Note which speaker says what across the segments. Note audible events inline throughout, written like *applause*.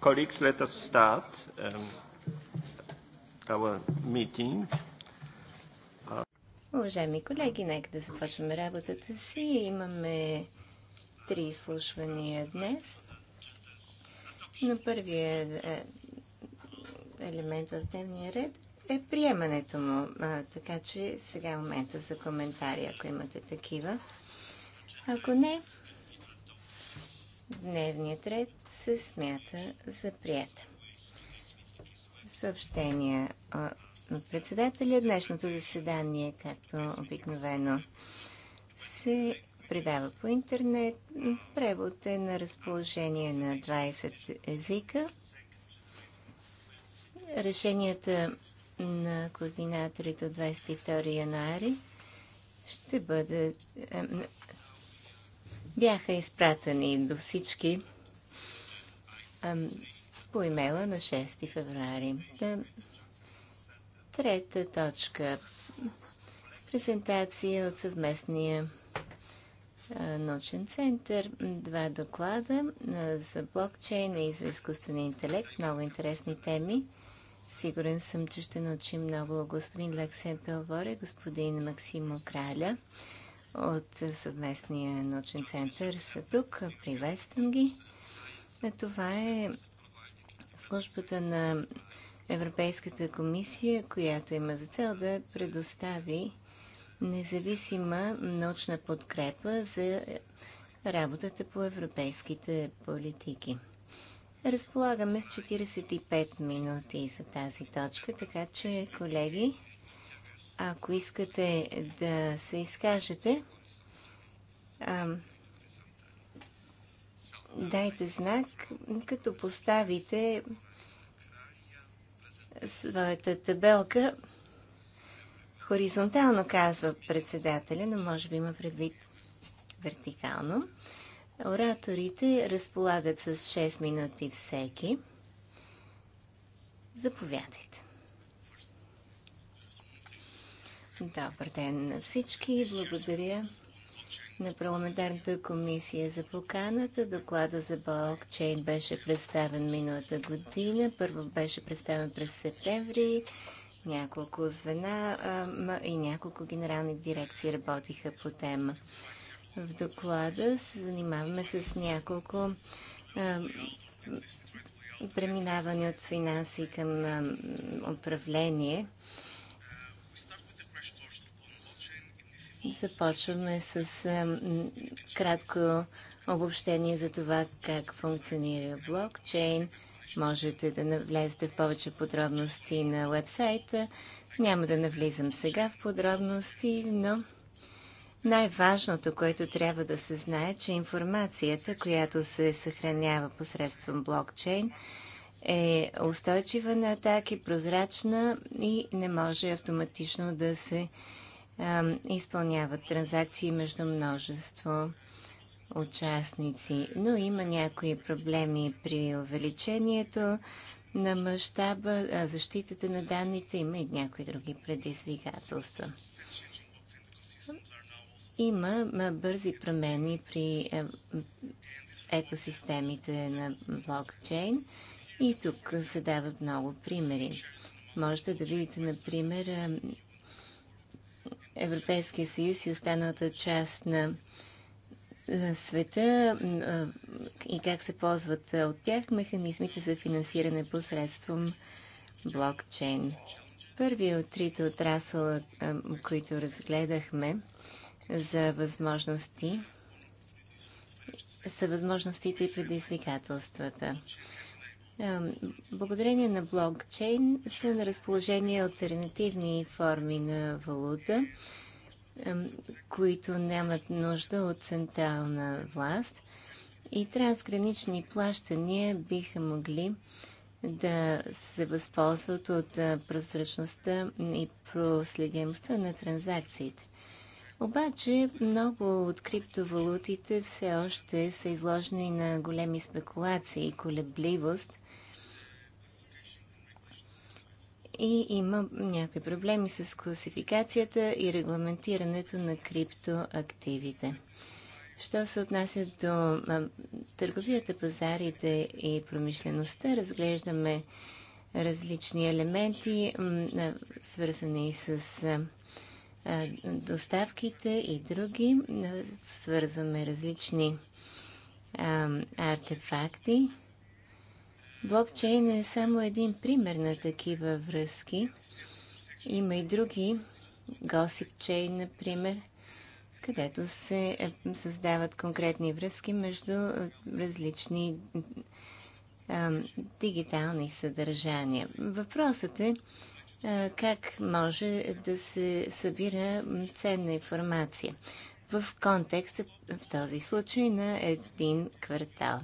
Speaker 1: Colleagues, let us start um, our meeting. Uh,
Speaker 2: Уважаеми колеги, нека да започваме работата си. Имаме три изслушвания днес. Но първият е, елемент в дневния ред е приемането му. А, така че сега е момента за коментари, ако имате такива. Ако не, дневният ред се смята за прията. Съобщения от председателя. Днешното заседание, както обикновено, се предава по интернет. Превод е на разположение на 20 езика. Решенията на координаторите от 22 януари ще бъдат бяха изпратени до всички по имейла на 6 февруари. Трета точка. Презентация от съвместния научен център. Два доклада за блокчейна и за изкуствения интелект. Много интересни теми. Сигурен съм, че ще научим много господин Лексен Пелворе, господин Максимо Краля от съвместния научен център са тук. Приветствам ги. Е, това е службата на Европейската комисия, която има за цел да предостави независима научна подкрепа за работата по европейските политики. Разполагаме с 45 минути за тази точка, така че, колеги, ако искате да се изкажете, дайте знак, като поставите своята табелка. Хоризонтално казва председателя, но може би има предвид вертикално. Ораторите разполагат с 6 минути всеки. Заповядайте. Добър ден на всички. Благодаря на парламентарната комисия за поканата. Доклада за блокчейн беше представен миналата година. Първо беше представен през септември. Няколко звена а, и няколко генерални дирекции работиха по тема. В доклада се занимаваме с няколко а, преминаване от финанси към а, управление. Започваме с а, кратко обобщение за това как функционира блокчейн. Можете да навлезете в повече подробности на вебсайта. Няма да навлизам сега в подробности, но най-важното, което трябва да се знае, че информацията, която се съхранява посредством блокчейн, е устойчива на атаки, прозрачна и не може автоматично да се изпълняват транзакции между множество участници. Но има някои проблеми при увеличението на мащаба, защитата на данните, има и някои други предизвикателства. Има бързи промени при екосистемите на блокчейн и тук се дават много примери. Можете да видите, например, Европейския съюз и останалата част на е, света е, и как се ползват е, от тях механизмите за финансиране посредством блокчейн. Първият от трите отрасъла, които разгледахме за възможности, са възможностите и предизвикателствата. Благодарение на блокчейн са на разположение альтернативни форми на валута, които нямат нужда от централна власт и трансгранични плащания биха могли да се възползват от прозрачността и проследимостта на транзакциите. Обаче много от криптовалутите все още са изложени на големи спекулации и колебливост и има някои проблеми с класификацията и регламентирането на криптоактивите. Що се отнася до търговията, пазарите и промишлеността, разглеждаме различни елементи, свързани с доставките и други. Свързваме различни артефакти. Блокчейн е само един пример на такива връзки. Има и други, госипчейн, например, където се е, създават конкретни връзки между е, различни а, е, дигитални съдържания. Въпросът е а, как може да се събира ценна информация в контекста в този случай на един квартал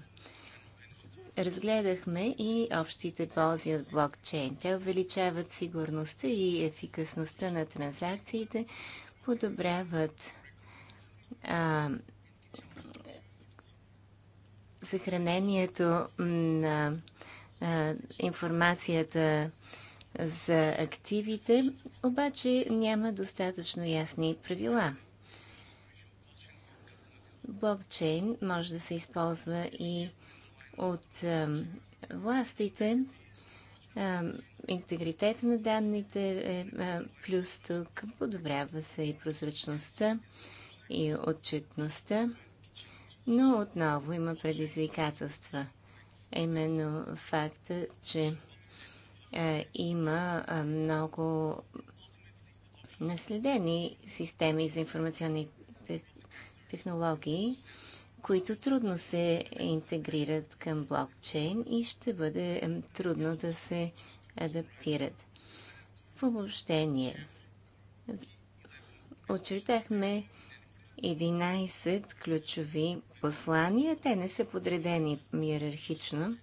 Speaker 2: разгледахме и общите ползи от блокчейн. Те увеличават сигурността и ефикасността на транзакциите, подобряват а, съхранението на а, информацията за активите, обаче няма достатъчно ясни правила. Блокчейн може да се използва и от властите. интегритет на данните е плюс тук. Подобрява се и прозрачността, и отчетността. Но отново има предизвикателства. Именно факта, че има много наследени системи за информационни технологии, които трудно се интегрират към блокчейн и ще бъде трудно да се адаптират. В обобщение, очертахме 11 ключови послания. Те не са подредени иерархично.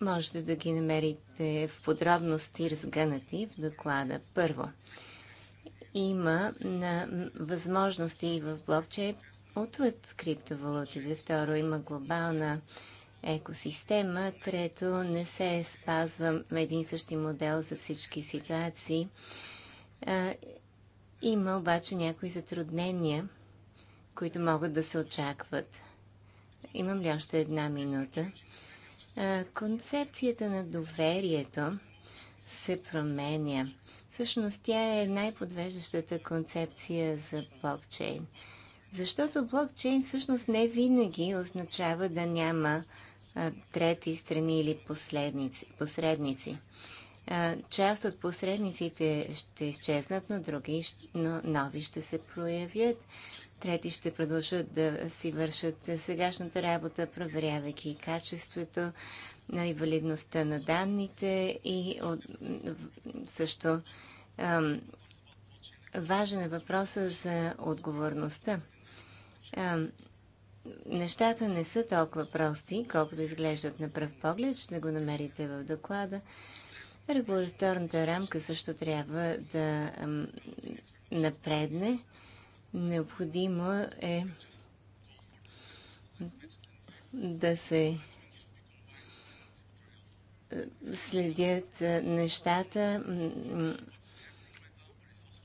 Speaker 2: Можете да ги намерите в подробности, разгънати в доклада. Първо, има на възможности в блокчейн отвъд криптовалутите. Второ, има глобална екосистема. Трето, не се спазва един същи модел за всички ситуации. Има обаче някои затруднения, които могат да се очакват. Имам ли още една минута? Концепцията на доверието се променя. Всъщност тя е най-подвеждащата концепция за блокчейн. Защото блокчейн всъщност не винаги означава да няма а, трети страни или посредници. А, част от посредниците ще изчезнат, но други, но нови ще се проявят. Трети ще продължат да си вършат сегашната работа, проверявайки качеството на валидността на данните и от, също ам, важен е въпроса за отговорността. Ам, нещата не са толкова прости, колкото да изглеждат на пръв поглед. Ще го намерите в доклада. Регулаторната рамка също трябва да ам, напредне. Необходимо е да се следят нещата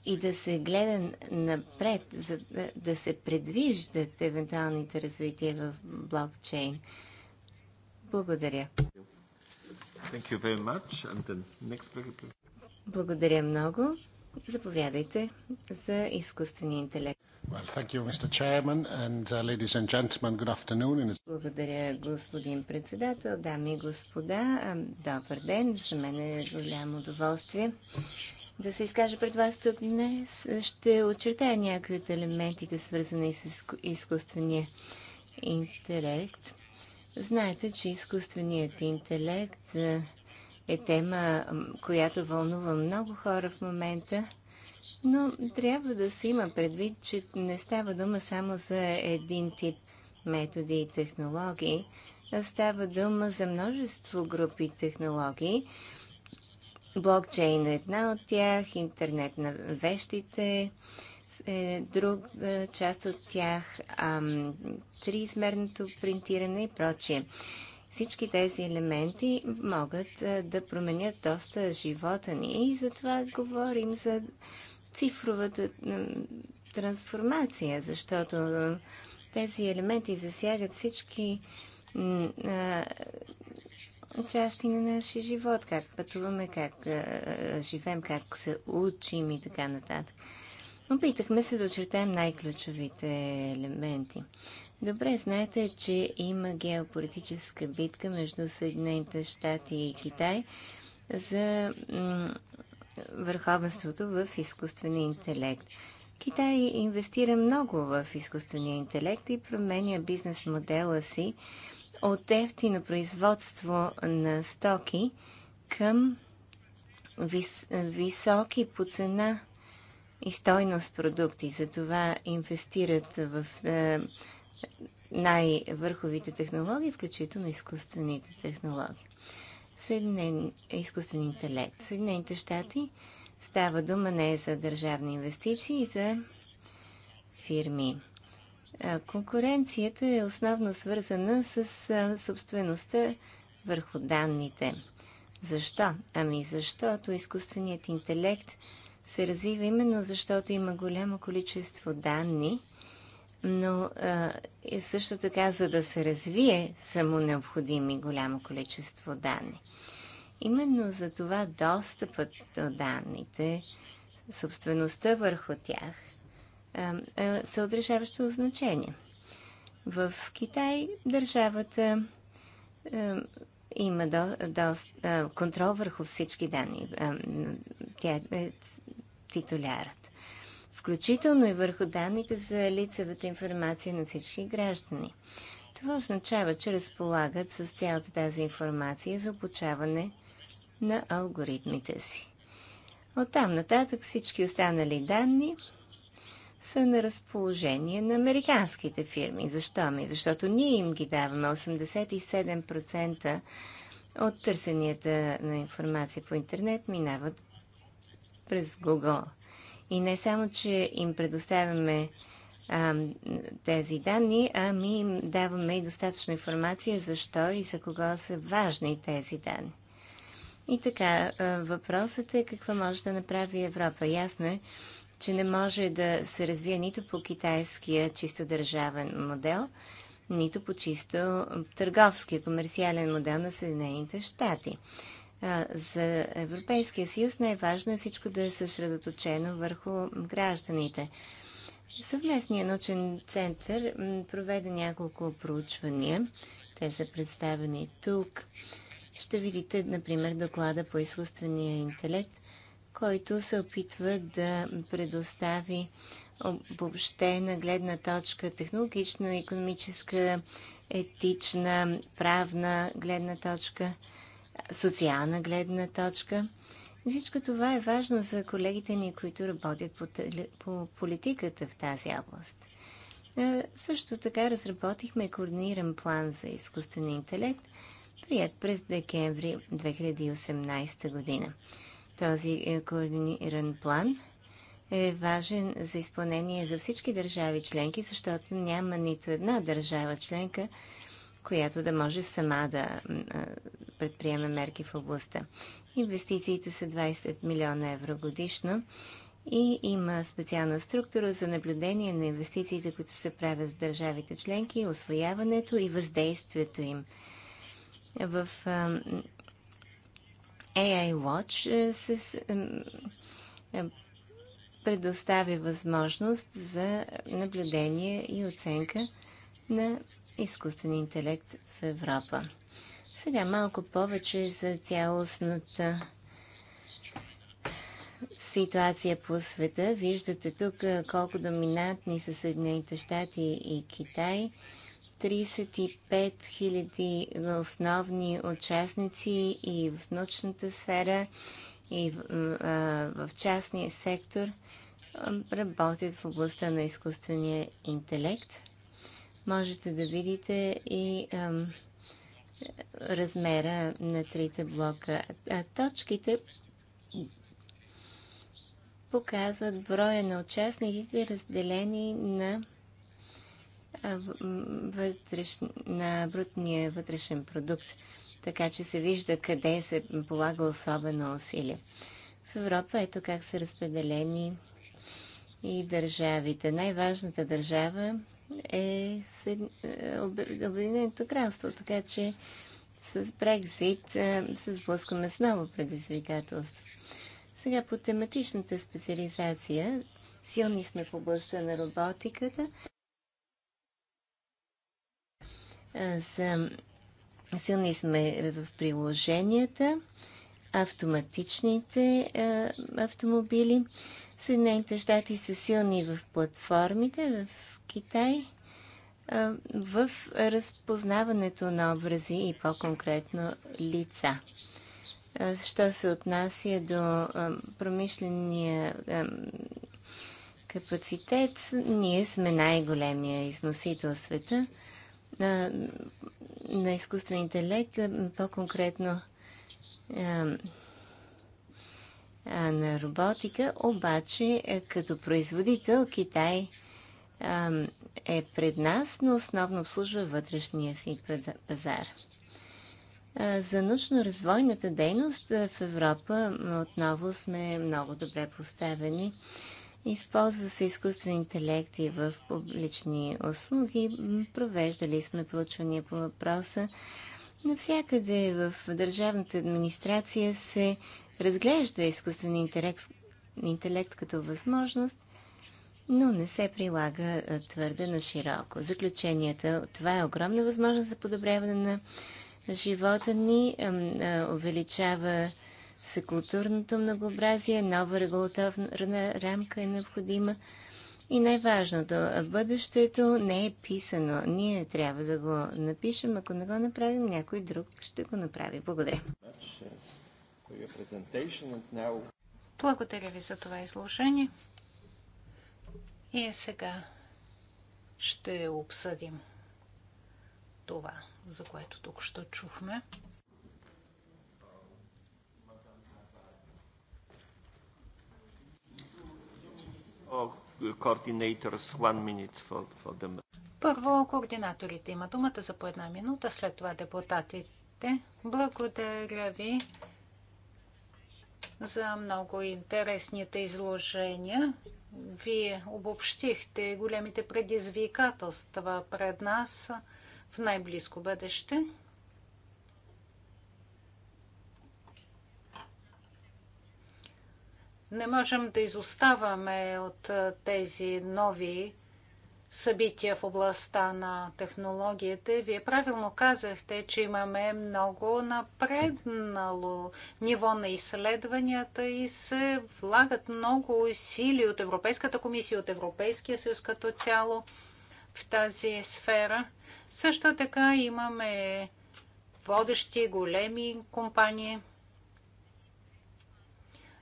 Speaker 2: и да се гледа напред, за да, се предвиждат евентуалните развития в блокчейн. Благодаря. Благодаря много. Заповядайте за изкуствения интелект.
Speaker 1: Well, you, Chairman, and, uh, and
Speaker 2: Благодаря, господин председател, дами и господа. Добър ден. За мен е голямо удоволствие да се изкажа пред вас тук днес. Ще очертая някои от елементите, свързани с изкуствения интелект. Знаете, че изкуственият интелект е тема, която вълнува много хора в момента. Но трябва да се има предвид, че не става дума само за един тип методи и технологии, а става дума за множество групи технологии. Блокчейн е една от тях, интернет на вещите е друг е, част от тях, триизмерното принтиране и прочие. Всички тези елементи могат да променят доста живота ни и затова говорим за цифровата трансформация, защото тези елементи засягат всички части на нашия живот, как пътуваме, как живеем, как се учим и така нататък. Опитахме се да очертаем най-ключовите елементи. Добре, знаете, че има геополитическа битка между Съединените щати и Китай за върховенството в изкуствения интелект. Китай инвестира много в изкуствения интелект и променя бизнес модела си от ефтино производство на стоки към вис, високи по цена и стойност продукти. Затова инвестират в е, най-върховите технологии, включително изкуствените технологии. Съединен... Изкуствен интелект. Съединените щати става дума не за държавни инвестиции, за фирми. Конкуренцията е основно свързана с собствеността върху данните. Защо? Ами защото изкуственият интелект се развива именно защото има голямо количество данни, но а, и също така, за да се развие, са му необходими голямо количество данни. Именно за това достъпът до данните, собствеността върху тях, а, а, са от решаващо значение. В Китай държавата а, има до, до, а, контрол върху всички данни. А, тя е титулярът включително и върху данните за лицевата информация на всички граждани. Това означава, че разполагат с цялата тази информация за обучаване на алгоритмите си. От там нататък всички останали данни са на разположение на американските фирми. Защо ми? Защото ние им ги даваме 87% от търсенията на информация по интернет минават през Google. И не само, че им предоставяме а, тези данни, а ми им даваме и достатъчно информация защо и за кого са важни тези данни. И така, въпросът е какво може да направи Европа. Ясно е, че не може да се развие нито по китайския чисто държавен модел, нито по чисто търговския, комерциален модел на Съединените щати за Европейския съюз най-важно е всичко да е съсредоточено върху гражданите. Съвместният научен център проведе няколко проучвания. Те са представени тук. Ще видите, например, доклада по изкуствения интелект, който се опитва да предостави обобщена гледна точка, технологично, економическа, етична, правна гледна точка – социална гледна точка. Всичко това е важно за колегите ни, които работят по, по политиката в тази област. Е, също така разработихме координиран план за изкуствен интелект, прият през декември 2018 година. Този е, координиран план е важен за изпълнение за всички държави членки, защото няма нито една държава членка, която да може сама да предприеме мерки в областта. Инвестициите са 20 милиона евро годишно и има специална структура за наблюдение на инвестициите, които се правят в държавите членки, освояването и въздействието им. В AI Watch се предоставя възможност за наблюдение и оценка на изкуствения интелект в Европа. Сега малко повече за цялостната ситуация по света. Виждате тук колко доминантни са Съединените щати и Китай. 35 000 основни участници и в научната сфера, и в, а, в частния сектор работят в областта на изкуствения интелект можете да видите и ам, размера на трите блока. А точките показват броя на участниците, разделени на, вътреш... на брутния вътрешен продукт, така че се вижда къде се полага особено усилие. В Европа ето как са разпределени и държавите. Най-важната държава е, е Обединеното кралство, така че с Брекзит е, се сблъскваме с ново предизвикателство. Сега по тематичната специализация силни сме в областта на роботиката. Е, за... Силни сме в приложенията, автоматичните а, автомобили. Съединените щати са силни в платформите, в Китай в разпознаването на образи и по-конкретно лица. Що се отнася до промишления капацитет, ние сме най-големия износител в света на, изкуствен интелект, по-конкретно на роботика, обаче като производител Китай – е пред нас, но основно обслужва вътрешния си пазар. За научно-развойната дейност в Европа отново сме много добре поставени. Използва се изкуствен интелект и в публични услуги. Провеждали сме проучвания по въпроса. Навсякъде в държавната администрация се разглежда изкуствен интелект, интелект като възможност – но не се прилага твърде на широко. Заключенията. Това е огромна възможност за подобряване на живота ни, увеличава се културното многообразие, нова регулаторна рамка е необходима. И най-важното, бъдещето не е писано. Ние трябва да го напишем. Ако не го направим, някой друг ще го направи. Благодаря.
Speaker 3: Благодаря ви за това изслушание. И сега ще обсъдим това, за което тук ще чухме. Първо координаторите има думата за по една минута, след това депутатите. Благодаря ви за много интересните изложения. Вие обобщихте големите предизвикателства пред нас в най-близко бъдеще. Не можем да изоставаме от тези нови събития в областта на технологиите. Вие правилно казахте, че имаме много напреднало ниво на изследванията и се влагат много усилия от Европейската комисия, от Европейския съюз като цяло в тази сфера. Също така имаме водещи големи компании,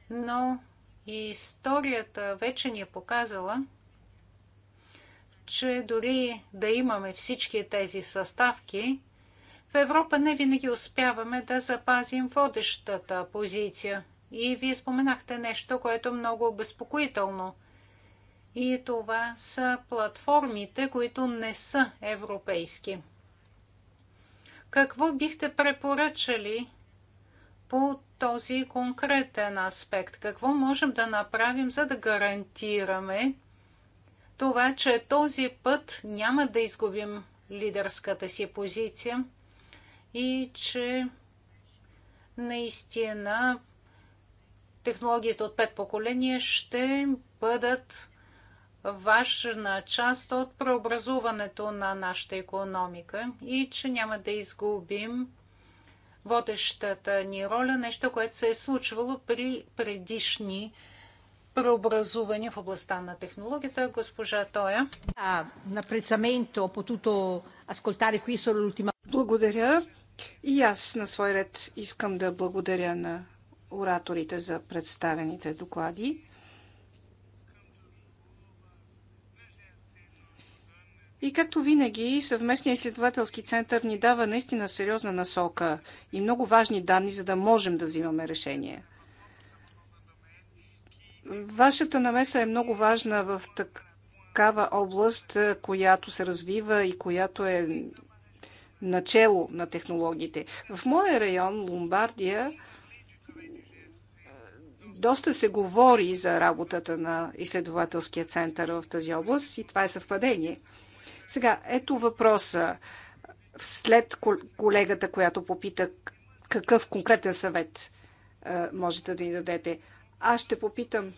Speaker 3: но историята вече ни е показала, че дори да имаме всички тези съставки, в Европа не винаги успяваме да запазим водещата позиция. И вие споменахте нещо, което е много обезпокоително. И това са платформите, които не са европейски. Какво бихте препоръчали по този конкретен аспект? Какво можем да направим, за да гарантираме, това, че този път няма да изгубим лидерската си позиция и че наистина технологиите от пет поколения ще бъдат важна част от преобразуването на нашата економика и че няма да изгубим водещата ни роля, нещо, което се е случвало при предишни преобразуване в областта на технологията. Госпожа Тоя. на потуто
Speaker 4: аскултари, кои са ултима... Благодаря. И аз на свой ред искам да благодаря на ораторите за представените доклади. И както винаги, съвместният изследователски център ни дава наистина сериозна насока и много важни данни, за да можем да взимаме решения. Вашата намеса е много важна в такава област, е, която се развива и която е начало на технологиите. В моя район, Ломбардия, е, доста се говори за работата на изследователския център в тази област и това е съвпадение. Сега, ето въпроса след колегата, която попита какъв конкретен съвет е, можете да ни дадете аз ще попитам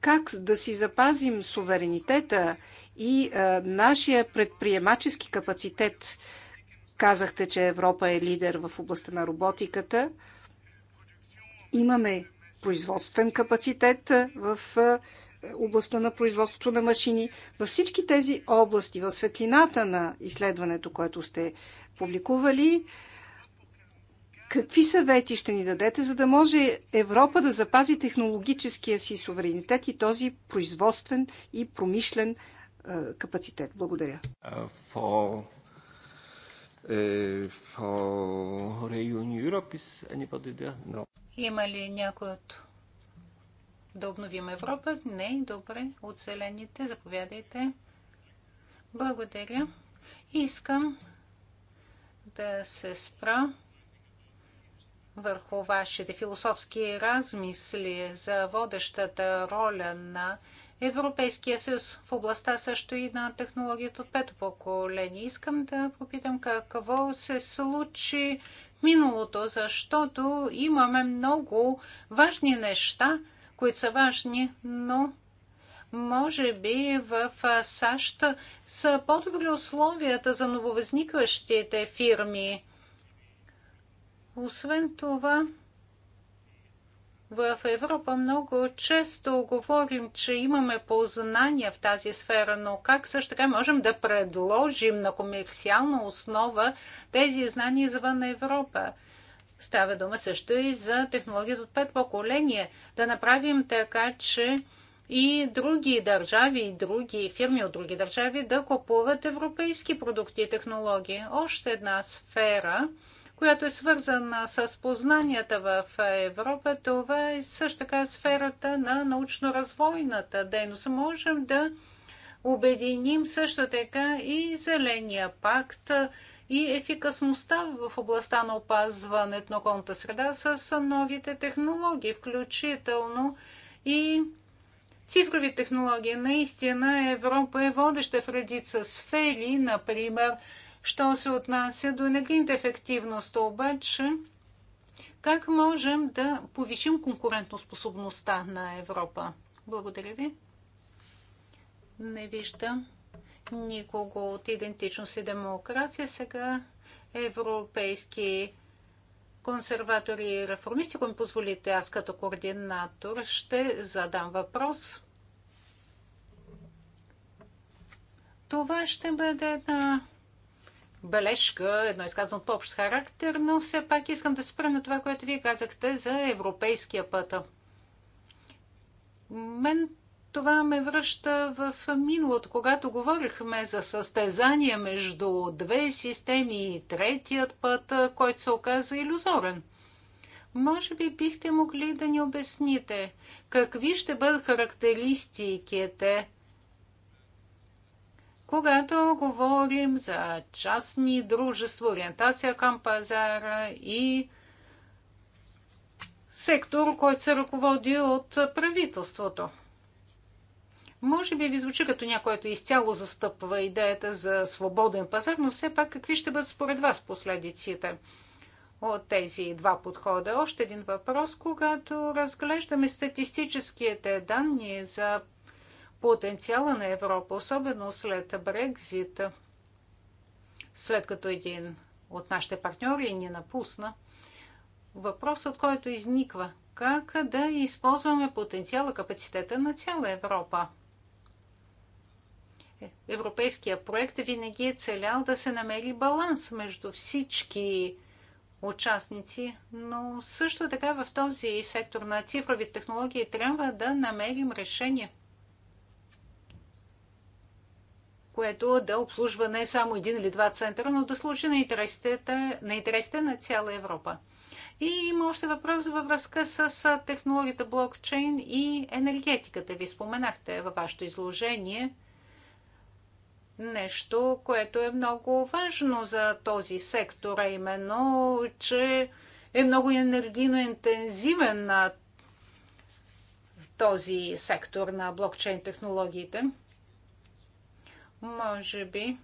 Speaker 4: как да си запазим суверенитета и а, нашия предприемачески капацитет. Казахте, че Европа е лидер в областта на роботиката. Имаме производствен капацитет в областта на производството на машини. Във всички тези области, в светлината на изследването, което сте публикували, Какви съвети ще ни дадете, за да може Европа да запази технологическия си суверенитет и този производствен и промишлен е, капацитет? Благодаря.
Speaker 1: Е, е,
Speaker 3: Има ли някой от да обновим Европа? Не, добре. От зелените, заповядайте. Благодаря. Искам да се спра върху вашите философски размисли за водещата роля на Европейския съюз в областта също и на технологията от пето поколение. Искам да попитам какво се случи в миналото, защото имаме много важни неща, които са важни, но може би в САЩ са по-добри условията за нововъзникващите фирми – освен това, в Европа много често говорим, че имаме познания в тази сфера, но как също така можем да предложим на комерциална основа тези знания извън Европа? Става дума също и за технологията от пет поколения. Да направим така, че и други държави, и други фирми от други държави да купуват европейски продукти и технологии. Още една сфера, която е свързана с познанията в Европа. Това е също така сферата на научно-развойната дейност. Можем да обединим също така и Зеления пакт и ефикасността в областта на опазването на околната среда с новите технологии, включително и цифрови технологии. Наистина Европа е водеща в редица сфери, например Що се отнася до енергийната ефективност, обаче, как можем да повишим конкурентоспособността на Европа? Благодаря ви. Не виждам никого от идентичност и демокрация. Сега европейски консерватори и реформисти, ако ми позволите, аз като координатор ще задам въпрос. Това ще бъде една бележка, едно изказано по общ характер, но все пак искам да спра на това, което вие казахте за европейския път. Мен това ме връща в миналото, когато говорихме за състезание между две системи и третият път, който се оказа иллюзорен. Може би бихте могли да ни обясните какви ще бъдат характеристиките когато говорим за частни дружества, ориентация към пазара и сектор, който се ръководи от правителството. Може би ви звучи като някой, който изцяло застъпва идеята за свободен пазар, но все пак какви ще бъдат според вас последиците от тези два подхода? Още един въпрос, когато разглеждаме статистическите данни за потенциала на Европа, особено след Брекзит, след като един от нашите партньори ни напусна, въпросът, който изниква, как да използваме потенциала, капацитета на цяла Европа. Е, европейския проект винаги е целял да се намери баланс между всички участници, но също така в този сектор на цифрови технологии трябва да намерим решение – което да обслужва не само един или два центъра, но да служи на интересите, на интересите на цяла Европа. И има още въпрос във връзка с технологията блокчейн и енергетиката. Ви споменахте във вашето изложение нещо, което е много важно за този сектор, а именно, че е много енергийно интензивен на този сектор на блокчейн технологиите. Може би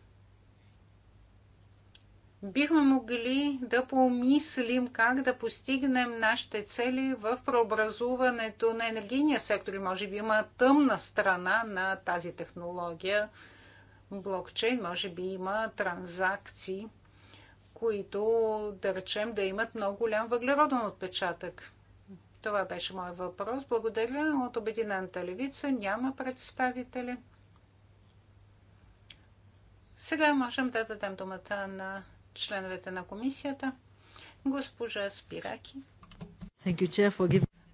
Speaker 3: бихме могли да помислим как да постигнем нашите цели в преобразуването на енергийния сектор. И може би има тъмна страна на тази технология. Блокчейн, може би има транзакции, които, да речем, да имат много голям въглероден отпечатък. Това беше моят въпрос. Благодаря. От Обединената левица няма представители. Сега можем да дадем думата на членовете на комисията. Госпожа Спираки.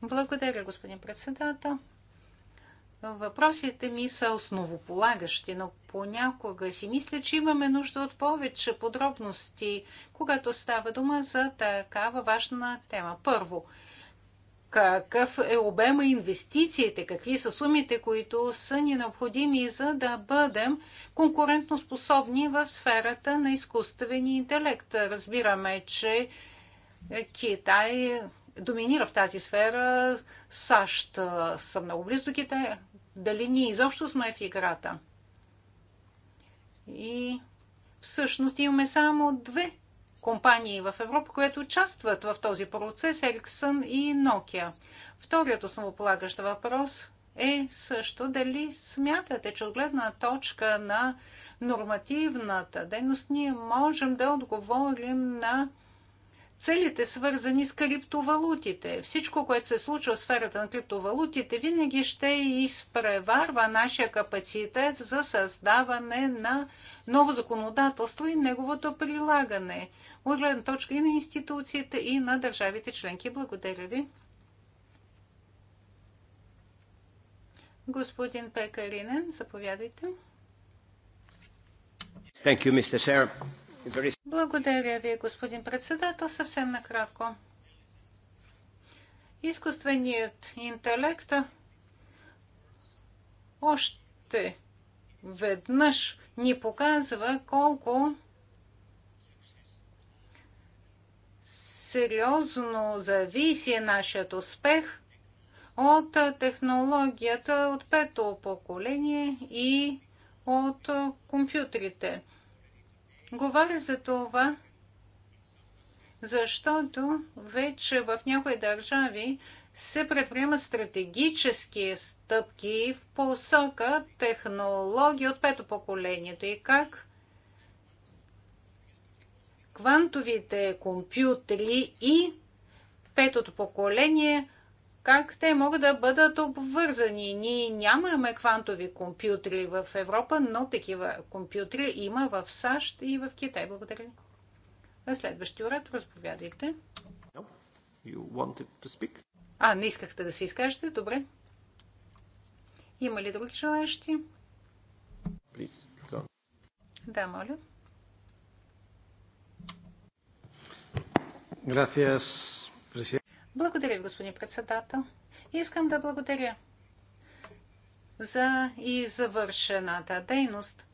Speaker 3: Благодаря, господин председател. Въпросите ми са основополагащи, но понякога си мисля, че имаме нужда от повече подробности, когато става дума за такава важна тема. Първо, какъв е обема инвестициите, какви са сумите, които са ни необходими, за да бъдем конкурентоспособни в сферата на изкуствения интелект. Разбираме, че Китай доминира в тази сфера, САЩ са много близо до Китай. Дали ние изобщо сме в играта? И всъщност имаме само две компании в Европа, които участват в този процес, Ericsson и Nokia. Вторият основополагащ въпрос е също дали смятате, че от гледна точка на нормативната дейност ние можем да отговорим на целите, свързани с криптовалутите. Всичко, което се случва в сферата на криптовалутите, винаги ще изпреварва нашия капацитет за създаване на ново законодателство и неговото прилагане от гледна точка и на институцията, и на държавите членки. Благодаря ви. Господин Пекаринен, заповядайте.
Speaker 1: Thank you, Mr.
Speaker 4: Very...
Speaker 3: Благодаря ви, господин председател. Съвсем накратко. Изкуственият интелект още веднъж ни показва колко сериозно зависи нашият успех от технологията от пето поколение и от компютрите. Говоря за това, защото вече в някои държави се предприемат стратегически стъпки в посока технологии от пето поколението и как квантовите компютри и петото поколение, как те могат да бъдат обвързани. Ние нямаме квантови компютри в Европа, но такива компютри има в САЩ и в Китай. Благодаря ви. На следващия уред разповядайте. А, не искахте да се изкажете? Добре. Има ли други желаящи? Да, моля. благодаря, господин председател. Искам да благодаря за и завършената дейност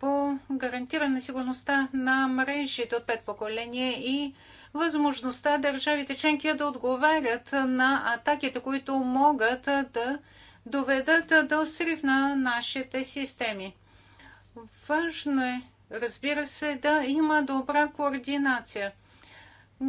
Speaker 3: по гарантиране на сигурността на мрежите от пет поколения и възможността държавите членки да отговарят на атаките, които могат да доведат до срив на нашите системи. Важно е, разбира се, да има добра координация –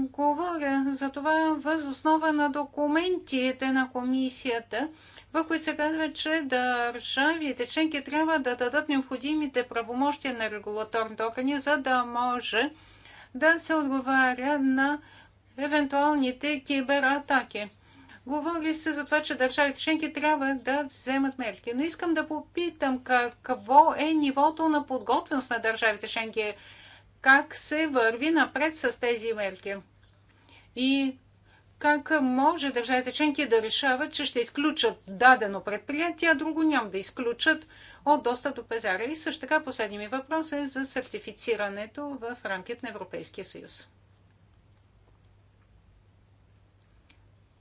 Speaker 3: говоря за това възоснова на документите на комисията, в които се казва, че държавите членки трябва да дадат необходимите правомощия на регулаторните органи, за да може да се отговаря на евентуалните кибератаки. Говори се за това, че държавите членки трябва да вземат мерки. Но искам да попитам какво е нивото на подготвеност на държавите членки как се върви напред с тези мерки и как може държавите членки да решават, че ще изключат дадено предприятие, а друго няма да изключат от достъп до пазара. И също така последният ми въпрос е за сертифицирането в рамките на Европейския съюз.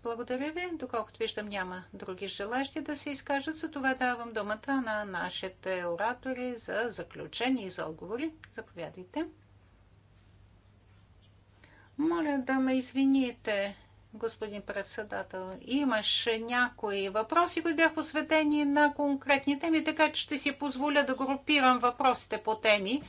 Speaker 3: Благодаря ви. Доколкото виждам, няма други желащи да се изкажат. За това давам думата на нашите оратори за заключение и за отговори. Заповядайте. Моля да ме извините, господин председател. Имаше някои въпроси, които бяха посветени на конкретни теми, така че ще си позволя да групирам въпросите по теми.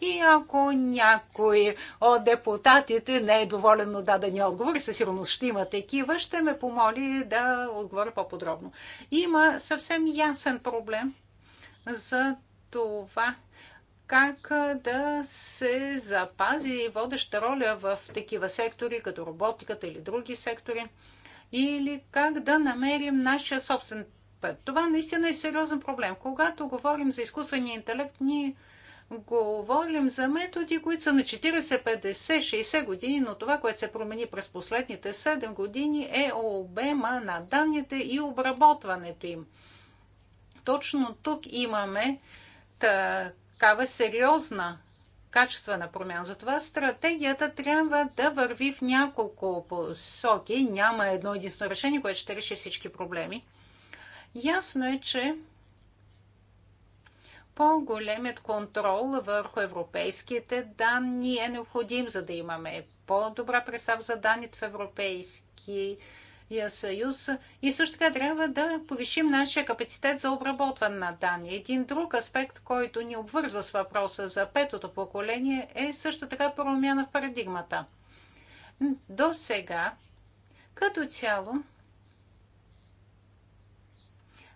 Speaker 3: И ако някой от депутатите не е доволен от дадени отговори, със сигурност ще има такива, ще ме помоли да отговоря по-подробно. Има съвсем ясен проблем за това, как да се запази водеща роля в такива сектори, като роботиката или други сектори, или как да намерим нашия собствен път. Това наистина е сериозен проблем. Когато говорим за изкуствения интелект, ние говорим за методи, които са на 40, 50, 60 години, но това, което се промени през последните 7 години е обема на данните и обработването им. Точно тук имаме так такава сериозна качествена промяна. Затова стратегията трябва да върви в няколко посоки. Няма едно единствено решение, което ще реши всички проблеми. Ясно е, че по-големият контрол върху европейските данни е необходим, за да имаме по-добра представа за данните в европейски съюз. И също така трябва да повишим нашия капацитет за обработване на данни. Един друг аспект, който ни обвързва с въпроса за петото поколение, е също така промяна в парадигмата. До сега, като цяло,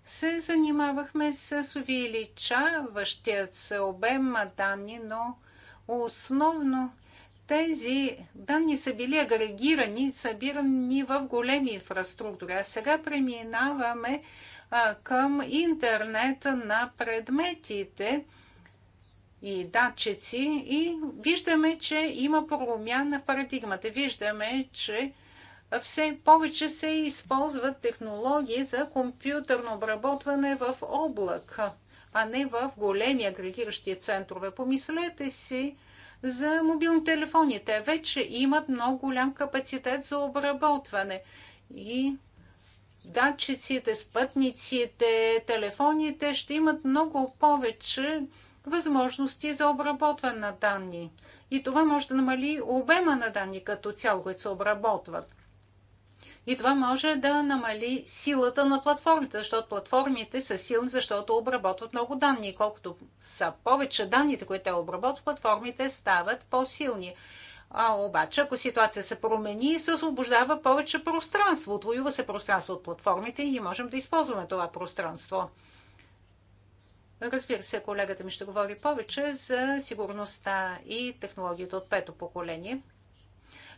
Speaker 3: се занимавахме с увеличаващият се обем данни, но основно тези данни са били агрегирани, събирани в големи инфраструктури, а сега преминаваме а, към интернета на предметите и датчици и виждаме, че има промяна в парадигмата. Виждаме, че все повече се използват технологии за компютърно обработване в облак, а не в големи агрегиращи центрове. Помислете си за мобилни телефони. Те вече имат много голям капацитет за обработване. И датчиците, спътниците, телефоните ще имат много повече възможности за обработване на данни. И това може да намали обема на данни като цяло, които се обработват. И това може да намали силата на платформите, защото платформите са силни, защото обработват много данни. И колкото са повече данните, които те обработват, платформите стават по-силни. А обаче, ако ситуация се промени, се освобождава повече пространство. Отвоюва се пространство от платформите и ние можем да използваме това пространство. Разбира се, колегата ми ще говори повече за сигурността и технологията от пето поколение.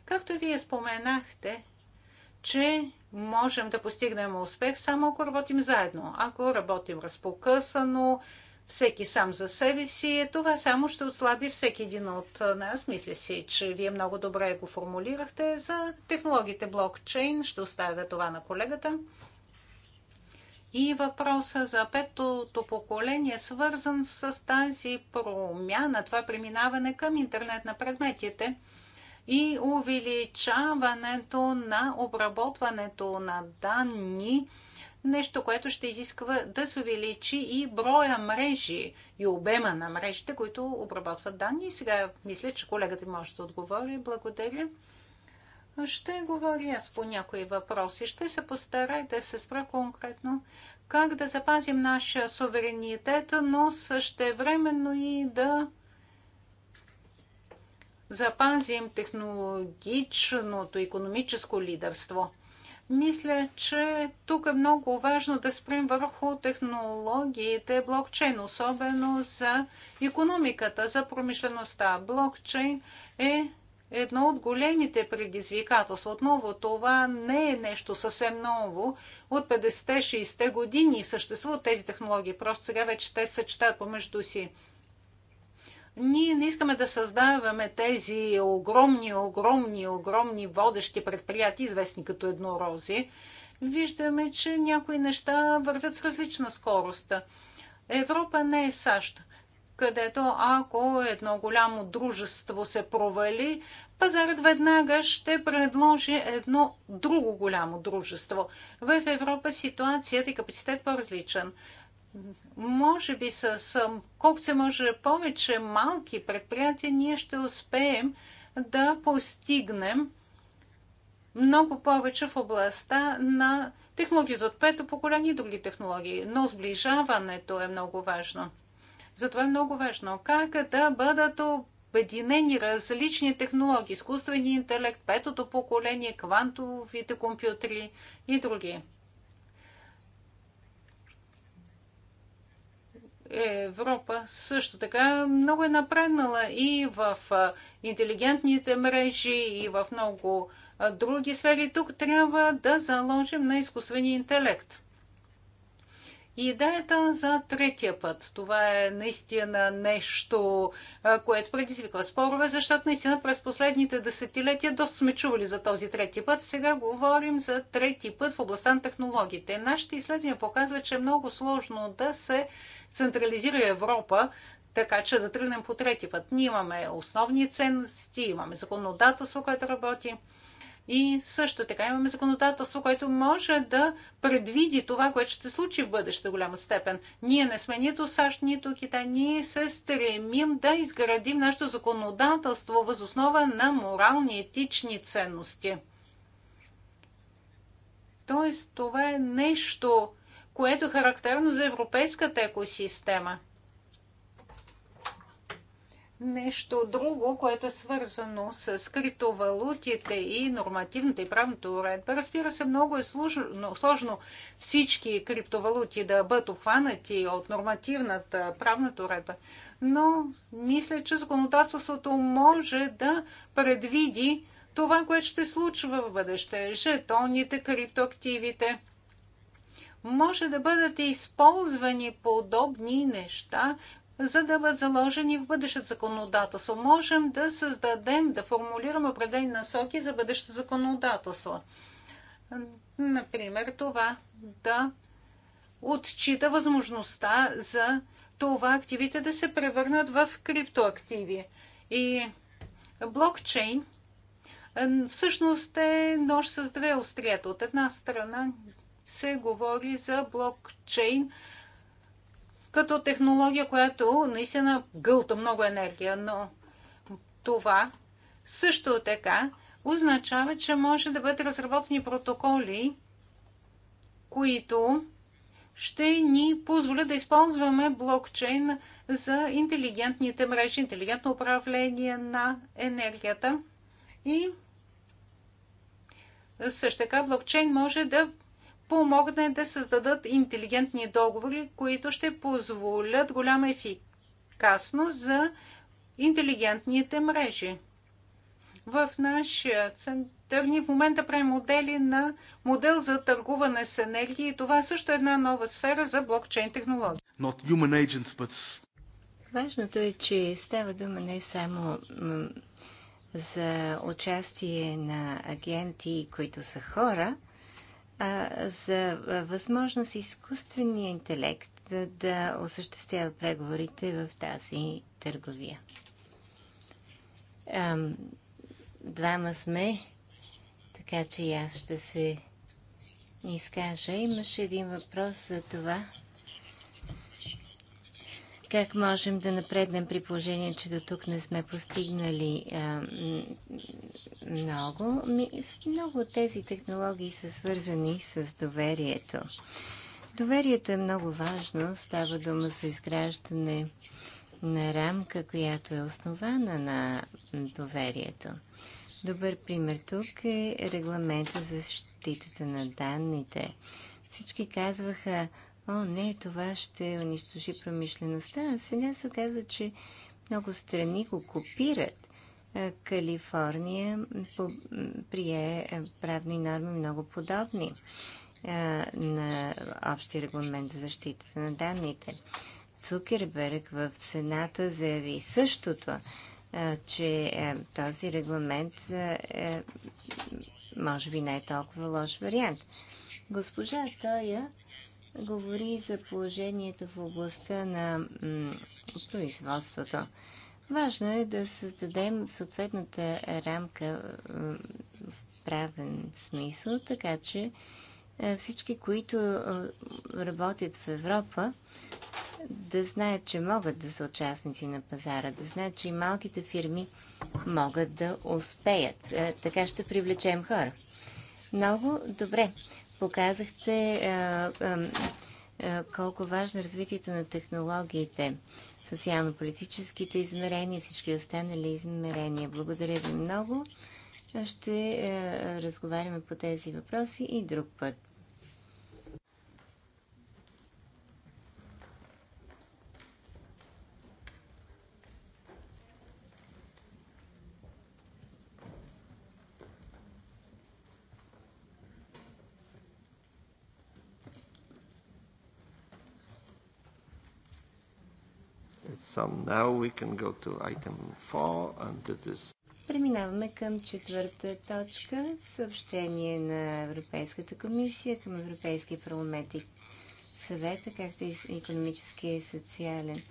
Speaker 3: Както вие споменахте, че можем да постигнем успех само ако работим заедно. Ако работим разпокъсано, всеки сам за себе си, това само ще отслаби всеки един от нас. Мисля си, че вие много добре го формулирахте за технологиите блокчейн. Ще оставя това на колегата. И въпроса за петото поколение е свързан с тази промяна, това преминаване към интернет на предметите – и увеличаването на обработването на данни, нещо, което ще изисква да се увеличи и броя мрежи и обема на мрежите, които обработват данни. И сега мисля, че колегата може да отговори. Благодаря. Ще говоря аз по някои въпроси. Ще се постарай да се спра конкретно как да запазим нашия суверенитет, но същевременно и да запазим технологичното економическо лидерство. Мисля, че тук е много важно да спрем върху технологиите блокчейн, особено за економиката, за промишлеността. Блокчейн е едно от големите предизвикателства. Отново това не е нещо съвсем ново. От 50-60 години съществуват тези технологии. Просто сега вече те съчетат помежду си. Ние не искаме да създаваме тези огромни, огромни, огромни водещи предприятия, известни като еднорози. Виждаме, че някои неща вървят с различна скорост. Европа не е САЩ, където ако едно голямо дружество се провали, пазарът веднага ще предложи едно друго голямо дружество. В Европа ситуацията и капацитет по-различен може би с колкото се може повече малки предприятия, ние ще успеем да постигнем много повече в областта на технологията от пето поколение и други технологии. Но сближаването е много важно. Затова е много важно как да бъдат обединени различни технологии, изкуствения интелект, петото поколение, квантовите компютри и други. Е, Европа също така много е напреднала и в интелигентните мрежи, и в много други сфери. Тук трябва да заложим на изкуствения интелект. Идеята за третия път. Това е наистина нещо, което предизвиква спорове, защото наистина през последните десетилетия доста сме чували за този трети път. Сега говорим за трети път в областта на технологиите. Нашите изследвания показват, че е много сложно да се централизира Европа, така че да тръгнем по трети път. Ние имаме основни ценности, имаме законодателство, което работи. И също така имаме законодателство, което може да предвиди това, което ще се случи в бъдеще в голяма степен. Ние не сме нито САЩ, нито Китай. Ние се стремим да изградим нашето законодателство възоснова на морални и етични ценности. Тоест, това е нещо, което е характерно за европейската екосистема. Нещо друго, което е свързано с криптовалутите и нормативната и правната уредба. Разбира се, много е сложно, сложно всички криптовалути да бъдат обхванати от нормативната правната уредба, но мисля, че законодателството може да предвиди това, което ще случва в бъдеще. Жетоните, криптоактивите – може да бъдат използвани подобни неща, за да бъдат заложени в бъдещето законодателство. Можем да създадем, да формулираме определени насоки за бъдещето законодателство. Например, това да отчита възможността за това активите да се превърнат в криптоактиви. И блокчейн всъщност е нож с две острията. От една страна се говори за блокчейн като технология, която наистина гълта много енергия, но това също така означава, че може да бъдат разработени протоколи, които ще ни позволят да използваме блокчейн за интелигентните мрежи, интелигентно управление на енергията. И също така блокчейн може да помогне да създадат интелигентни договори, които ще позволят голяма ефикасност за интелигентните мрежи. В нашия център ние в момента правим модели на модел за търгуване с енергия и това също е една нова сфера за блокчейн технология.
Speaker 5: Agents, but...
Speaker 2: Важното е, че става дума не само за участие на агенти, които са хора, а, за възможност изкуствения интелект да, да осъществява преговорите в тази търговия. Ам, двама сме, така че и аз ще се изкажа. Имаше един въпрос за това как можем да напреднем при положение, че до тук не сме постигнали а, много. Много от тези технологии са свързани с доверието. Доверието е много важно. Става дума за изграждане на рамка, която е основана на доверието. Добър пример тук е регламент за защитата на данните. Всички казваха, о, не, това ще унищожи промишлеността. А сега се оказва, че много страни го копират. Калифорния прие правни норми много подобни на общия регламент за защита на данните. Цукерберг в Сената заяви същото, че този регламент е, може би не е толкова лош вариант. Госпожа Тоя говори за положението в областта на производството. Важно е да създадем съответната рамка в правен смисъл, така че е, всички, които е, работят в Европа, да знаят, че могат да са участници на пазара, да знаят, че и малките фирми могат да успеят. Е, така ще привлечем хора. Много добре показахте а, а, а, колко важно е развитието на технологиите, социално-политическите измерения, всички останали измерения. Благодаря ви много. Ще разговаряме по тези въпроси и друг път. Преминаваме към четвърта точка съобщение на Европейската комисия към Европейския парламент и съвета, както и економическия и социален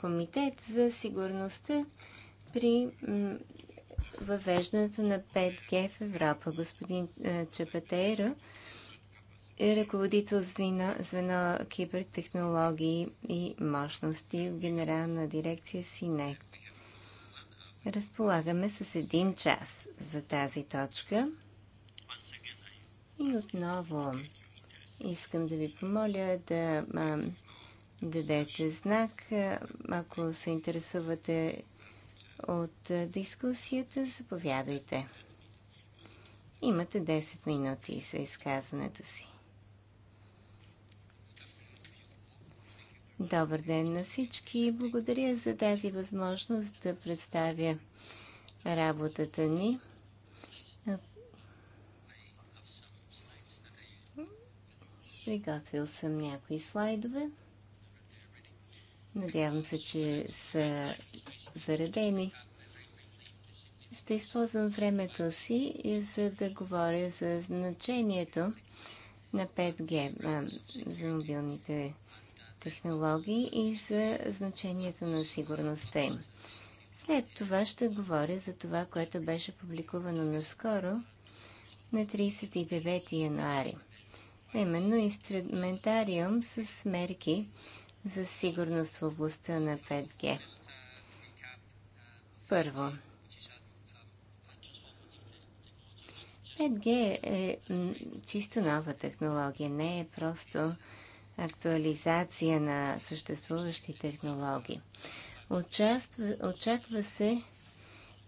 Speaker 2: комитет за сигурността при въвеждането на 5G в Европа. Господин Чапатейро е ръководител звено, звена кибертехнологии и мощности в Генерална дирекция СИНЕКТ. Разполагаме с един час за тази точка. И отново искам да ви помоля да а, дадете знак, ако се интересувате от дискусията, заповядайте. Имате 10 минути за изказването си. Добър ден на всички. Благодаря за тази възможност да представя работата ни. Приготвил съм някои слайдове. Надявам се, че са заредени. Ще използвам времето си, за да говоря за значението на 5G а, за мобилните технологии и за значението на сигурността им. След това ще говоря за това, което беше публикувано наскоро на 39 януари. Именно инструментариум с мерки за сигурност в областта на 5G. Първо, 5G е чисто нова технология, не е просто актуализация на съществуващи технологии. Участва, очаква се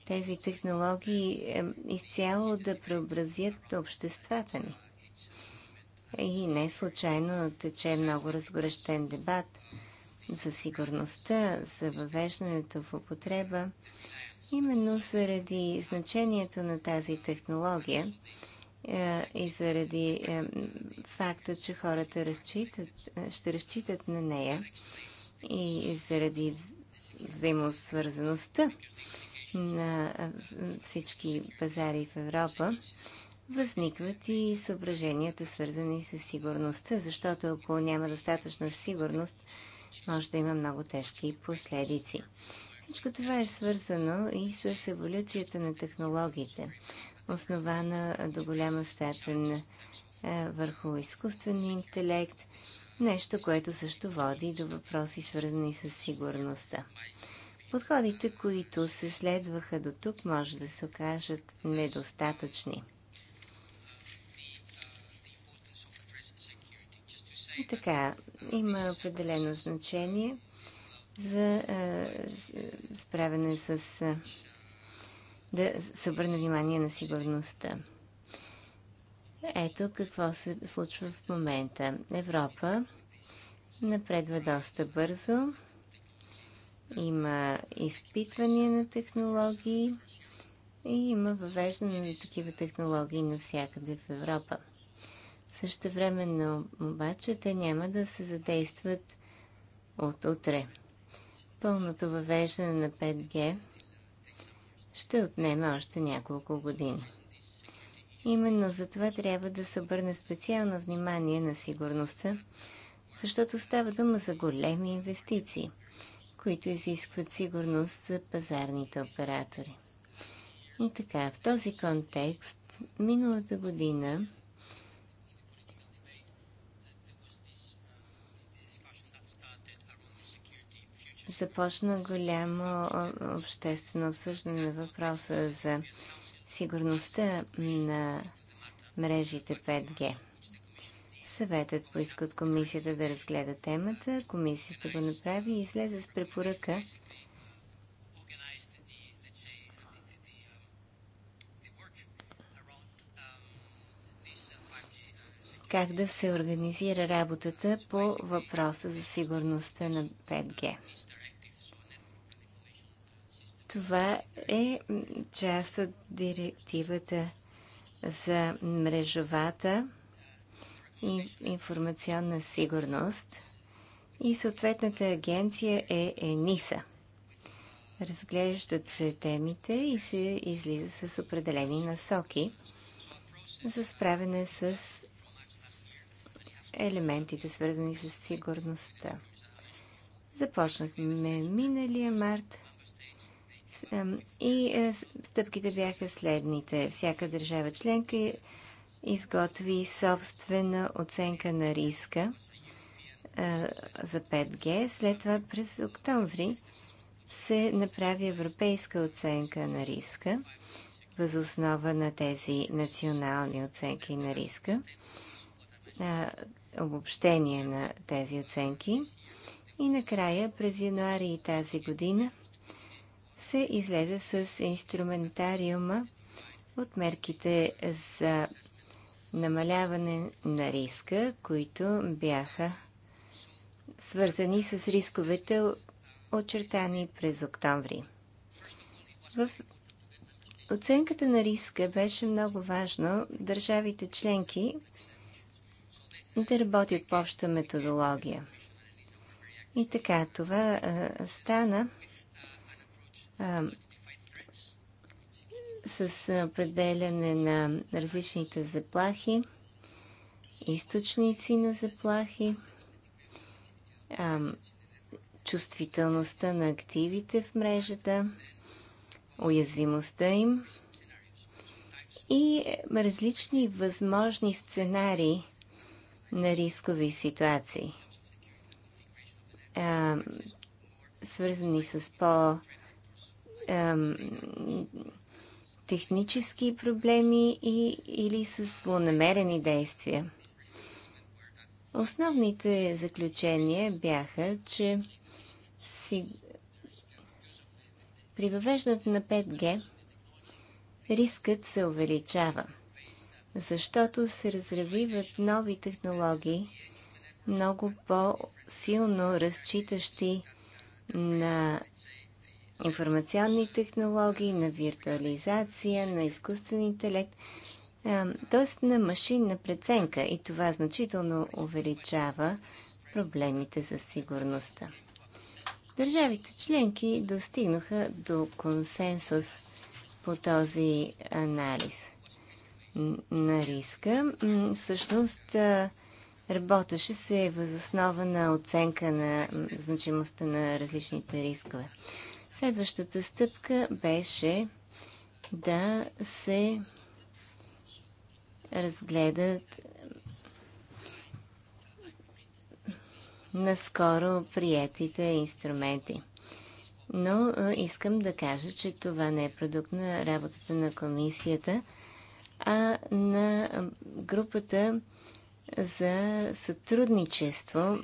Speaker 2: тези технологии изцяло да преобразят обществата ни. И не случайно тече много разгорещен дебат за сигурността, за въвеждането в употреба, именно заради значението на тази технология е, и заради е, факта, че хората разчитат, е, ще разчитат на нея и заради взаимосвързаността на всички пазари в Европа, възникват и съображенията, свързани с сигурността, защото ако няма достатъчна сигурност, може да има много тежки последици. Всичко това е свързано и с еволюцията на технологиите основана до голяма степен е, върху изкуствения интелект, нещо, което също води до въпроси, свързани с сигурността. Подходите, които се следваха до тук, може да се окажат недостатъчни. И така, има определено значение за е, е, справяне с да се обърне внимание на сигурността. Ето какво се случва в момента. Европа напредва доста бързо. Има изпитвания на технологии и има въвеждане на такива технологии навсякъде в Европа. Също времено обаче те няма да се задействат от утре. Пълното въвеждане на 5G ще отнеме още няколко години. Именно за това трябва да се обърне специално внимание на сигурността, защото става дума за големи инвестиции, които изискват сигурност за пазарните оператори. И така, в този контекст, миналата година започна голямо обществено обсъждане на въпроса за сигурността на мрежите 5G. Съветът поиска от комисията да разгледа темата. Комисията го направи и излезе с препоръка как да се организира работата по въпроса за сигурността на 5G. Това е част от директивата за мрежовата и информационна сигурност и съответната агенция е ЕНИСА. Разглеждат се темите и се излиза с определени насоки за справяне с елементите, свързани с сигурността. Започнахме миналия март и е, стъпките бяха следните. Всяка държава членка е, изготви собствена оценка на риска за 5G. След това през октомври се направи европейска оценка на риска възоснова на тези национални оценки на риска, обобщение на тези оценки. И накрая през януари тази година се излезе с инструментариума от мерките за намаляване на риска, които бяха свързани с рисковете, очертани през октомври. В оценката на риска беше много важно държавите членки да работят по обща методология. И така, това а, стана а, с определяне на различните заплахи, източници на заплахи, а, чувствителността на активите в мрежата, уязвимостта им и различни възможни сценарии на рискови ситуации, свързани с по- ам, технически проблеми и, или с злонамерени действия. Основните заключения бяха, че си... при въвеждането на 5G рискът се увеличава, защото се разравиват нови технологии, много по-силно разчитащи на информационни технологии, на виртуализация, на изкуствен интелект, т.е. на машинна преценка и това значително увеличава проблемите за сигурността. Държавите членки достигнаха до консенсус по този анализ на риска. Всъщност работеше се възоснова на оценка на значимостта на различните рискове. Следващата стъпка беше да се разгледат наскоро приятите инструменти. Но искам да кажа, че това не е продукт на работата на комисията, а на групата за сътрудничество,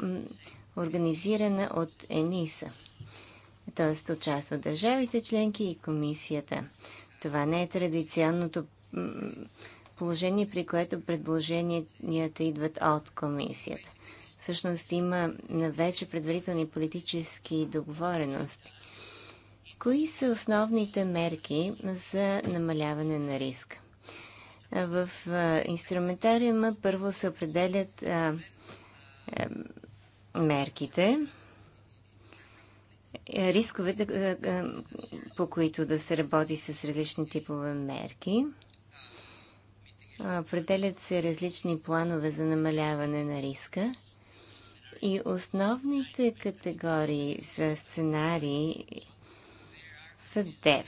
Speaker 2: организирана от ЕНИСА т.е. участват държавите членки и комисията. Това не е традиционното положение, при което предложенията идват от комисията. Всъщност има вече предварителни политически договорености. Кои са основните мерки за намаляване на риска? В инструментариума първо се определят мерките, рисковете, по които да се работи с различни типове мерки. Определят се различни планове за намаляване на риска. И основните категории за сценарии са 9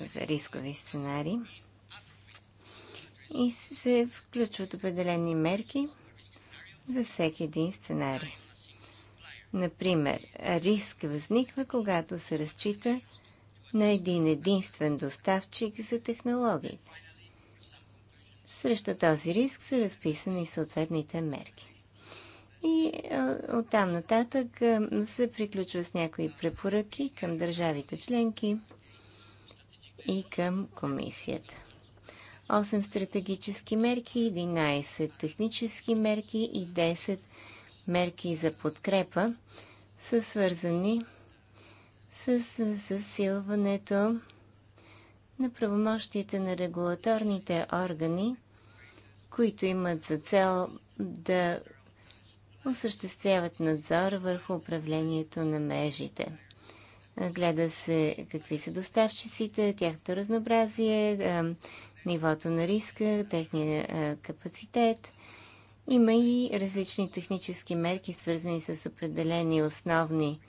Speaker 2: за рискови сценарии. И се включват определени мерки за всеки един сценарий. Например, риск възниква, когато се разчита на един единствен доставчик за технологиите. Срещу този риск са разписани съответните мерки. И оттам нататък се приключва с някои препоръки към държавите членки и към комисията. 8 стратегически мерки, 11 технически мерки и 10 мерки за подкрепа са свързани с засилването на правомощите на регулаторните органи, които имат за цел да осъществяват надзор върху управлението на мрежите. Гледа се какви са доставчиците, тяхното разнообразие, нивото на риска, техния капацитет, има и различни технически мерки, свързани с определени основни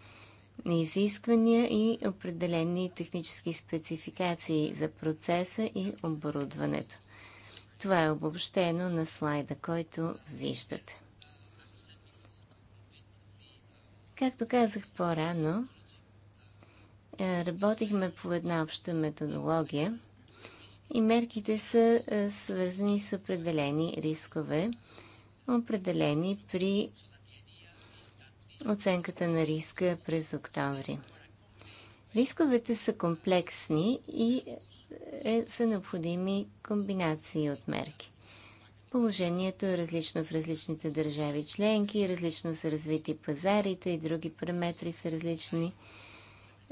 Speaker 2: изисквания и определени технически спецификации за процеса и оборудването. Това е обобщено на слайда, който виждате. Както казах по-рано, е, работихме по една обща методология и мерките са е, свързани с определени рискове, определени при оценката на риска през октомври. Рисковете са комплексни и е, са необходими комбинации от мерки. Положението е различно в различните държави членки, различно са развити пазарите и други параметри са различни.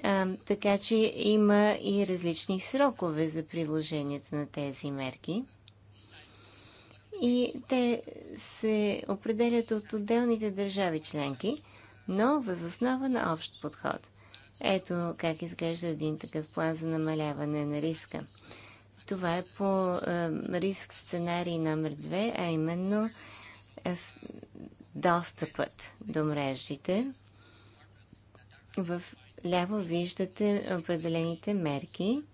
Speaker 2: А, така че има и различни срокове за приложението на тези мерки и те се определят от отделните държави членки, но възоснова на общ подход. Ето как изглежда един такъв план за намаляване на риска. Това е по е, риск сценарий номер 2, а именно е, достъпът до мрежите. В ляво виждате определените мерки –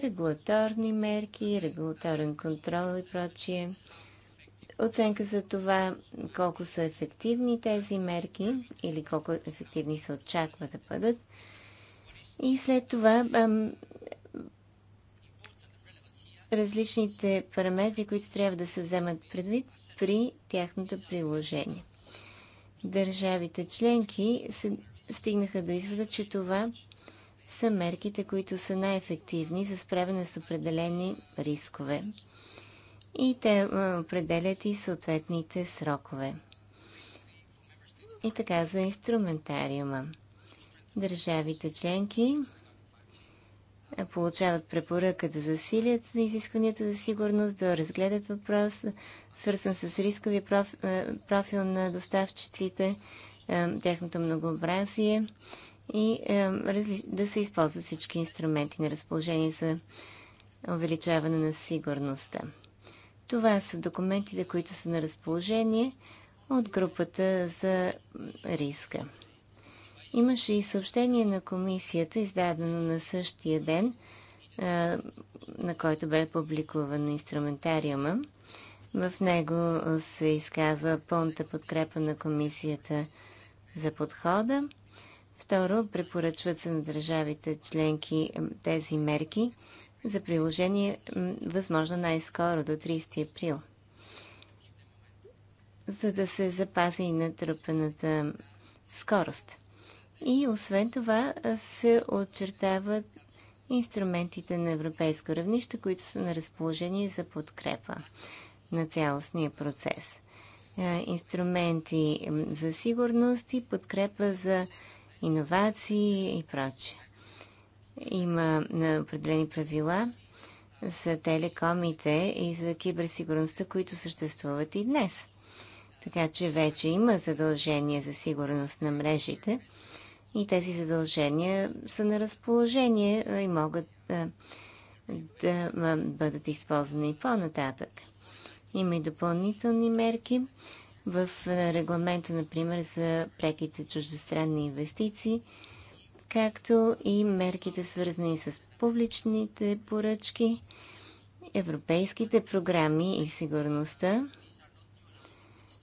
Speaker 2: регулаторни мерки, регулаторен контрол и прочие. Оценка за това колко са ефективни тези мерки или колко ефективни се очаква да бъдат. И след това ам, различните параметри, които трябва да се вземат предвид при тяхното приложение. Държавите членки се стигнаха до извода, че това са мерките, които са най-ефективни за справяне с определени рискове. И те определят и съответните срокове. И така за инструментариума. Държавите членки получават препоръка да засилят за изискванията за сигурност, да разгледат въпрос, свързан с рискови профил на доставчиците, тяхното многообразие, и е, да се използват всички инструменти на разположение за увеличаване на сигурността. Това са документите, които са на разположение от групата за риска. Имаше и съобщение на комисията, издадено на същия ден, на който бе публикуван инструментариума. В него се изказва пълната подкрепа на комисията за подхода. Второ, препоръчват се на държавите членки тези мерки за приложение възможно най-скоро до 30 април, за да се запази и натрупаната скорост. И освен това се очертават инструментите на европейско равнище, които са на разположение за подкрепа на цялостния процес. Е, инструменти за сигурност и подкрепа за иновации и прочее. Има определени правила за телекомите и за киберсигурността, които съществуват и днес. Така че вече има задължения за сигурност на мрежите и тези задължения са на разположение и могат да, да бъдат използвани по-нататък. Има и допълнителни мерки в е, регламента, например, за преките чуждестранни инвестиции, както и мерките свързани с публичните поръчки, европейските програми и сигурността.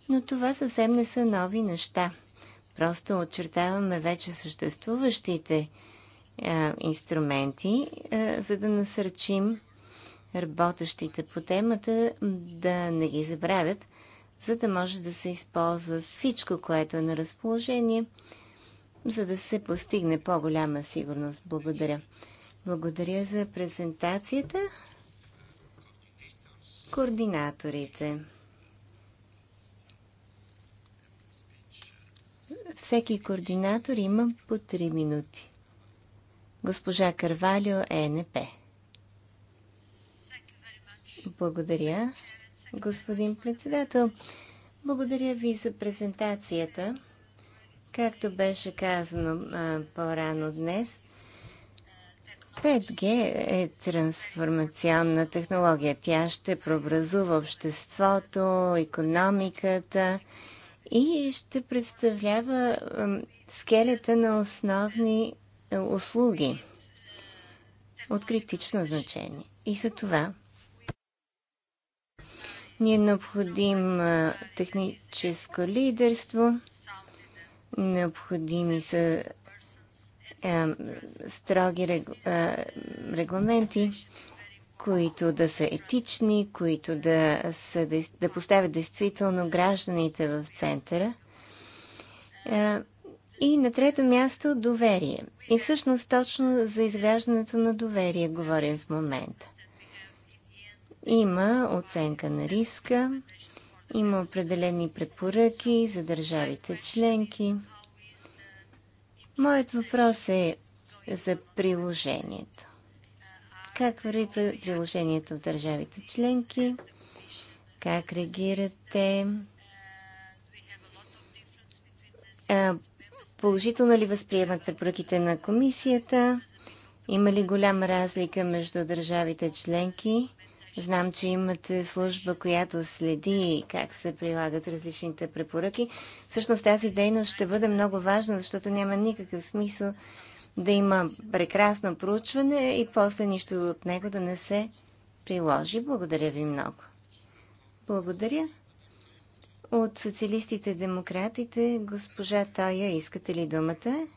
Speaker 2: Но това съвсем не са нови неща. Просто очертаваме вече съществуващите а, е, инструменти, а, е, за да насърчим работещите по темата да не ги забравят, за да може да се използва всичко, което е на разположение, за да се постигне по-голяма сигурност. Благодаря. Благодаря за презентацията. Координаторите. Всеки координатор има по 3 минути. Госпожа Карвалио, ЕНП. Благодаря господин председател. Благодаря ви за презентацията. Както беше казано по-рано днес, 5G е трансформационна технология. Тя ще преобразува обществото, економиката и ще представлява скелета на основни услуги от критично значение. И за това ни е необходимо техническо лидерство, необходими са е, строги е, регламенти, които да са етични, които да, са, да поставят действително гражданите в центъра. Е, и на трето място доверие. И всъщност точно за изграждането на доверие говорим в момента. Има оценка на риска, има определени препоръки за държавите членки. Моят въпрос е за приложението. Как върви приложението в държавите членки? Как реагирате? Положително ли възприемат препоръките на комисията? Има ли голяма разлика между държавите членки? Знам, че имате служба, която следи как се прилагат различните препоръки. Всъщност тази дейност ще бъде много важна, защото няма никакъв смисъл да има прекрасно проучване и после нищо от него да не се приложи. Благодаря ви много. Благодаря. От социалистите демократите, госпожа Тоя, искате ли думата?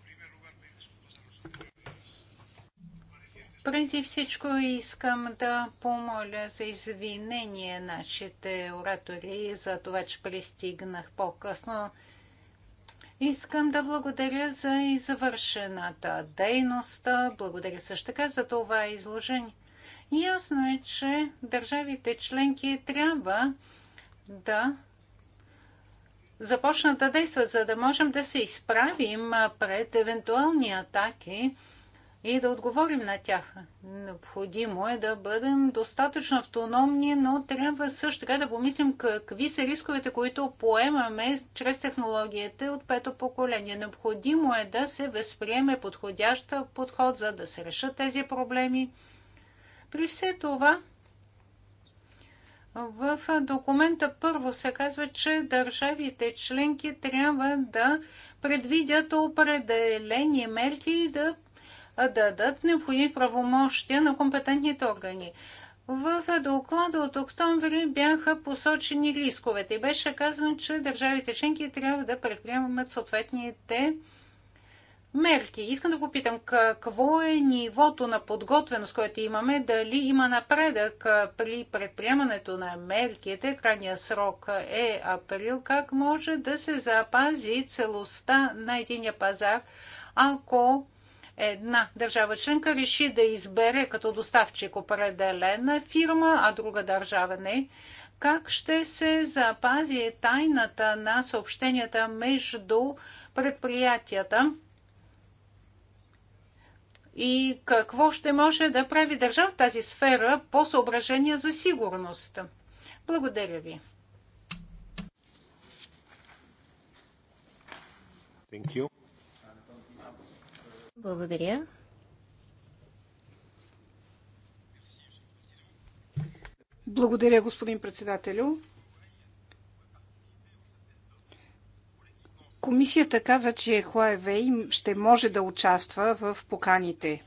Speaker 3: Преди всичко искам да помоля за извинение нашите оратори за това, че пристигнах по-късно. Искам да благодаря за извършената дейност. Благодаря също така за това изложение. Ясно е, че държавите членки трябва да започнат да действат, за да можем да се изправим пред евентуални атаки и да отговорим на тях. Необходимо е да бъдем достатъчно автономни, но трябва също така да помислим какви са рисковете, които поемаме чрез технологията от пето поколение. Необходимо е да се възприеме подходящ подход, за да се решат тези проблеми. При все това, в документа първо се казва, че държавите членки трябва да предвидят определени мерки и да да дадат необходими правомощия на компетентните органи. В доклада от октомври бяха посочени рисковете и беше казано, че държавите членки трябва да предприемат съответните мерки. Искам да попитам какво е нивото на подготвеност, което имаме, дали има напредък при предприемането на мерките. Крайният срок е април. Как може да се запази целостта на единия пазар, ако една държава членка реши да избере като доставчик определена фирма, а друга държава не, как ще се запази тайната на съобщенията между предприятията и какво ще може да прави държава в тази сфера по съображения за сигурност. Благодаря ви.
Speaker 1: Thank you.
Speaker 4: Благодаря. Благодаря, господин председателю. Комисията каза, че Huawei ще може да участва в поканите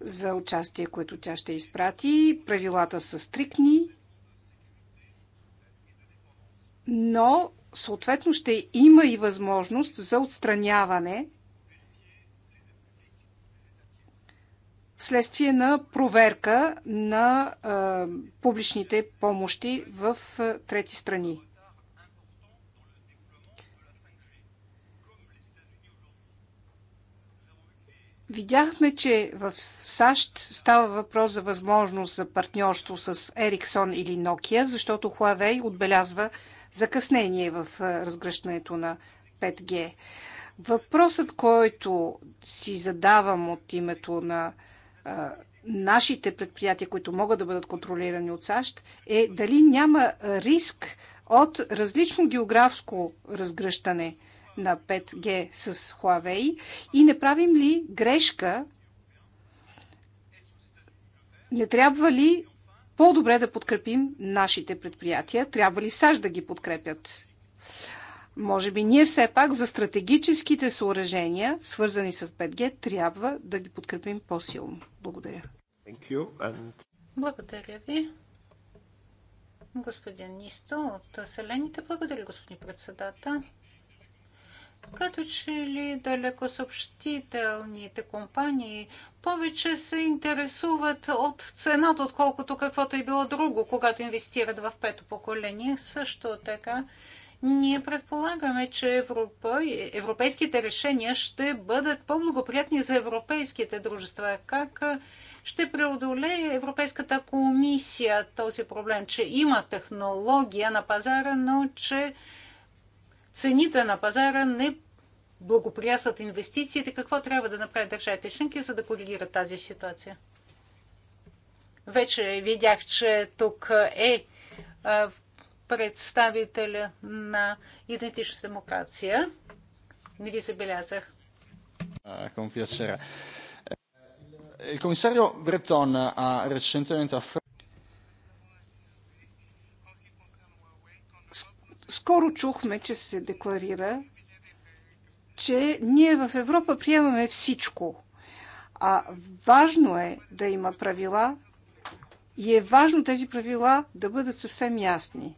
Speaker 4: за участие, което тя ще изпрати. Правилата са стрикни, но съответно ще има и възможност за отстраняване – вследствие на проверка на а, публичните помощи в а, трети страни. Видяхме, че в САЩ става въпрос за възможност за партньорство с Ericsson или Nokia, защото Huawei отбелязва закъснение в разгръщането на 5G. Въпросът, който си задавам от името на нашите предприятия, които могат да бъдат контролирани от САЩ, е дали няма риск от различно географско разгръщане на 5G с Huawei и не правим ли грешка, не трябва ли по-добре да подкрепим нашите предприятия, трябва ли САЩ да ги подкрепят? Може би ние все пак за стратегическите съоръжения, свързани с 5G, трябва да ги подкрепим по-силно. Благодаря.
Speaker 1: And...
Speaker 3: Благодаря ви. Господин Нисто от Селените. Благодаря, господин председател. Като че ли далеко съобщителните компании повече се интересуват от цената, отколкото каквото е било друго, когато инвестират в пето поколение. Също така ние предполагаме, че Европа, европейските решения ще бъдат по-благоприятни за европейските дружества. Как ще преодолее Европейската комисия този проблем, че има технология на пазара, но че цените на пазара не благоприятстват инвестициите. Какво трябва да направят държавите членки, за да коригират тази ситуация? Вече видях, че тук е представителя на идентична демокрация. Не ви забелязах.
Speaker 5: Con piacere. Il commissario
Speaker 4: Скоро чухме, че се декларира, че ние в Европа приемаме всичко. А важно е да има правила и е важно тези правила да бъдат съвсем ясни.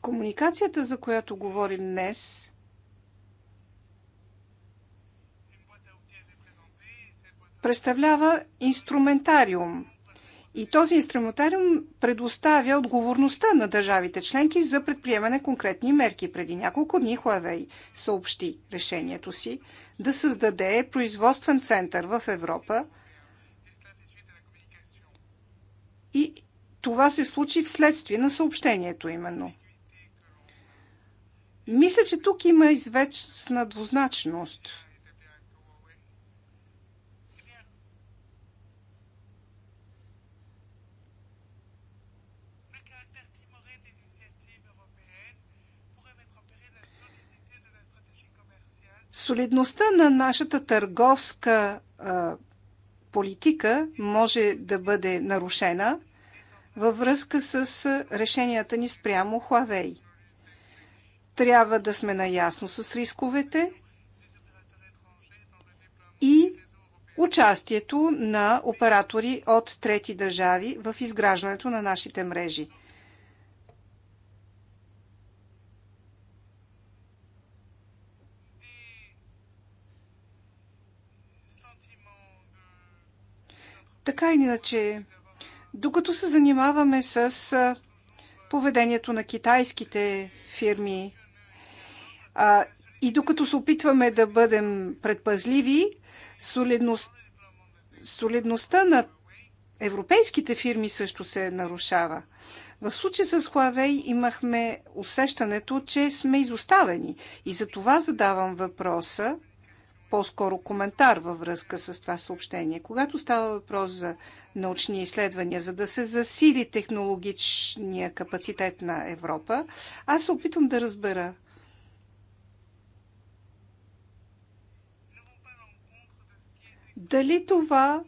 Speaker 4: Комуникацията, за която говорим днес, представлява инструментариум. И този инструментариум предоставя отговорността на държавите членки за предприемане конкретни мерки. Преди няколко дни Huawei съобщи решението си да създаде производствен център в Европа. И това се случи вследствие на съобщението именно. Мисля, че тук има известна двузначност. Солидността на нашата търговска а, политика може да бъде нарушена във връзка с решенията ни спрямо Хуавей. Трябва да сме наясно с рисковете и участието на оператори от трети държави в изграждането на нашите мрежи. Така и иначе, докато се занимаваме с поведението на китайските фирми а, и докато се опитваме да бъдем предпазливи, солидност, солидността на европейските фирми също се нарушава. В случай с Huawei имахме усещането, че сме изоставени. И за това задавам въпроса, по-скоро коментар във връзка с това съобщение. Когато става въпрос за научни изследвания, за да се засили технологичния капацитет на Европа, аз се опитвам да разбера Дали това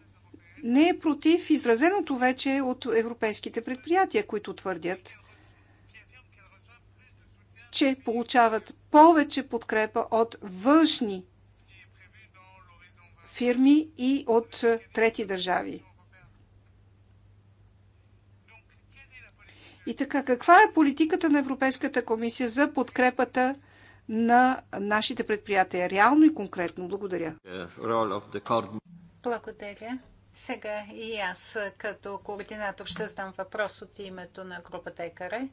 Speaker 4: не е против изразеното вече от европейските предприятия, които твърдят, че получават повече подкрепа от външни фирми и от трети държави. И така, каква е политиката на Европейската комисия за подкрепата на нашите предприятия. Реално и конкретно. Благодаря.
Speaker 3: Благодаря. Сега и аз като координатор ще задам въпрос от името на групата ЕКАРЕ.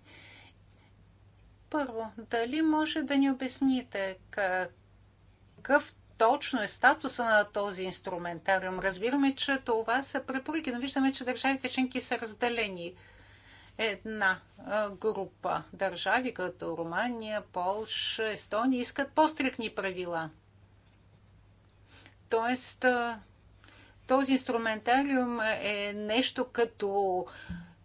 Speaker 3: Първо, дали може да ни обясните какъв точно е статуса на този инструментариум? Разбираме, че това са препоръки, но виждаме, че държавите членки са разделени една група държави, като Румъния, Полша, Естония, искат по-стрикни правила. Тоест, този инструментариум е нещо като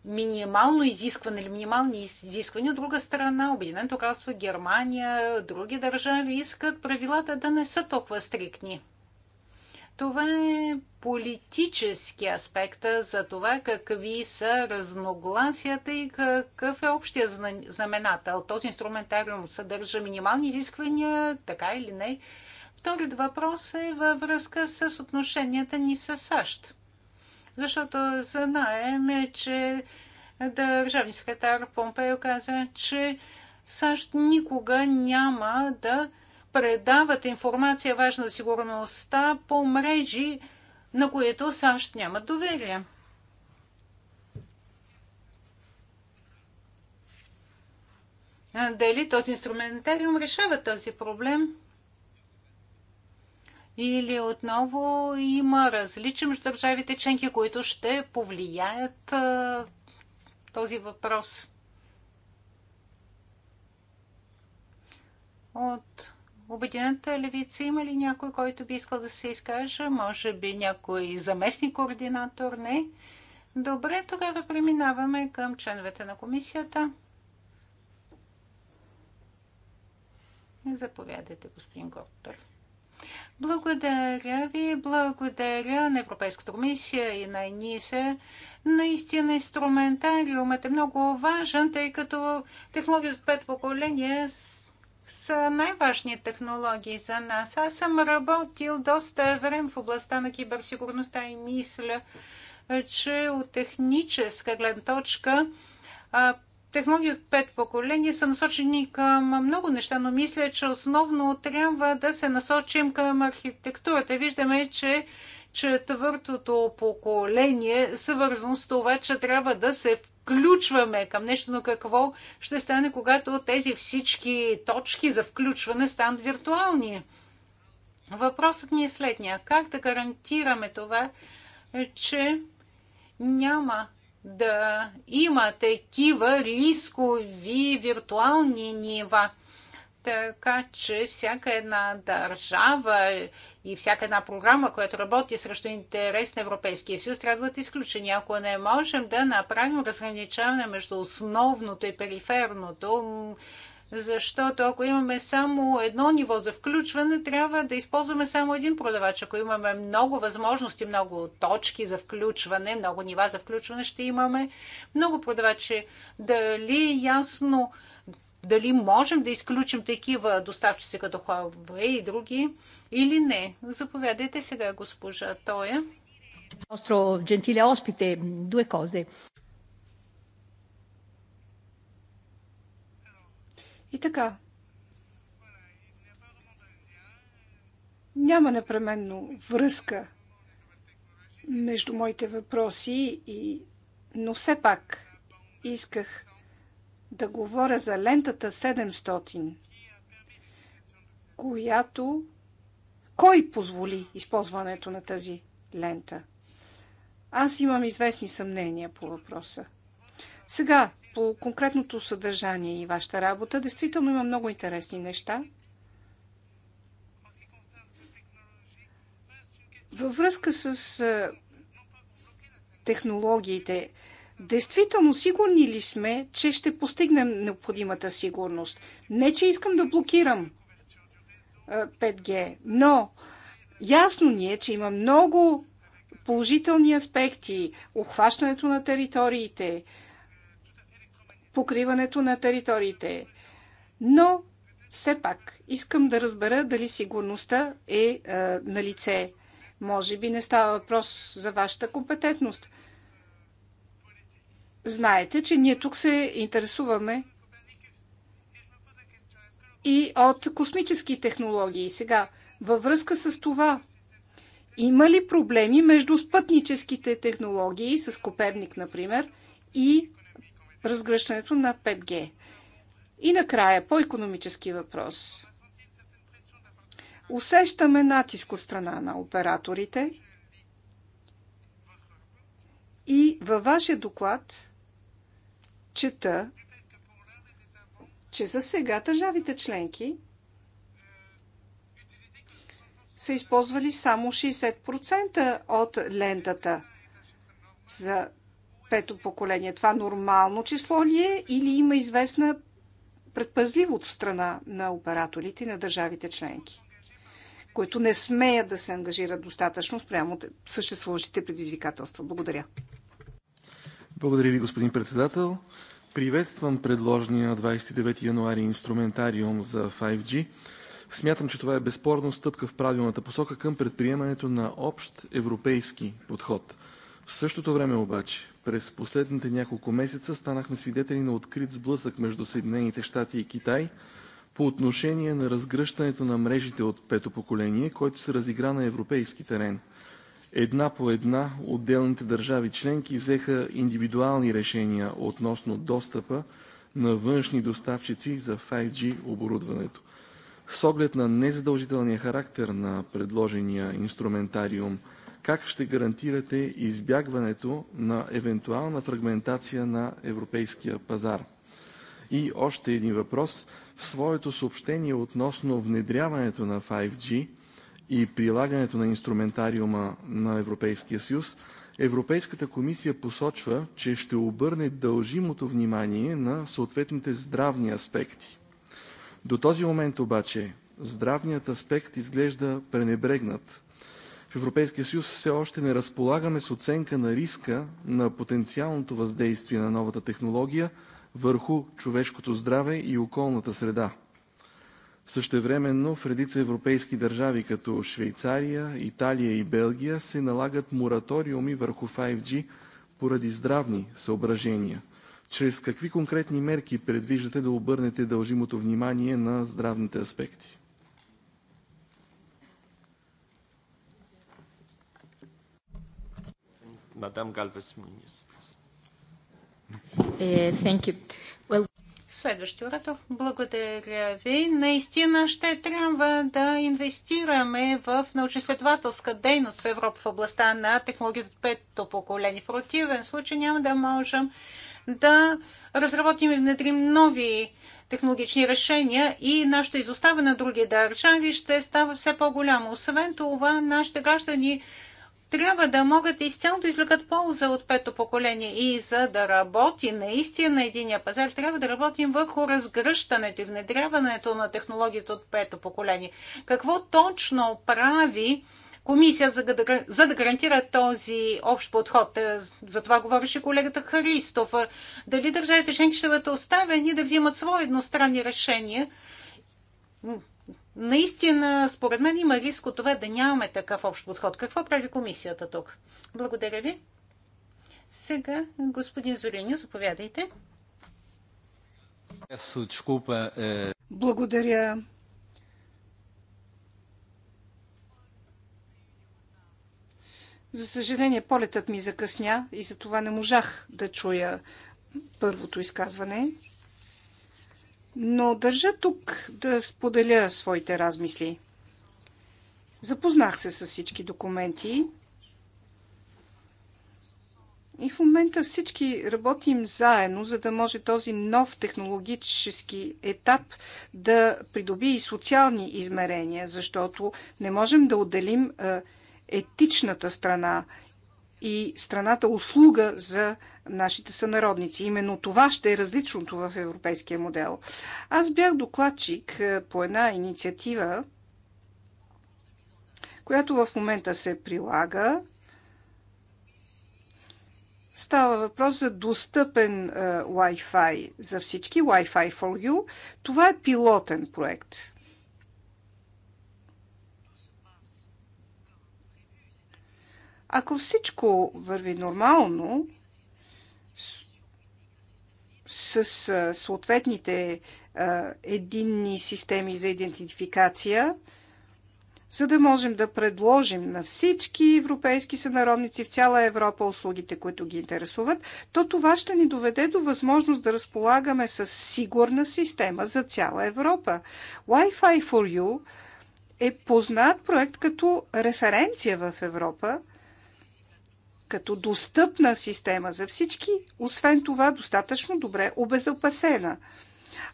Speaker 3: минимално изискване или минимални изисквания. От друга страна, Обединеното кралство, Германия, други държави искат правилата да не са толкова стрикни. Това е политически аспект за това какви са разногласията и какъв е общия знаменател. Този инструментариум съдържа минимални изисквания, така или не. Вторият въпрос е във връзка с отношенията ни с САЩ. Защото знаем, че държавният секретар Помпео каза, че САЩ никога няма да предават информация важна за сигурността по мрежи, на които САЩ нямат доверие. Дали този инструментариум решава този проблем? Или отново има различия между държавите членки, които ще повлияят а, този въпрос? От Обединената левица има ли някой, който би искал да се изкаже? Може би някой заместник координатор? Не. Добре, тогава преминаваме към членовете на комисията. Заповядайте, господин Гоптер. Благодаря ви, благодаря на Европейската комисия и на ЕНИСЕ. Наистина инструментариумът е много важен, тъй като технологията от пет поколения са най-важни технологии за нас. Аз съм работил доста време в областта на киберсигурността и мисля, че от техническа гледна точка технологии от пет поколения са насочени към много неща, но мисля, че основно трябва да се насочим към архитектурата. Виждаме, че четвъртото поколение, свързано с това, че трябва да се включваме към нещо, но какво ще стане, когато тези всички точки за включване станат виртуални? Въпросът ми е следния. Как да гарантираме това, че няма да има такива рискови виртуални нива? Така че всяка една държава и всяка една програма, която работи срещу интерес на Европейския съюз, трябва да изключи. изключени. Ако не можем да направим разграничаване между основното и периферното, защото ако имаме само едно ниво за включване, трябва да използваме само един продавач. Ако имаме много възможности, много точки за включване, много нива за включване, ще имаме много продавачи. Дали ясно дали можем да изключим такива доставчици като Huawei и други или не. Заповядайте сега, госпожа Тоя.
Speaker 4: Nostro джентиле оспите, две козе. И така. Няма непременно връзка между моите въпроси и... Но все пак исках да говоря за лентата 700, която кой позволи използването на тази лента? Аз имам известни съмнения по въпроса. Сега, по конкретното съдържание и вашата работа, действително има много интересни неща. Във връзка с технологиите, Действително сигурни ли сме, че ще постигнем необходимата сигурност? Не, че искам да блокирам 5G, но ясно ни е, че има много положителни аспекти, обхващането на териториите, покриването на териториите. Но все пак искам да разбера дали сигурността е, е на лице. Може би не става въпрос за вашата компетентност – Знаете, че ние тук се интересуваме и от космически технологии. Сега, във връзка с това, има ли проблеми между спътническите технологии, с Коперник, например, и разгръщането на 5G? И накрая, по-економически въпрос. Усещаме натиск от страна на операторите и във вашия доклад чета, че за сега държавите членки са използвали само 60% от лентата за пето поколение. Това нормално число ли е или има известна предпазливост от страна на операторите и на държавите членки, които не смеят да се ангажират достатъчно спрямо съществуващите предизвикателства? Благодаря.
Speaker 5: Благодаря ви, господин председател. Приветствам предложения 29 януари инструментариум за 5G. Смятам, че това е безспорно стъпка в правилната посока към предприемането на общ европейски подход. В същото време обаче, през последните няколко месеца станахме свидетели на открит сблъсък между Съединените щати и Китай по отношение на разгръщането на мрежите от пето поколение, който се разигра на европейски терен – Една по една отделните държави членки взеха индивидуални решения относно достъпа на външни доставчици за 5G оборудването. С оглед на незадължителния характер на предложения инструментариум, как ще гарантирате избягването на евентуална фрагментация на европейския пазар? И още един въпрос. В своето съобщение относно внедряването на 5G – и прилагането на инструментариума на Европейския съюз, Европейската комисия посочва, че ще обърне дължимото внимание на съответните здравни аспекти. До този момент обаче здравният аспект изглежда пренебрегнат. В Европейския съюз все още не разполагаме с оценка на риска на потенциалното въздействие на новата технология върху човешкото здраве и околната среда. Същевременно в редица европейски държави, като Швейцария, Италия и Белгия, се налагат мораториуми върху 5G поради здравни съображения. Чрез какви конкретни мерки предвиждате да обърнете дължимото внимание на здравните аспекти?
Speaker 1: Мадам Галвес Muñiz.
Speaker 2: Е, thank you.
Speaker 3: Well... Следващия оратор. Благодаря ви. Наистина ще трябва да инвестираме в научно-изследователска дейност в Европа в областта на технологията от пето поколение. В противен случай няма да можем да разработим и внедрим нови технологични решения и нашето изоставане на други държави ще става все по-голямо. Освен това, нашите граждани трябва да могат изцяло да извлекат полза от пето поколение. И за да работи наистина единия пазар, трябва да работим върху разгръщането и внедряването на технологията от пето поколение. Какво точно прави комисията, за да, за да гарантира този общ подход? Е, за това говореше колегата Харистов. Дали държавите членки ще бъдат оставени да взимат свои едностранни решения? Наистина, според мен има риск от това да нямаме такъв общ подход. Какво прави комисията тук? Благодаря ви. Сега, господин Зорини, заповядайте. Е, е.
Speaker 4: Благодаря. За съжаление, полетът ми закъсня и затова не можах да чуя първото изказване но държа тук да споделя своите размисли. Запознах се с всички документи и в момента всички работим заедно, за да може този нов технологически етап да придобие и социални измерения, защото не можем да отделим етичната страна и страната услуга за нашите сънародници. Именно това ще е различното в европейския модел. Аз бях докладчик е, по една инициатива, която в момента се прилага. Става въпрос за достъпен е, Wi-Fi за всички, Wi-Fi for you. Това е пилотен проект – Ако всичко върви нормално, с, с съответните а, единни системи за идентификация, за да можем да предложим на всички европейски сънародници в цяла Европа услугите, които ги интересуват, то това ще ни доведе до възможност да разполагаме с сигурна система за цяла Европа. Wi-Fi for You е познат проект като референция в Европа – като достъпна система за всички, освен това достатъчно добре обезопасена.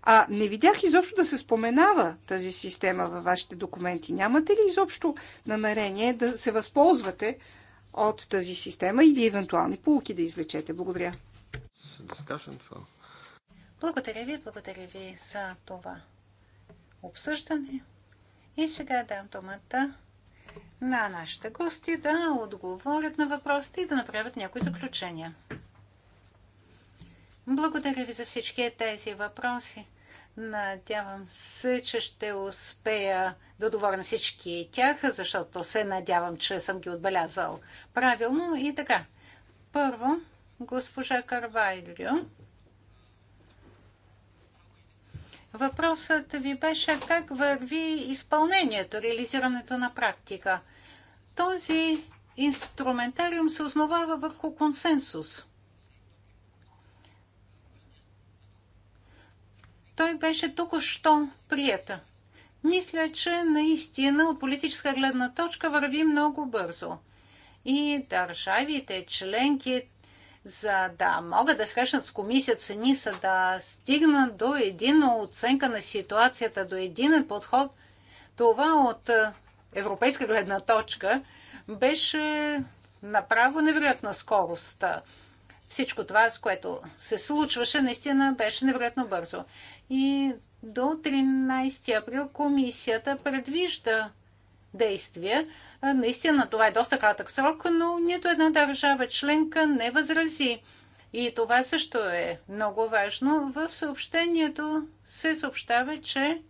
Speaker 4: А не видях изобщо да се споменава тази система във вашите документи. Нямате ли изобщо намерение да се възползвате от тази система или евентуални полуки да излечете? Благодаря.
Speaker 3: Благодаря ви, благодаря ви за това обсъждане. И сега дам думата на нашите гости да отговорят на въпросите и да направят някои заключения. Благодаря ви за всички тези въпроси. Надявам се, че ще успея да отговоря на всички тях, защото се надявам, че съм ги отбелязал правилно. И така, първо, госпожа Карвайлио Въпросът ви беше как върви изпълнението, реализирането на практика. Този инструментариум се основава върху консенсус. Той беше току-що прията. Мисля, че наистина от политическа гледна точка върви много бързо. И държавите членки за да могат да срещнат с комисията с НИСА, да стигнат до единна оценка на ситуацията, до единен подход, това от е, европейска гледна точка беше направо невероятна скорост. Всичко това, с което се случваше, наистина беше невероятно бързо. И до 13 април комисията предвижда действия, Наистина това е доста кратък срок, но нито една държава членка не възрази. И това също е много важно. В съобщението се съобщава, че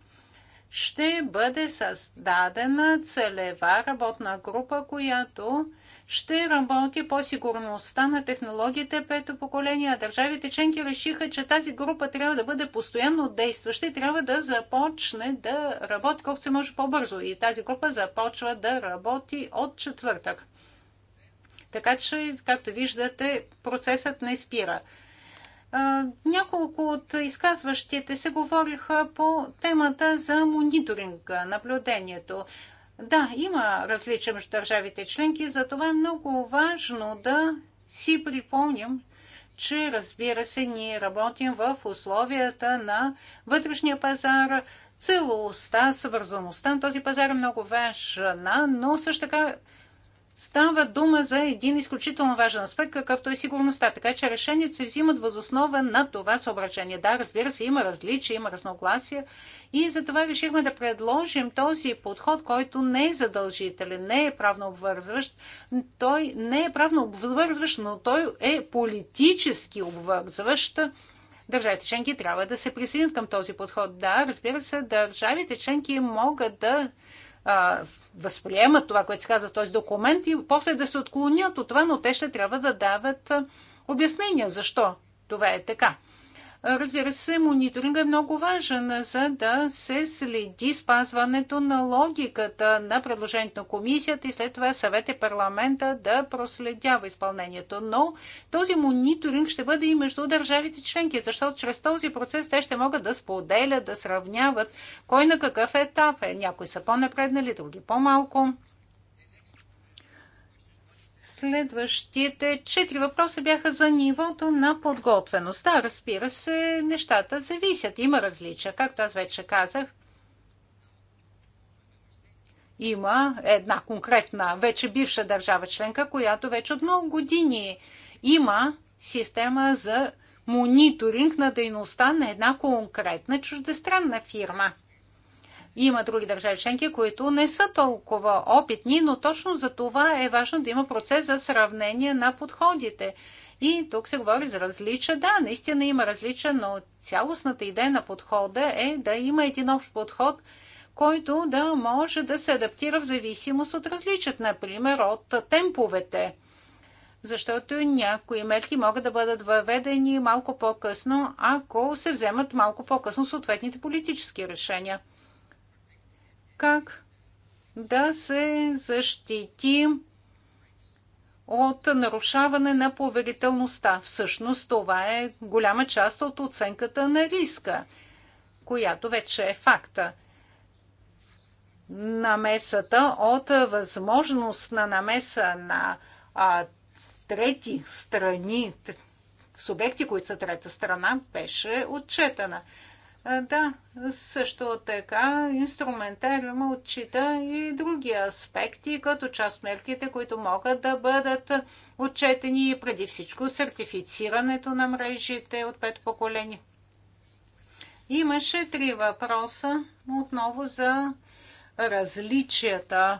Speaker 3: ще бъде създадена целева работна група, която ще работи по сигурността на технологиите пето поколение, а държавите членки решиха, че тази група трябва да бъде постоянно действаща и трябва да започне да работи колкото се може по-бързо. И тази група започва да работи от четвъртък. Така че, както виждате, процесът не спира. Няколко от изказващите се говориха по темата за мониторинга, наблюдението. Да, има различия между държавите членки, затова е много важно да си припомним, че разбира се, ние работим в условията на вътрешния пазар, целостта, свързаността на този пазар е много важна, но също така Става дума за един изключително важен аспект, какъвто е сигурността. Така че решенията се взимат възоснова на това съображение. Да, разбира се, има различия, има разногласия и затова решихме да предложим този подход, който не е задължителен, не е правно обвързващ. Той не е правно обвързващ, но той е политически обвързващ. Държавите членки трябва да се присъединят към този подход. Да, разбира се, държавите членки могат да възприемат това, което се казва в този документ и после да се отклонят от това, но те ще трябва да дават обяснения защо това е така. Разбира се, мониторинга е много важен, за да се следи спазването на логиката на предложението на комисията и след това съвет и парламента да проследява изпълнението. Но този мониторинг ще бъде и между държавите членки, защото чрез този процес те ще могат да споделят, да сравняват кой на какъв етап е. Някои са по-напреднали, други по-малко. Следващите четири въпроса бяха за нивото на подготвеност. Да, разбира се, нещата зависят. Има различия, както аз вече казах. Има една конкретна, вече бивша държава членка, която вече от много години има система за мониторинг на дейността на една конкретна чуждестранна фирма – има други държави членки, които не са толкова опитни, но точно за това е важно да има процес за сравнение на подходите. И тук се говори за различа. Да, наистина има различа, но цялостната идея на подхода е да има един общ подход, който да може да се адаптира в зависимост от различат, например от темповете. Защото някои мерки могат да бъдат въведени малко по-късно, ако се вземат малко по-късно съответните политически решения как да се защитим от нарушаване на поверителността. Всъщност това е голяма част от оценката на риска, която вече е факта. Намесата от възможност на намеса на а, трети страни, субекти, които са трета страна, беше отчетена. Да, също така инструментариума отчита и други аспекти, като част от мерките, които могат да бъдат отчетени и преди всичко сертифицирането на мрежите от пет поколения. Имаше три въпроса отново за различията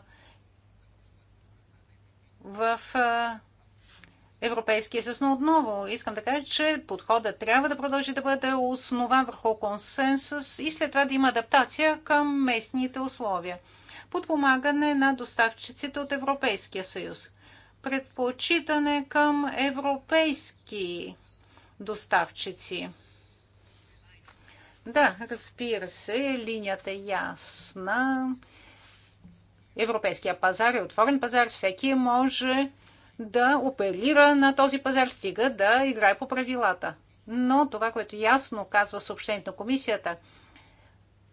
Speaker 3: в Европейския съюз. Но отново искам да кажа, че подходът трябва да продължи да бъде основан върху консенсус и след това да има адаптация към местните условия. Подпомагане на доставчиците от Европейския съюз. Предпочитане към европейски доставчици. Да, разбира се, линията е ясна. Европейския пазар е отворен пазар. Всеки може да оперира на този пазар, стига да играе по правилата. Но това, което ясно казва съобщението на комисията,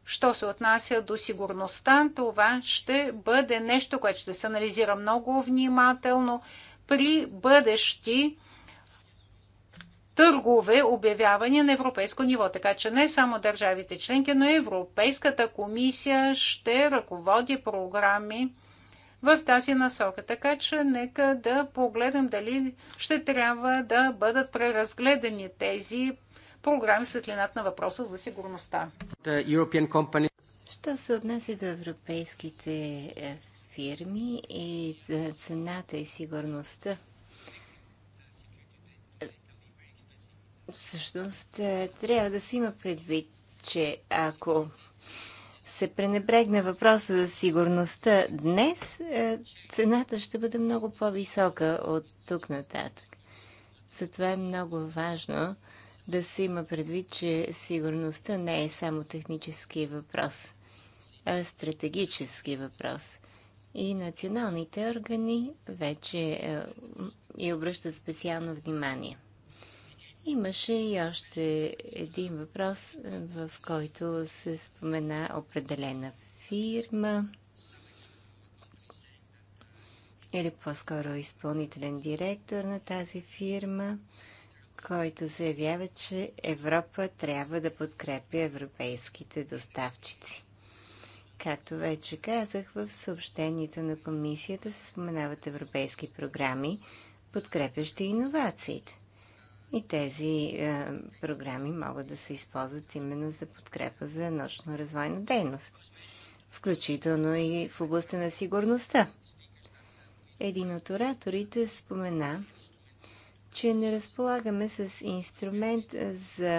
Speaker 3: що се отнася до сигурността, това ще бъде нещо, което ще се анализира много внимателно при бъдещи търгове, обявявания на европейско ниво. Така че не само държавите членки, но и Европейската комисия ще ръководи програми в тази насока. Така че нека да погледнем дали ще трябва да бъдат преразгледани тези програми светлината на въпроса за сигурността.
Speaker 2: Що се отнася до европейските е, фирми и за е, цената и сигурността? Всъщност, е, трябва да се има предвид, че ако се пренебрегне въпроса за сигурността днес, е, цената ще бъде много по-висока от тук нататък. Затова е много важно да се има предвид, че сигурността не е само технически въпрос, а стратегически въпрос. И националните органи вече е, и обръщат специално внимание. Имаше и още един въпрос, е, в който се спомена определена фирма или по-скоро изпълнителен директор на тази фирма, който заявява, че Европа трябва да подкрепи европейските доставчици. Както вече казах, в съобщението на комисията се споменават европейски програми, подкрепящи иновациите. И тези е, програми могат да се използват именно за подкрепа за научно-развойна дейност, включително и в областта на сигурността. Един от ораторите спомена, че не разполагаме с инструмент за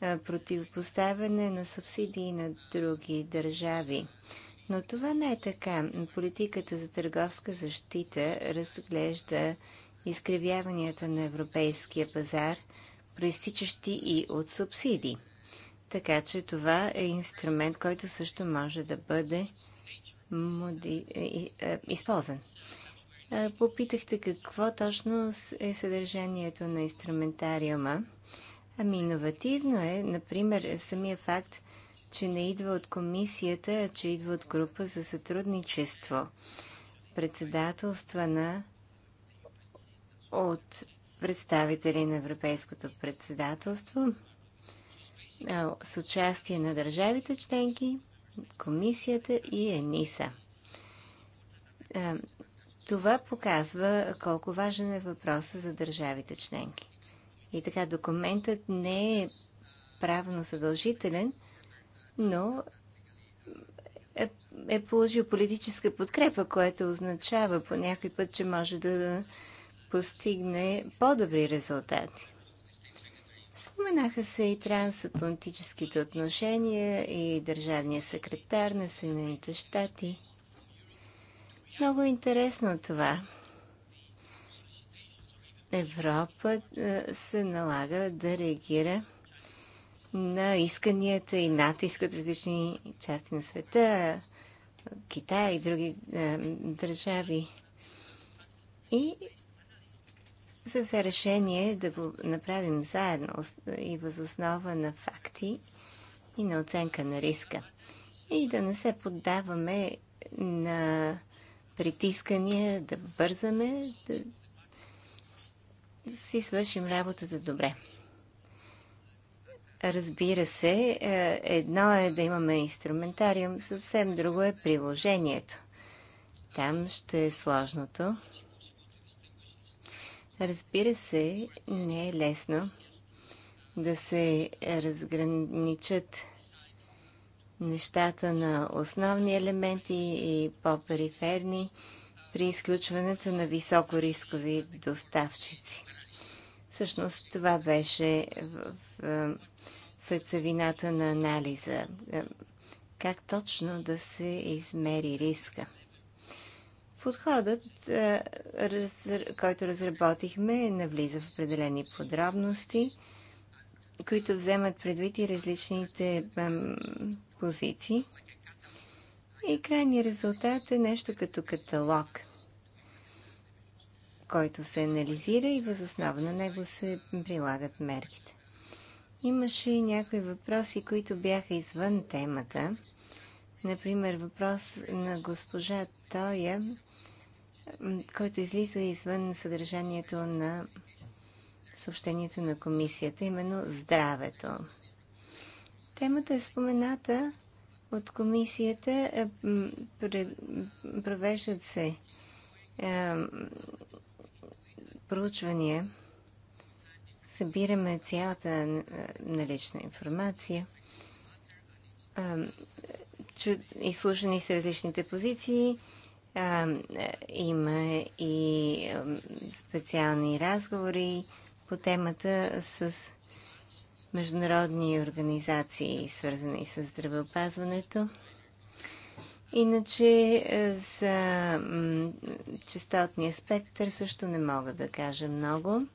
Speaker 2: е, противопоставяне на субсидии на други държави. Но това не е така. Политиката за търговска защита разглежда изкривяванията на европейския пазар, проистичащи и от субсидии. Така че това е инструмент, който също може да бъде моди... Е, е, е, използван. Попитахте какво точно е съдържанието на инструментариума. Ами, иновативно е, например, самия факт, че не идва от комисията, а че идва от група за сътрудничество, Председателства на от представители на Европейското председателство с участие на държавите членки, комисията и ЕНИСА. Това показва колко важен е въпросът за държавите членки. И така, документът не е правно задължителен, но е, е положил политическа подкрепа, което означава по някой път, че може да постигне по-добри резултати. Споменаха се и трансатлантическите отношения и държавния секретар на Съединените щати. Много интересно това. Европа е, се налага да реагира на исканията и натискат различни части на света, Китай и други е, държави. И се взе решение да го направим заедно и възоснова на факти и на оценка на риска. И да не се поддаваме на притискания, да бързаме, да, си свършим работата добре. Разбира се, е, едно е да имаме инструментариум, съвсем друго е приложението. Там ще е сложното. Разбира се, не е лесно да се разграничат нещата на основни елементи и по-периферни при изключването на високорискови доставчици. Всъщност това беше в, в сърцевината на анализа. Е, как точно да се измери риска? Подходът, е, който разработихме, навлиза в определени подробности, които вземат предвид и различните позиции. И крайният резултат е нещо като каталог, който се анализира и възоснова на него се прилагат мерките. Имаше и някои въпроси, които бяха извън темата. Например, въпрос на госпожа Тоя който излиза извън съдържанието на съобщението на комисията, именно здравето. Темата е спомената от комисията. Е, провеждат се е, проучвания. Събираме цялата е, налична информация. Изслушани са различните позиции а, е, има и специални разговори по темата с международни организации, свързани с здравеопазването. Иначе е, за частотния спектър също не мога да кажа много.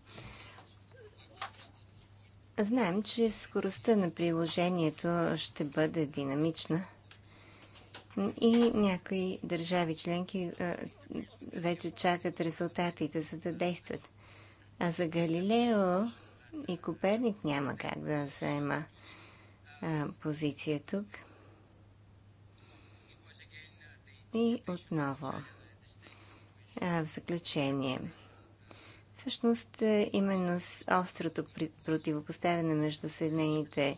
Speaker 2: Знаем, че скоростта на приложението ще бъде динамична. И някои държави членки е, вече чакат резултатите, за да действат. А за Галилео и Коперник няма как да заема е, позиция тук. И отново, е, в заключение, всъщност именно с острото противопоставяне между Съединените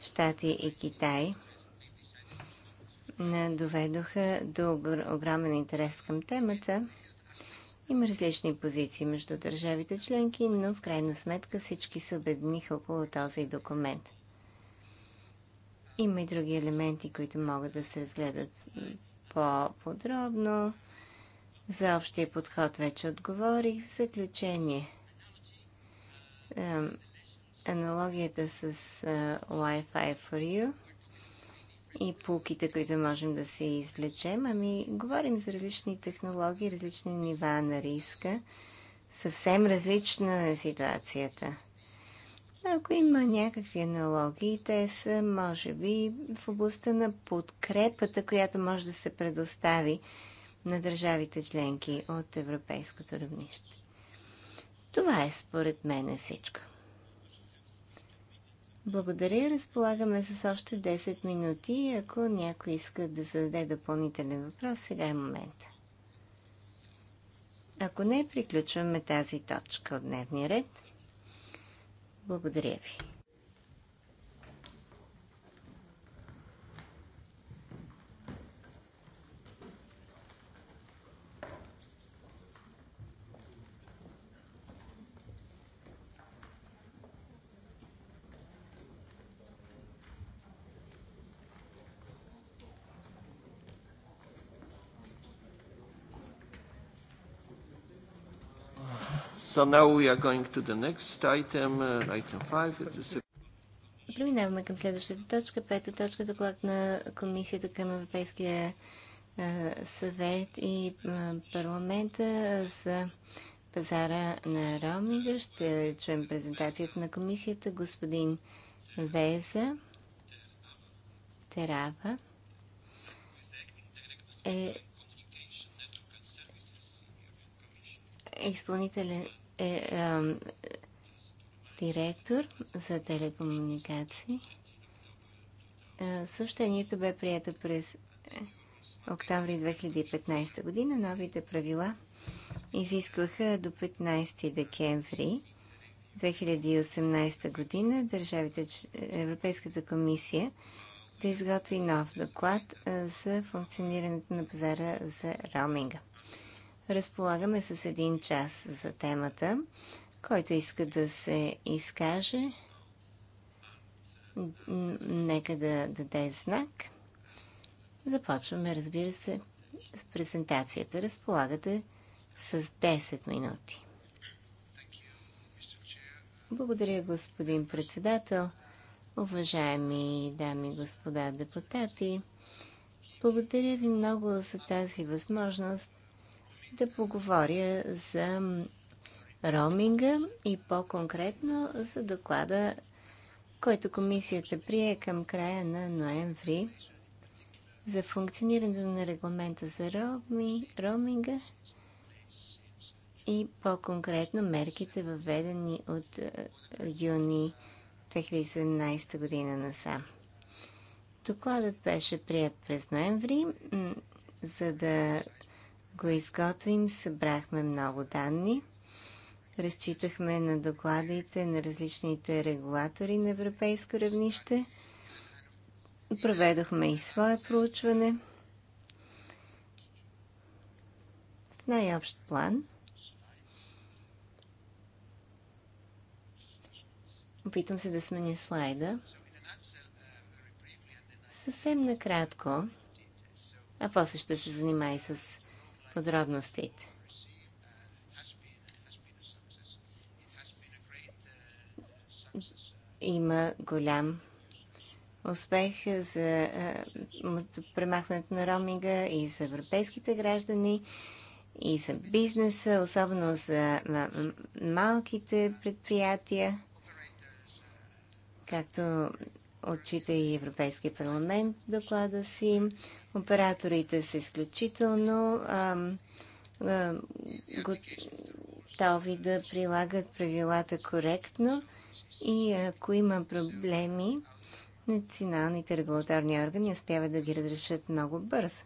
Speaker 2: щати и Китай – доведоха до огромен интерес към темата. Има различни позиции между държавите членки, но в крайна сметка всички се обедниха около този документ. Има и други елементи, които могат да се разгледат по-подробно. За общия подход вече отговорих. В заключение, аналогията с Wi-Fi for You – и полките, които можем да се извлечем. Ами, говорим за различни технологии, различни нива на риска. Съвсем различна е ситуацията. Ако има някакви аналогии, те са, може би, в областта на подкрепата, която може да се предостави на държавите членки от европейското равнище. Това е според мен всичко. Благодаря. Разполагаме с още 10 минути. Ако някой иска да зададе допълнителен въпрос, сега е момента. Ако не, приключваме тази точка от дневния ред. Благодаря ви.
Speaker 1: now we are going to the next item, uh, item
Speaker 2: Преминаваме към следващата точка. Пета точка е доклад на Комисията към Европейския съвет и парламента за пазара на роминга. Ще чуем презентацията на комисията. Господин Веза Терава е изпълнителен е, е директор за телекомуникации. Е, съобщението бе прието през октомври 2015 година. Новите правила изискваха до 15 декември 2018 година държавите, Европейската комисия да изготви нов доклад за функционирането на пазара за роуминга разполагаме с един час за темата. Който иска да се изкаже, нека да даде знак. Започваме, разбира се, с презентацията. Разполагате с 10 минути. Благодаря, господин председател. Уважаеми дами и господа депутати, благодаря ви много за тази възможност да поговоря за роуминга и по-конкретно за доклада, който комисията прие към края на ноември за функционирането на регламента за роуминга и по-конкретно мерките въведени от е, юни 2017 година насам. Докладът беше прият през ноември, за да го изготвим, събрахме много данни. Разчитахме на докладите на различните регулатори на европейско равнище. Проведохме и свое проучване. В най-общ план опитвам се да сменя слайда. Съвсем накратко, а после ще се занимай с подробностите. Има голям успех е, за премахването на роминга и за европейските граждани, и за бизнеса, особено за малките предприятия, както отчита и Европейския парламент доклада си. Операторите са изключително а, а, готови да прилагат правилата коректно и ако има проблеми, националните регулаторни органи успяват да ги разрешат много бързо.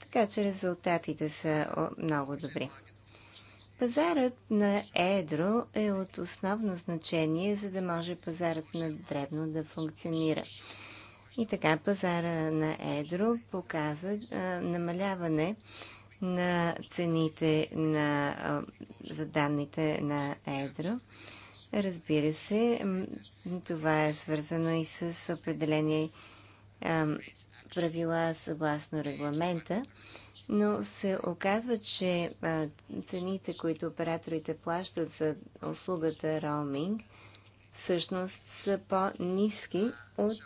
Speaker 2: Така че резултатите са много добри. Пазарът на едро е от основно значение, за да може пазарът на дребно да функционира. И така пазара на едро показа а, намаляване на цените на, а, за данните на едро. Разбира се, това е свързано и с определени а, правила съгласно регламента но се оказва, че цените, които операторите плащат за услугата роуминг, всъщност са по-низки от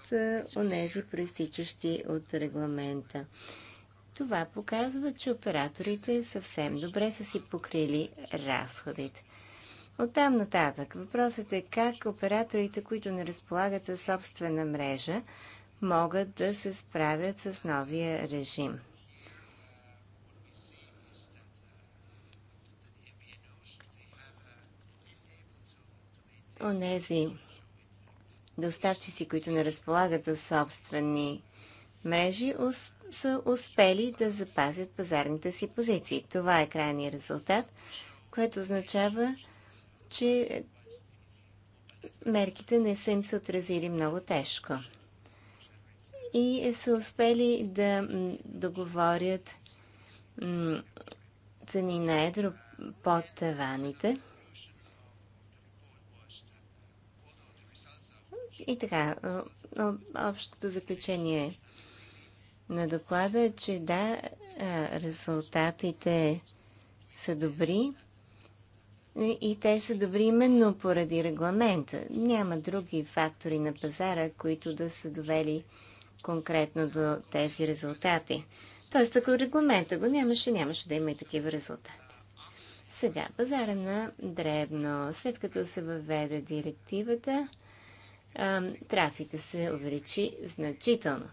Speaker 2: онези, проистичащи от регламента. Това показва, че операторите съвсем добре са си покрили разходите. Оттам нататък въпросът е как операторите, които не разполагат със собствена мрежа, могат да се справят с новия режим. онези доставчици, които не разполагат за собствени мрежи, са успели да запазят пазарните си позиции. Това е крайният резултат, което означава, че мерките не са им се отразили много тежко. И са успели да договорят цени на едро под таваните – И така, общото заключение на доклада е, че да, резултатите са добри и те са добри именно поради регламента. Няма други фактори на пазара, които да са довели конкретно до тези резултати. Тоест, ако регламента го нямаше, нямаше да има и такива резултати. Сега, пазара на дребно. След като се въведе директивата, трафика се увеличи значително.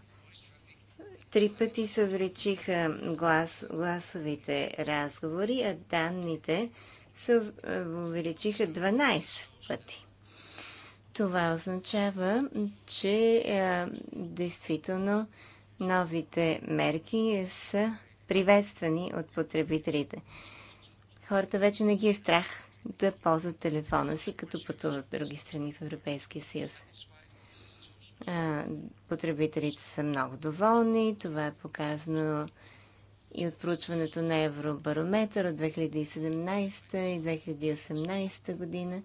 Speaker 2: Три пъти се увеличиха глас, гласовите разговори, а данните се увеличиха 12 пъти. Това означава, че а, действително новите мерки са приветствани от потребителите. Хората вече не ги е страх да ползват телефона си, като пътуват в други страни в Европейския съюз. Потребителите са много доволни. Това е показано и от проучването на Евробарометър от 2017 и 2018 година.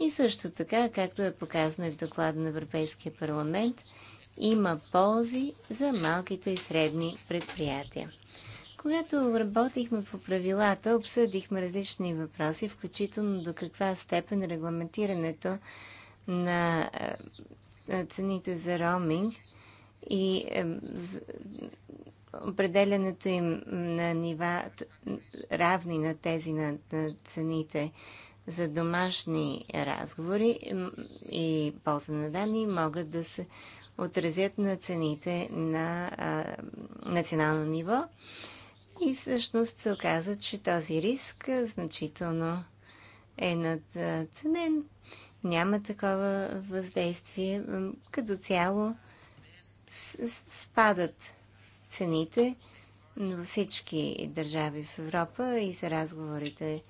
Speaker 2: И също така, както е показано и в доклада на Европейския парламент, има ползи за малките и средни предприятия. Когато работихме по правилата, обсъдихме различни въпроси, включително до каква степен регламентирането на е, цените за роуминг и е, определянето им на нива равни на тези на, цените за домашни разговори и полза на данни могат да се отразят на цените на а, национално ниво и всъщност се оказа, че този риск значително е надценен. Няма такова въздействие. Като цяло спадат цените във всички държави в Европа и за разговорите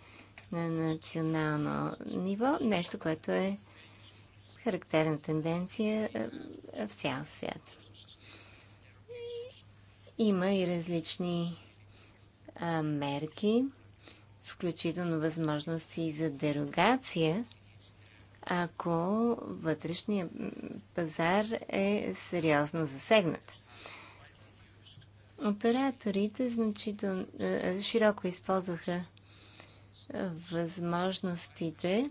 Speaker 2: на национално ниво. Нещо, което е характерна тенденция в цял свят. Има и различни мерки, включително възможности за дерогация, ако вътрешният пазар е сериозно засегнат. Операторите значително, широко използваха възможностите.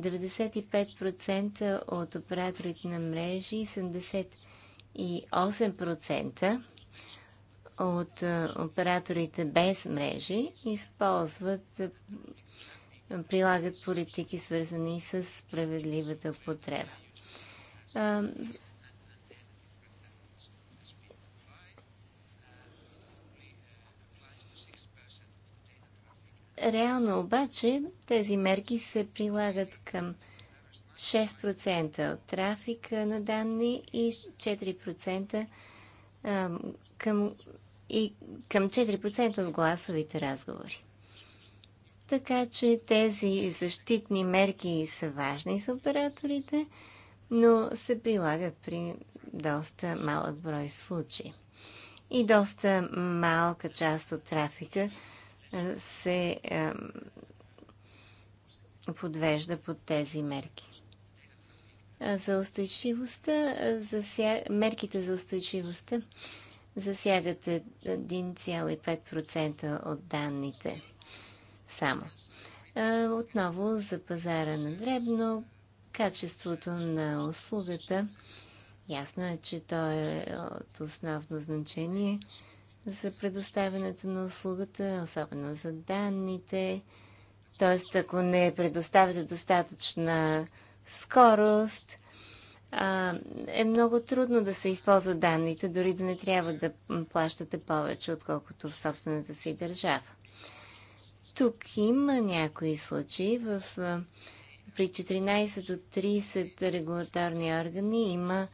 Speaker 2: 95% от операторите на мрежи и 78% от операторите без мрежи използват, прилагат политики, свързани с справедливата употреба. Реално обаче тези мерки се прилагат към 6% от трафика на данни и 4% към, и към 4% от гласовите разговори. Така че тези защитни мерки са важни с операторите, но се прилагат при доста малък брой случаи. И доста малка част от трафика се подвежда под тези мерки за устойчивостта, засяг... мерките за устойчивостта засягат 1,5% от данните само. Отново за пазара на дребно, качеството на услугата. Ясно е, че то е от основно значение за предоставянето на услугата, особено за данните. Тоест, ако не предоставяте достатъчна скорост. А, е много трудно да се използват данните, дори да не трябва да плащате повече, отколкото в собствената си държава. Тук има някои случаи в при 14 от 30 регулаторни органи има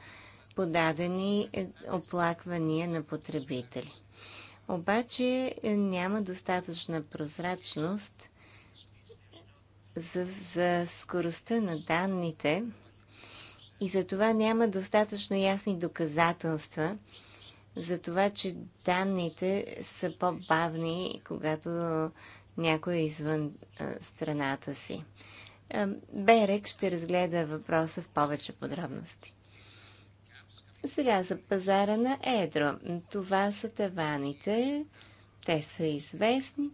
Speaker 2: подадени е, оплаквания на потребители. Обаче е, няма достатъчна прозрачност за, за скоростта на данните и за това няма достатъчно ясни доказателства за това, че данните са по-бавни, когато някой е извън а, страната си. Берек ще разгледа въпроса в повече подробности. Сега за пазара на Едро. Това са таваните. Те са известни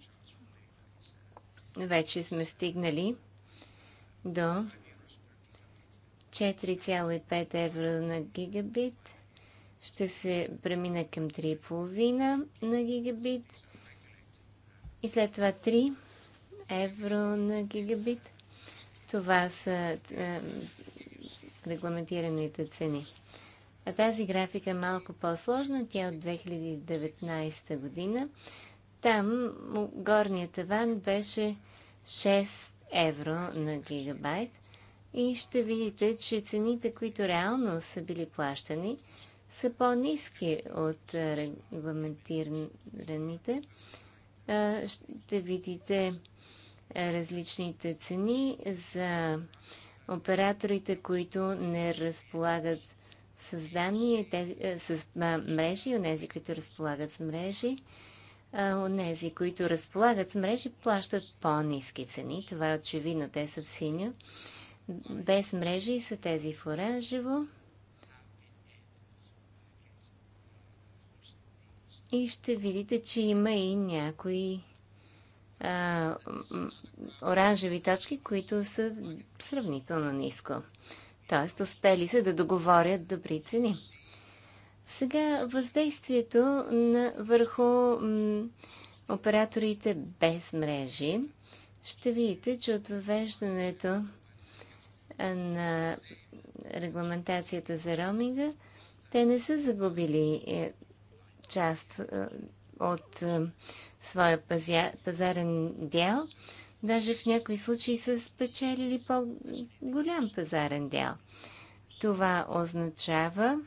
Speaker 2: вече сме стигнали до 4,5 евро на гигабит. Ще се премина към 3,5 на гигабит. И след това 3 евро на гигабит. Това са е, регламентираните цени. А тази графика е малко по-сложна. Тя е от 2019 година. Там горният таван беше 6 евро на гигабайт и ще видите, че цените, които реално са били плащани, са по-низки от регламентираните. Ще видите различните цени за операторите, които не разполагат с данни, с мрежи, онези, тези, които разполагат с мрежи онези, които разполагат с мрежи, плащат по-низки цени. Това е очевидно. Те са в синьо. Без мрежи са тези в оранжево. И ще видите, че има и някои а, оранжеви точки, които са сравнително ниско. Тоест, успели са да договорят добри цени. Сега въздействието на, върху м, операторите без мрежи. Ще видите, че от въвеждането на регламентацията за роминга, те не са загубили е, част е, от е, своя пазарен дял. Даже в някои случаи са спечелили по-голям пазарен дял. Това означава,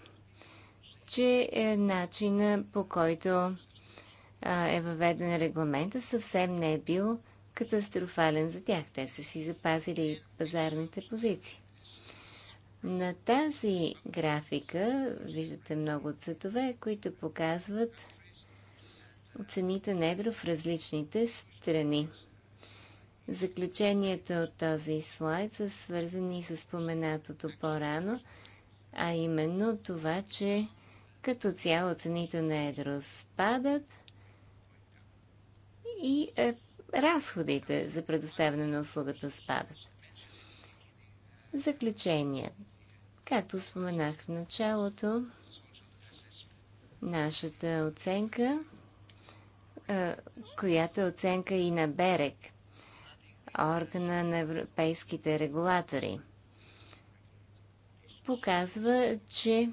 Speaker 2: че е, начина по който е въведен регламента съвсем не е бил катастрофален за тях. Те са си запазили пазарните позиции. На тази графика виждате много цветове, които показват цените на едро в различните страни. Заключенията от този слайд са свързани с споменатото по-рано, а именно това, че като цяло цените на едро спадат и е, разходите за предоставяне на услугата спадат. Заключение. Както споменах в началото, нашата оценка, е, която е оценка и на Берек, органа на европейските регулатори, показва, че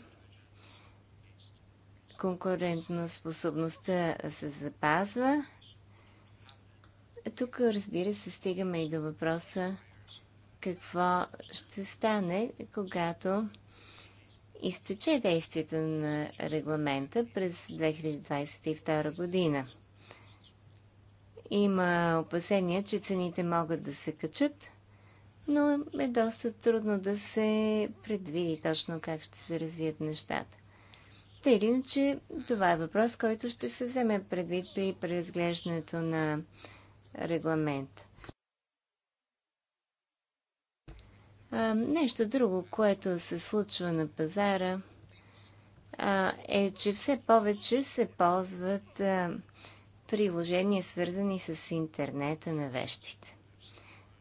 Speaker 2: конкурентно способността се запазва. Тук, разбира се, стигаме и до въпроса какво ще стане, когато изтече действието на регламента през 2022 година. Има опасения, че цените могат да се качат, но е доста трудно да се предвиди точно как ще се развият нещата. Те или иначе, това е въпрос, който ще се вземе предвид при преразглеждането на регламент. А, нещо друго, което се случва на пазара, а, е, че все повече се ползват а, приложения, свързани с интернета на вещите.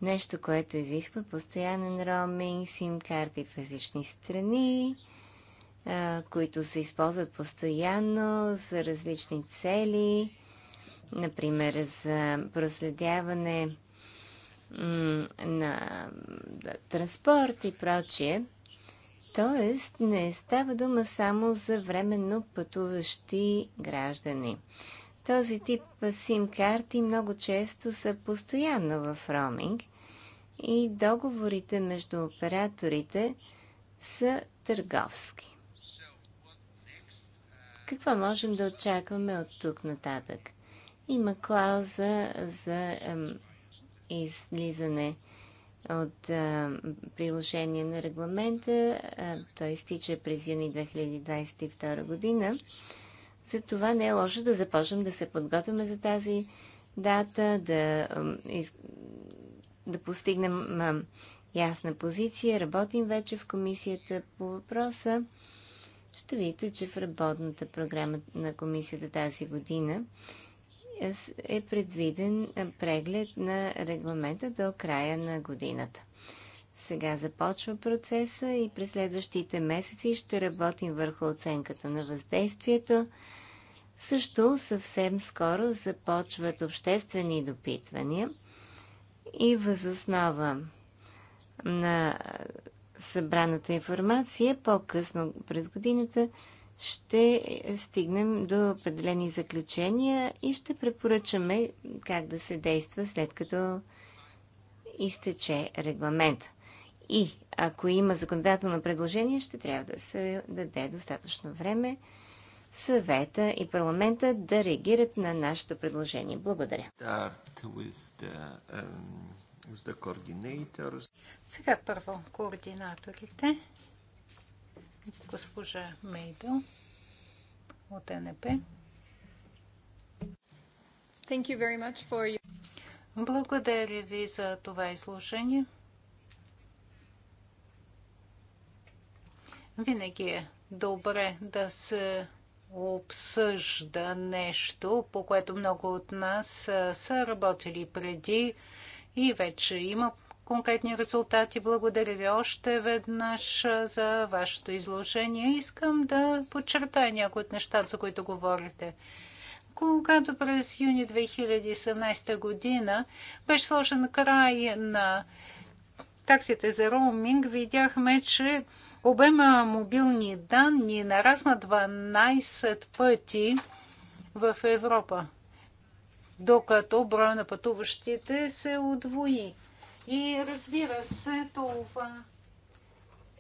Speaker 2: Нещо, което изисква постоянен роуминг, сим-карти в различни страни, които се използват постоянно за различни цели, например за проследяване на транспорт и прочие. Тоест, не става дума само за временно пътуващи граждани. Този тип сим-карти много често са постоянно в роуминг и договорите между операторите са търговски. Какво можем да очакваме от тук нататък? Има клауза за ем, излизане от е, приложение на регламента. Е, той изтича през юни 2022 година. Затова не е лошо да започнем да се подготвяме за тази дата, да, е, да постигнем ясна позиция. Работим вече в комисията по въпроса ще видите, че в работната програма на комисията тази година е предвиден преглед на регламента до края на годината. Сега започва процеса и през следващите месеци ще работим върху оценката на въздействието. Също съвсем скоро започват обществени допитвания и възоснова на събраната информация, по-късно през годината ще стигнем до определени заключения и ще препоръчаме как да се действа след като изтече регламент. И ако има законодателно предложение, ще трябва да се даде достатъчно време съвета и парламента да реагират на нашето предложение. Благодаря.
Speaker 1: Um, за coordinators.
Speaker 3: Сега първо координаторите. Госпожа Мейдо от НП. Thank you very much for you. Благодаря ви за това изложение. Винаги е добре да се обсъжда нещо, по което много от нас са работили преди и вече има конкретни резултати. Благодаря ви още веднъж за вашето изложение. Искам да подчертая някои от нещата, за които говорите. Когато през юни 2017 година беше сложен край на таксите за роуминг, видяхме, че обема мобилни данни нарасна 12 пъти в Европа докато броя на пътуващите се удвои. И разбира се, това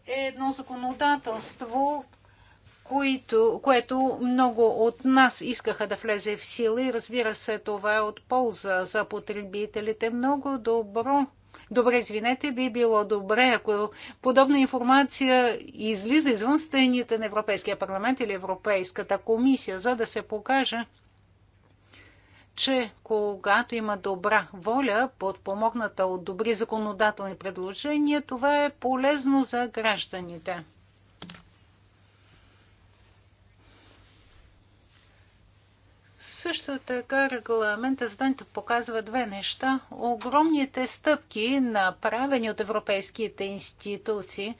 Speaker 3: е едно законодателство, което, което много от нас искаха да влезе в сила и разбира се, това е от полза за потребителите. Много добро. Добре, извинете, би било добре, ако подобна информация излиза извън стените на Европейския парламент или Европейската комисия, за да се покаже, че когато има добра воля, подпомогната от добри законодателни предложения, това е полезно за гражданите. Също така регламента за данните показва две неща. Огромните стъпки, направени от европейските институции,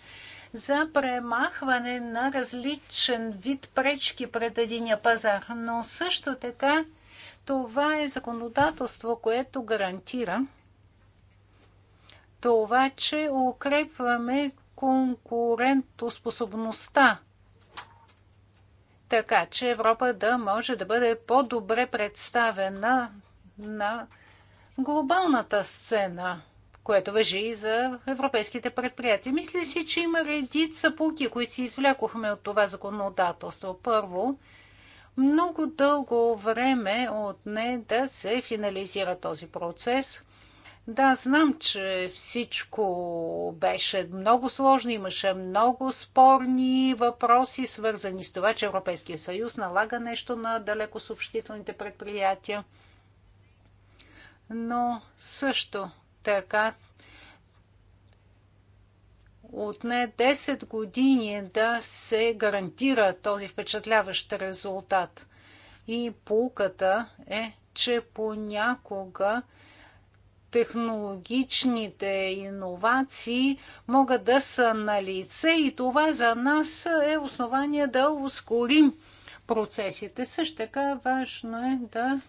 Speaker 3: за премахване на различен вид пречки пред единия пазар, но също така това е законодателство, което гарантира това, че укрепваме конкурентоспособността, така че Европа да може да бъде по-добре представена на глобалната сцена, което въжи и за европейските предприятия. Мисля си, че има редица пуки, които си извлякохме от това законодателство. Първо, много дълго време отне да се финализира този процес. Да, знам, че всичко беше много сложно, имаше много спорни въпроси, свързани с това, че Европейския съюз налага нещо на далеко съобщителните предприятия. Но също така отне 10 години да се гарантира този впечатляващ резултат. И полуката е, че понякога технологичните иновации могат да са на лице и това за нас е основание да ускорим процесите. Също така важно е да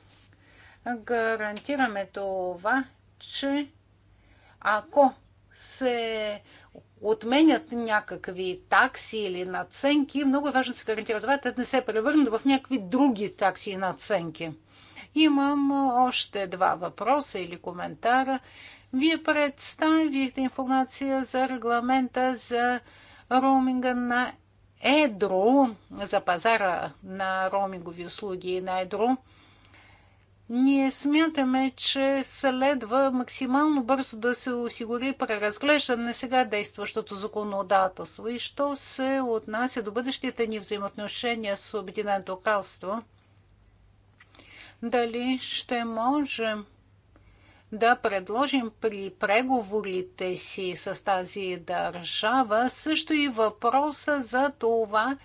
Speaker 3: гарантираме това, че ако се отменят някакви такси или наценки, много е важно да се гарантира това, те да не се превърнат в някакви други такси и наценки. Имам още два въпроса или коментара. Вие представихте информация за регламента за роуминга на Едро, за пазара на роумингови услуги на Едро. Ние смятаме, че следва максимално бързо да се осигури преразглеждане на сега действащото законодателство. И що се отнася до бъдещите ни взаимоотношения с Обединеното кралство, дали ще можем да предложим при преговорите си с тази държава също и въпроса за това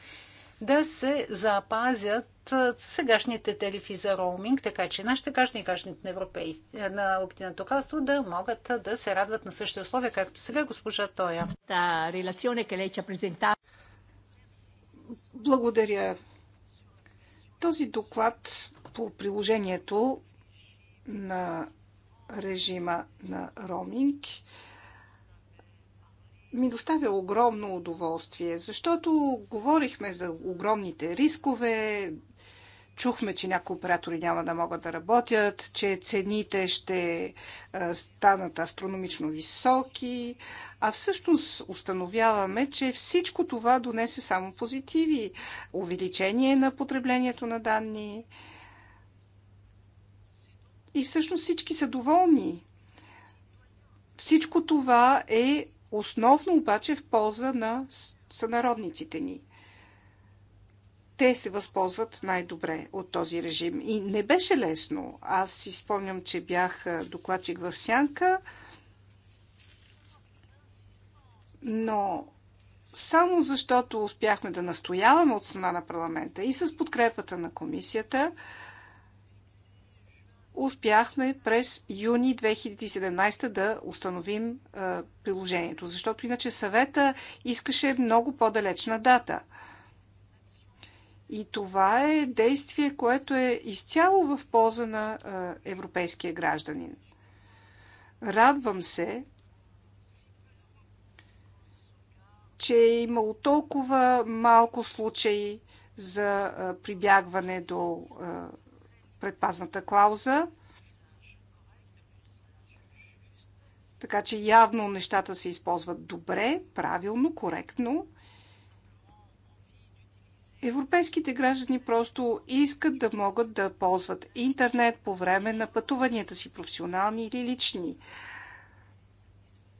Speaker 3: да се запазят сегашните тарифи за роуминг, така че нашите граждани, гражданите на, европей... на Обединеното кралство да могат да се радват на същите условия, както сега
Speaker 4: госпожа Тоя. Благодаря. Този доклад по приложението на режима на роуминг ми доставя огромно удоволствие, защото говорихме за огромните рискове, Чухме, че някои оператори няма да могат да работят, че цените ще е, станат астрономично високи, а всъщност установяваме, че всичко това донесе само позитиви. Увеличение на потреблението на данни. И всъщност всички са доволни. Всичко това е основно обаче в полза на сънародниците ни те се възползват най-добре от този режим. И не беше лесно. Аз си спомням, че бях докладчик в Сянка, но само защото успяхме да настояваме от страна на парламента и с подкрепата на комисията, успяхме през юни 2017 да установим приложението, защото иначе съвета искаше много по-далечна дата – и това е действие, което е изцяло в полза на европейския гражданин. Радвам се, че е имало толкова малко случаи за прибягване до предпазната клауза. Така че явно нещата се използват добре, правилно, коректно. Европейските граждани просто искат да могат да ползват интернет по време на пътуванията си, професионални или лични,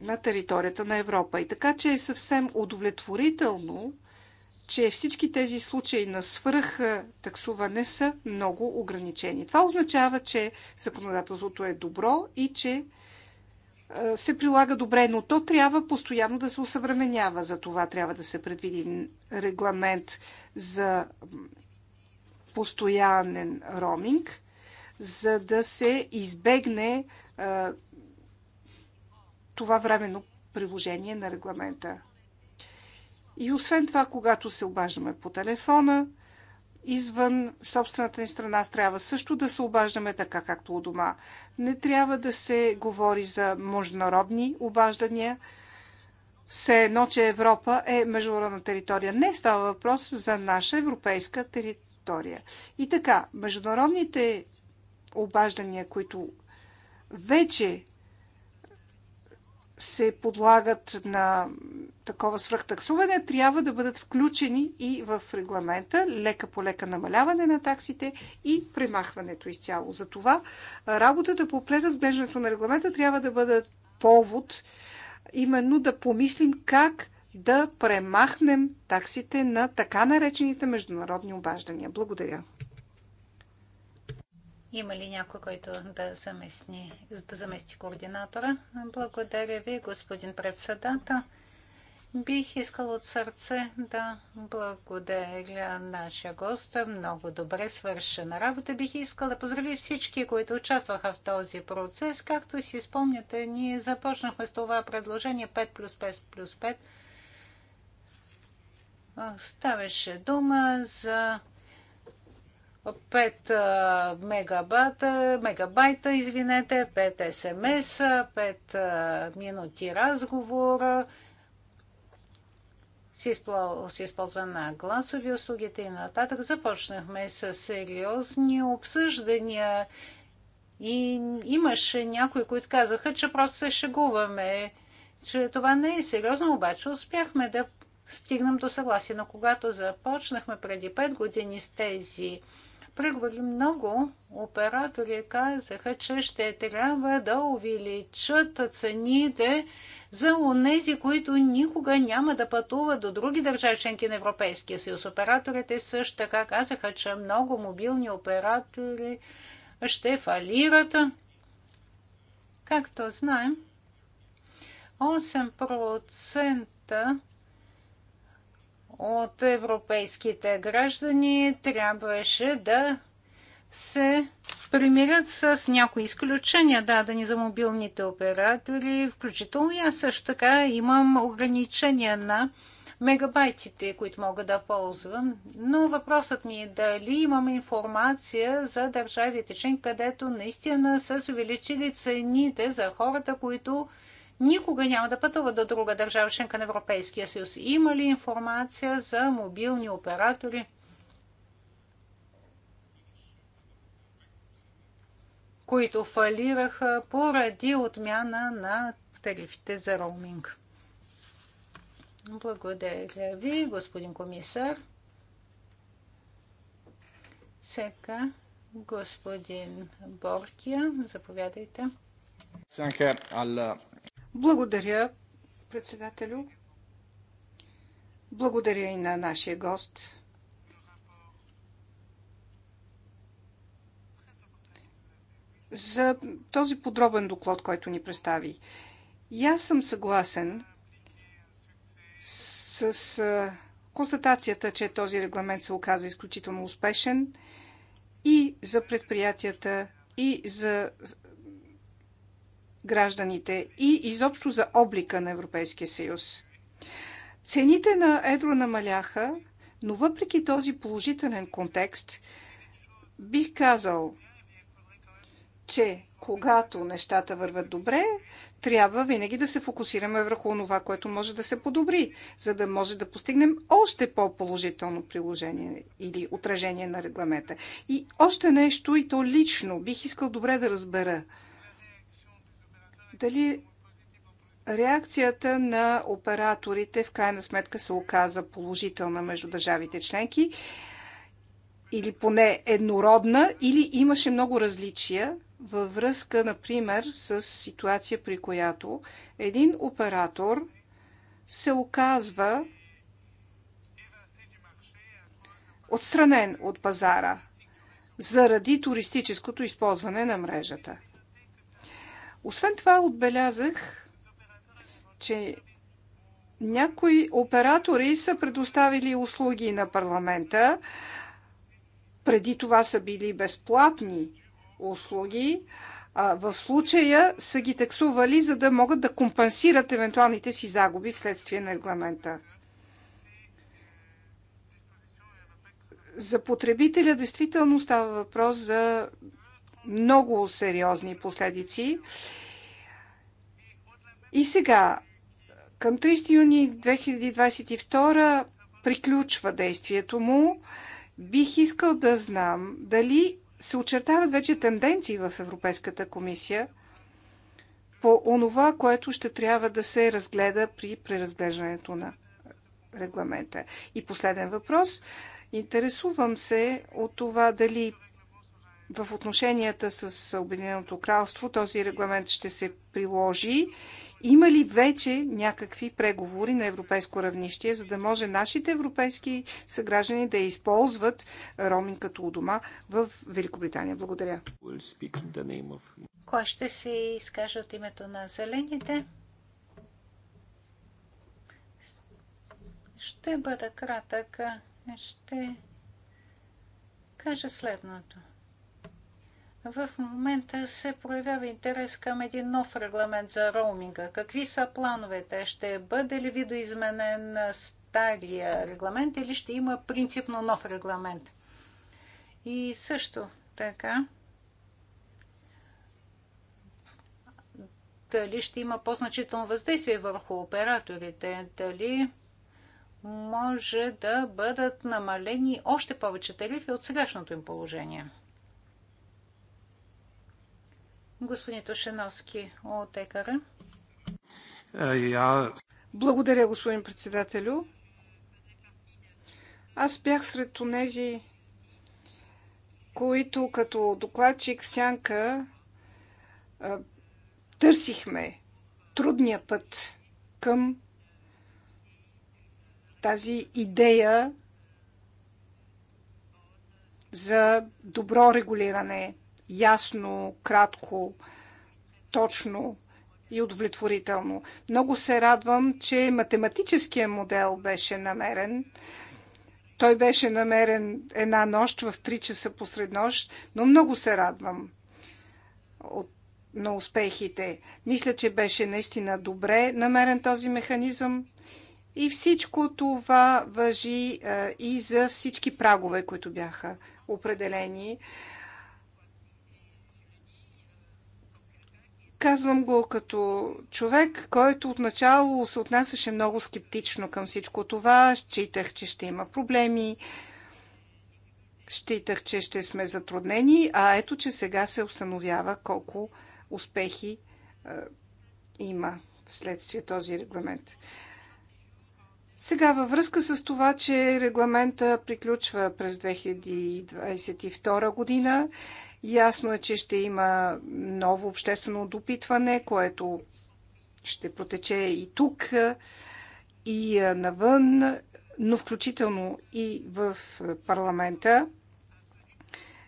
Speaker 4: на територията на Европа. И така, че е съвсем удовлетворително, че всички тези случаи на свръх таксуване са много ограничени. Това означава, че законодателството е добро и че се прилага добре, но то трябва постоянно да се усъвременява. За това трябва да се предвиди регламент за постоянен роминг, за да се избегне това временно приложение на регламента. И освен това, когато се обаждаме по телефона, извън собствената ни страна. Трябва също да се обаждаме така, както у дома. Не трябва да се говори за международни обаждания. Все едно, че Европа е международна територия. Не става въпрос за наша европейска територия. И така, международните обаждания, които вече се подлагат на такова свръхтаксуване, трябва да бъдат включени и в регламента лека по лека намаляване на таксите и премахването изцяло. Затова работата по преразглеждането на регламента трябва да бъде повод именно да помислим как да премахнем таксите на така наречените международни обаждания. Благодаря.
Speaker 3: Има ли някой, който да замести, да замести координатора? Благодаря ви, господин председател. Бих искал от сърце да благодаря нашия гост. Много добре свършена работа. Бих искал да поздравя всички, които участваха в този процес. Както си спомняте, ние започнахме с това предложение 5 плюс 5 плюс 5. Ставеше дума за 5 мегабата, мегабайта, извинете, 5 смс, 5 минути разговора с използване на гласови услугите и нататък. Започнахме с сериозни обсъждания и имаше някои, които казаха, че просто се шегуваме, че това не е сериозно, обаче успяхме да стигнем до съгласие. Но когато започнахме преди 5 години с тези преговори много оператори казаха, че ще трябва да увеличат цените за онези, които никога няма да пътуват до други държави, членки на Европейския съюз. Операторите също така казаха, че много мобилни оператори ще фалират. Както знаем, 8% от европейските граждани трябваше да се примирят с някои изключения, дадени за мобилните оператори, включително и аз също така имам ограничения на мегабайтите, които мога да ползвам. Но въпросът ми е дали имам информация за държавите че където наистина са се увеличили цените за хората, които никога няма да пътува до друга държава, членка на Европейския съюз. Има ли информация за мобилни оператори, които фалираха поради отмяна на тарифите за роуминг? Благодаря ви, господин комисар. Сега господин Боркия,
Speaker 4: заповядайте. Благодаря, председателю. Благодаря и на нашия гост. За този подробен доклад, който ни представи. И аз съм съгласен с констатацията, че този регламент се оказа изключително успешен и за предприятията, и за гражданите и изобщо за облика на Европейския съюз. Цените на едро намаляха, но въпреки този положителен контекст, бих казал, че когато нещата върват добре, трябва винаги да се фокусираме върху това, което може да се подобри, за да може да постигнем още по-положително приложение или отражение на регламента. И още нещо, и то лично, бих искал добре да разбера – дали реакцията на операторите в крайна сметка се оказа положителна между държавите членки или поне еднородна, или имаше много различия във връзка, например, с ситуация, при която един оператор се оказва отстранен от пазара заради туристическото използване на мрежата. Освен това отбелязах, че някои оператори са предоставили услуги на парламента. Преди това са били безплатни услуги. А в случая са ги таксували, за да могат да компенсират евентуалните си загуби вследствие на регламента. За потребителя действително става въпрос за много сериозни последици. И сега, към 30 юни 2022 приключва действието му. Бих искал да знам дали се очертават вече тенденции в Европейската комисия по онова, което ще трябва да се разгледа при преразглеждането на регламента. И последен въпрос. Интересувам се от това дали в отношенията с Обединеното кралство този регламент ще се приложи. Има ли вече някакви преговори на европейско равнище, за да може нашите европейски съграждани да използват роминг като у дома в Великобритания? Благодаря.
Speaker 3: Кой ще се изкаже от името на зелените? Ще бъда кратък. Ще кажа следното. В момента се проявява интерес към един нов регламент за роуминга. Какви са плановете? Ще бъде ли видоизменен стария регламент или ще има принципно нов регламент? И също така, дали ще има по-значително въздействие върху операторите, дали може да бъдат намалени още повече тарифи от сегашното им положение.
Speaker 4: Господин Тошеновски от ЕКАРА. Я... Благодаря, господин председателю. Аз бях сред онези, които като докладчик Сянка търсихме трудния път към тази идея за добро регулиране ясно, кратко, точно и удовлетворително. Много се радвам, че математическия модел беше намерен. Той беше намерен една нощ в 3 часа посред нощ, но много се радвам от, на успехите. Мисля, че беше наистина добре намерен този механизъм и всичко това въжи а, е, и за всички прагове, които бяха определени. Казвам го като човек, който отначало се отнасяше много скептично към всичко това. Считах, че ще има проблеми. Считах, че ще сме затруднени. А ето, че сега се установява колко успехи е, има вследствие този регламент. Сега във връзка с това, че регламента приключва през 2022 година Ясно е, че ще има ново обществено допитване, което ще протече и тук, и навън, но включително и в парламента.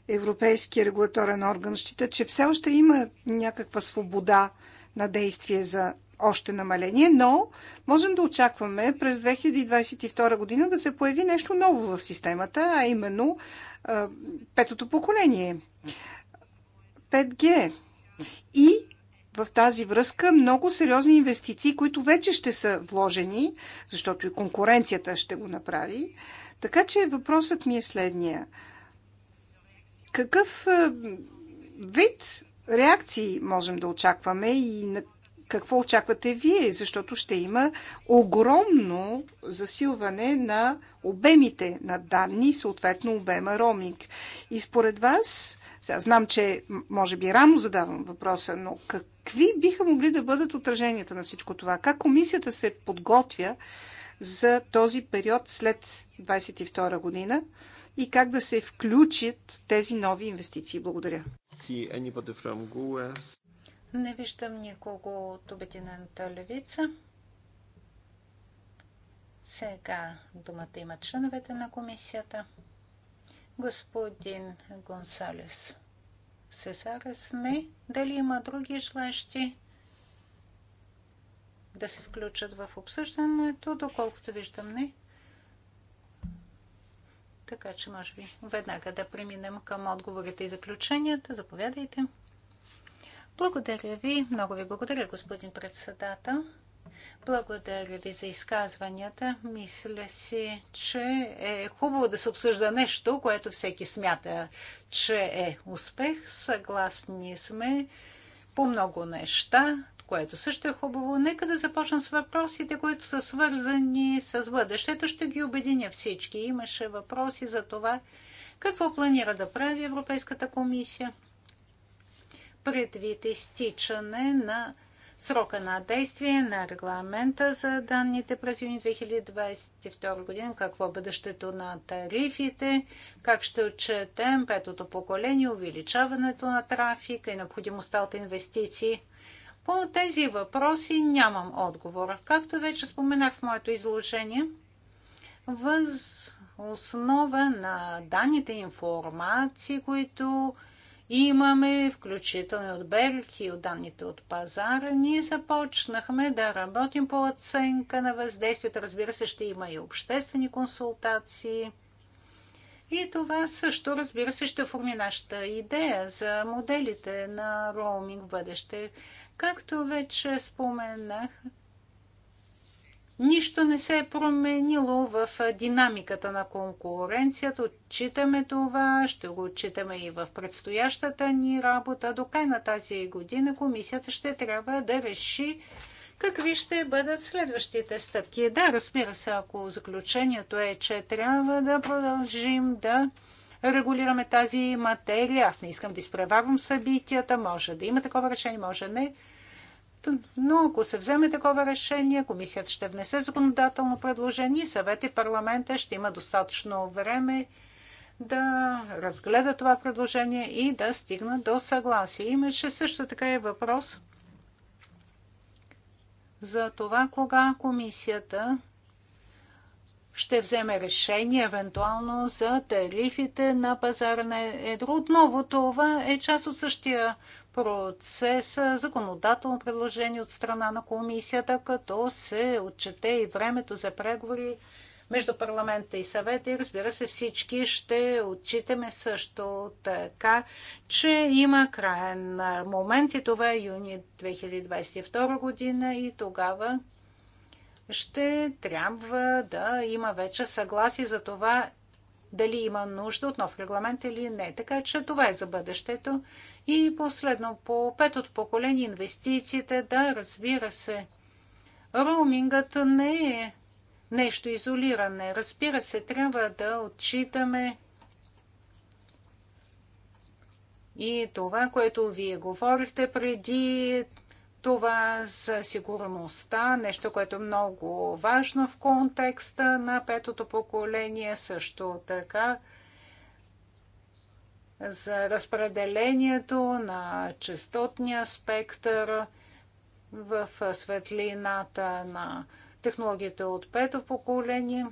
Speaker 4: Европейския регулаторен орган счита, че все още има някаква свобода на действие за още намаление, но можем да очакваме през 2022 година да се появи нещо ново в системата, а именно петото поколение 5G. И в тази връзка много сериозни инвестиции, които вече ще са вложени, защото и конкуренцията ще го направи. Така че въпросът ми е следния. Какъв е, вид реакции можем да очакваме и на какво очаквате вие? Защото ще има огромно засилване на обемите на данни, съответно обема роминг. И според вас, сега знам, че може би рано задавам въпроса, но какви биха могли да бъдат отраженията на всичко това? Как комисията се подготвя за този период след 22 година и как да се включат тези нови инвестиции? Благодаря.
Speaker 3: Не виждам никого от обединената левица. Сега думата имат членовете на комисията. Господин Гонсалес Сезарес не. Дали има други желащи да се включат в обсъждането, доколкото виждам не. Така че, може би, веднага да преминем към отговорите и заключенията. Заповядайте. Благодаря ви. Много ви благодаря, господин председател. Благодаря ви за изказванията. Мисля си, че е хубаво да се обсъжда нещо, което всеки смята, че е успех. Съгласни сме по много неща, което също е хубаво. Нека да започна с въпросите, които са свързани с бъдещето. Ще ги обединя всички. Имаше въпроси за това какво планира да прави Европейската комисия предвид изтичане на срока на действие на регламента за данните през юни 2022 година, какво е бъдещето на тарифите, как ще отчетем петото поколение, увеличаването на трафика и необходимостта от инвестиции. По тези въпроси нямам отговор. Както вече споменах в моето изложение, въз основа на данните и информации, които имаме, включително от Белки, от данните от пазара, ние започнахме да работим по оценка на въздействието. Разбира се, ще има и обществени консултации. И това също, разбира се, ще форми нашата идея за моделите на роуминг в бъдеще. Както вече споменах, Нищо не се е променило в динамиката на конкуренцията. Отчитаме това, ще го отчитаме и в предстоящата ни работа. До край на тази година комисията ще трябва да реши какви ще бъдат следващите стъпки. Да, разбира се, ако заключението е, че трябва да продължим да регулираме тази материя. Аз не искам да изпреварвам събитията. Може да има такова решение, може не но ако се вземе такова решение, комисията ще внесе законодателно предложение и съвет и парламента ще има достатъчно време да разгледа това предложение и да стигна до съгласие. Имаше също така и въпрос за това кога комисията ще вземе решение евентуално за тарифите на пазара на едро. Отново това е част от същия процеса законодателно предложение от страна на комисията, като се отчете и времето за преговори между парламента и съвета и разбира се всички ще отчитаме също така, че има краен момент и това е юни 2022 година и тогава ще трябва да има вече съгласие за това дали има нужда от нов регламент или не. Така че това е за бъдещето. И последно, по петото поколение инвестициите, да, разбира се, роумингът не е нещо изолиране. Разбира се, трябва да отчитаме и това, което вие говорихте преди това за сигурността, нещо, което е много важно в контекста на петото поколение, също така за разпределението на частотния спектър в светлината на технологията от пето поколение.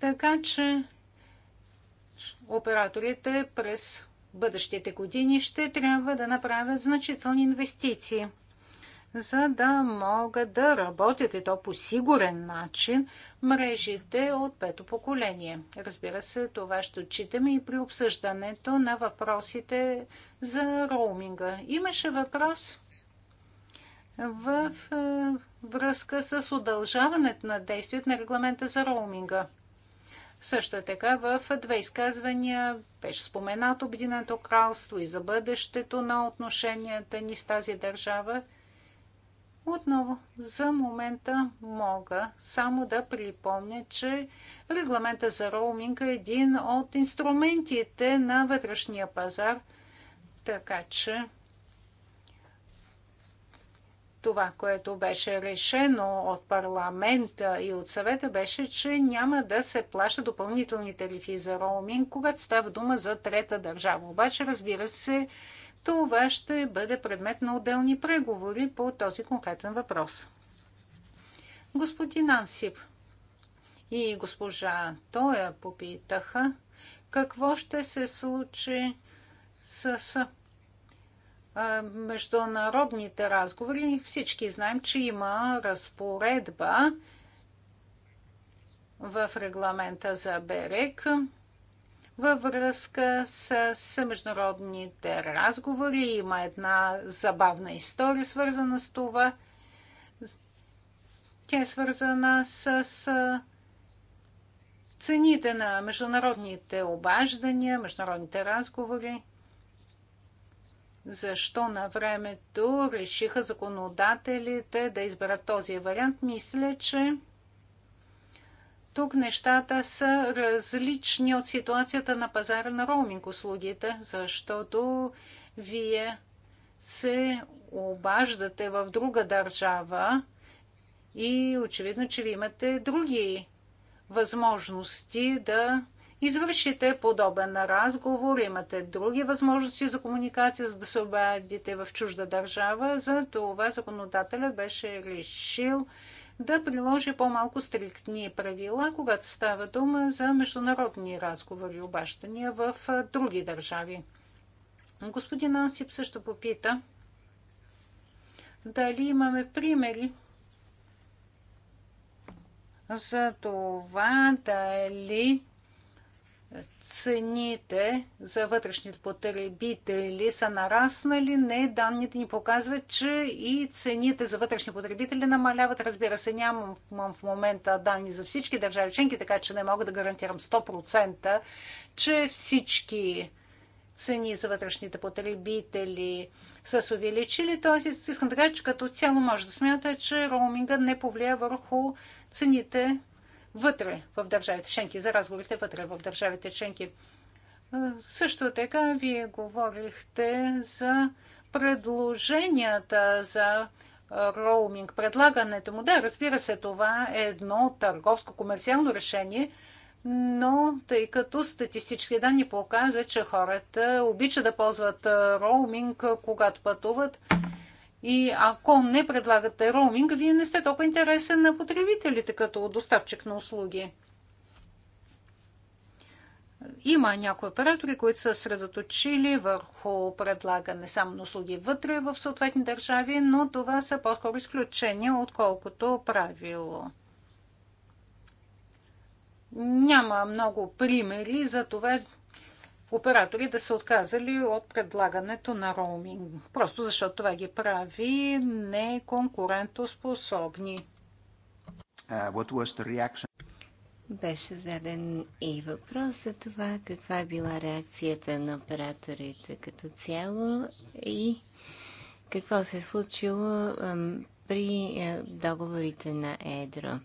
Speaker 3: Така че операторите през бъдещите години ще трябва да направят значителни инвестиции, за да могат да работят и то по сигурен начин мрежите от пето поколение. Разбира се, това ще отчитаме и при обсъждането на въпросите за роуминга. Имаше въпрос в е, връзка с удължаването на действието на регламента за роуминга – също е така в две изказвания беше споменато Обединеното кралство и за бъдещето на отношенията ни с тази държава. Отново, за момента мога само да припомня, че регламента за роуминг е един от инструментите на вътрешния пазар, така че това, което беше решено от парламента и от съвета, беше, че няма да се плаща допълнителни тарифи за роуминг, когато става дума за трета държава. Обаче, разбира се, това ще бъде предмет на отделни преговори по този конкретен въпрос. Господин Ансип и госпожа Тоя попитаха какво ще се случи с международните разговори. Всички знаем, че има разпоредба в регламента за БЕРЕК във връзка с, международните разговори. Има една забавна история, свързана с това. Тя е свързана с цените на международните обаждания, международните разговори защо на времето решиха законодателите да изберат този вариант. Мисля, че тук нещата са различни от ситуацията на пазара на роуминг услугите, защото вие се обаждате в друга държава и очевидно, че ви имате други възможности да извършите подобен разговор, имате други възможности за комуникация, за да се обадите в чужда държава. За това законодателят беше решил да приложи по-малко стриктни правила, когато става дума за международни разговори, обащания в други държави. Господин Ансип също попита дали имаме примери за това дали цените за вътрешните потребители са нараснали. Не, данните ни показват, че и цените за вътрешни потребители намаляват. Разбира се, нямам в момента данни за всички държави членки, така че не мога да гарантирам 100%, че всички цени за вътрешните потребители са се увеличили. Тоест, искам да кажа, че като цяло може да смята, че роуминга не повлия върху цените вътре в държавите членки, за разговорите вътре в държавите членки. Също така, вие говорихте за предложенията за роуминг, предлагането му. Да, разбира се, това е едно търговско-комерциално решение, но тъй като статистически данни показват, че хората обичат да ползват роуминг, когато пътуват, и ако не предлагате роуминг, вие не сте толкова интересен на потребителите като доставчик на услуги. Има някои оператори, които са средоточили върху предлагане само на услуги вътре в съответни държави, но това са по-скоро изключения, отколкото правило. Няма много примери за това, оператори да са отказали от предлагането на роуминг. Просто защото това ги прави неконкурентоспособни.
Speaker 1: Uh,
Speaker 3: Беше заден и въпрос за
Speaker 2: това каква е била реакцията на операторите като цяло и какво се е случило при е, договорите на Едро.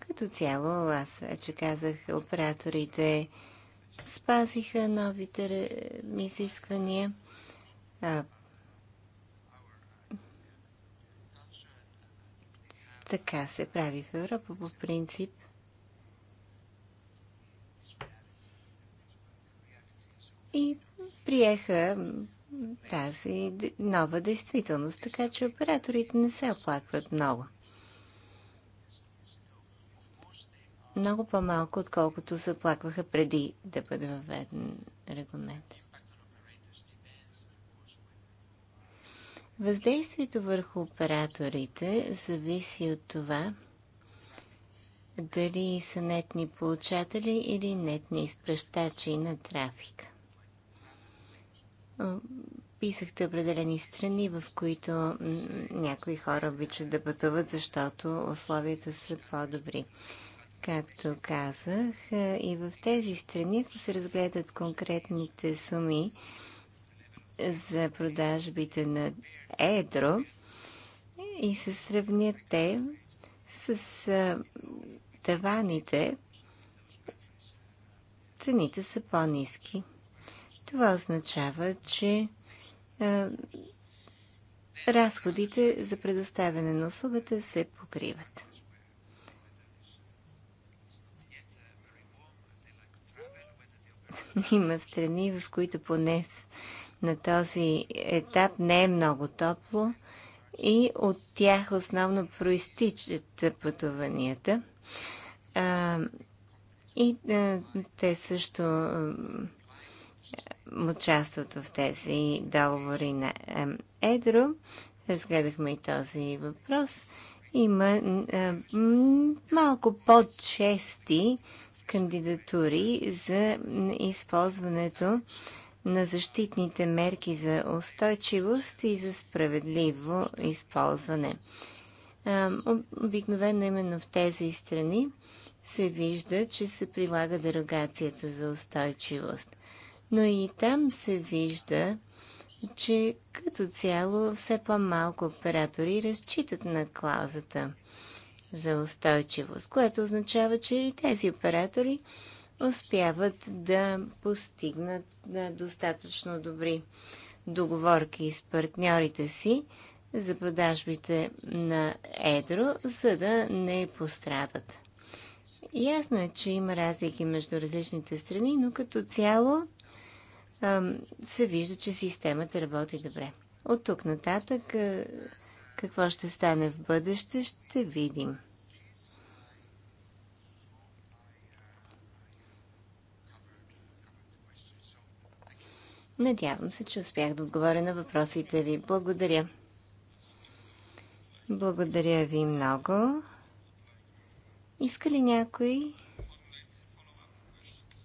Speaker 2: Като цяло, аз вече казах, операторите спазиха новите изисквания. така се прави в Европа по принцип. И приеха тази нова действителност, така че операторите не се оплакват много. много по-малко, отколкото се оплакваха преди да бъде въведен регламент. Въздействието върху операторите зависи от това, дали са нетни получатели или нетни изпращачи на трафика. Писахте определени страни, в които някои хора обичат да пътуват, защото условията са по-добри. Както казах, е, и в тези страни, ако се разгледат конкретните суми за продажбите на едро и се сравнят те с е, таваните, цените са по-низки. Това означава, че е, разходите за предоставяне на услугата се покриват. *laughs* Има страни, в които поне на този етап не е много топло и от тях основно проистичат пътуванията. А, и а, те също а, участват в тези договори на а, Едро. Разгледахме и този въпрос. Има а, малко по-чести кандидатури за използването на защитните мерки за устойчивост и за справедливо използване. Обикновено именно в тези страни се вижда, че се прилага дерогацията за устойчивост. Но и там се вижда, че като цяло все по-малко оператори разчитат на клаузата за устойчивост, което означава, че и тези оператори успяват да постигнат достатъчно добри договорки с партньорите си за продажбите на едро, за да не пострадат. Ясно е, че има разлики между различните страни, но като цяло се вижда, че системата работи добре. От тук нататък какво ще стане в бъдеще, ще видим. Надявам се, че успях да отговоря на въпросите ви. Благодаря. Благодаря ви много. Иска ли някой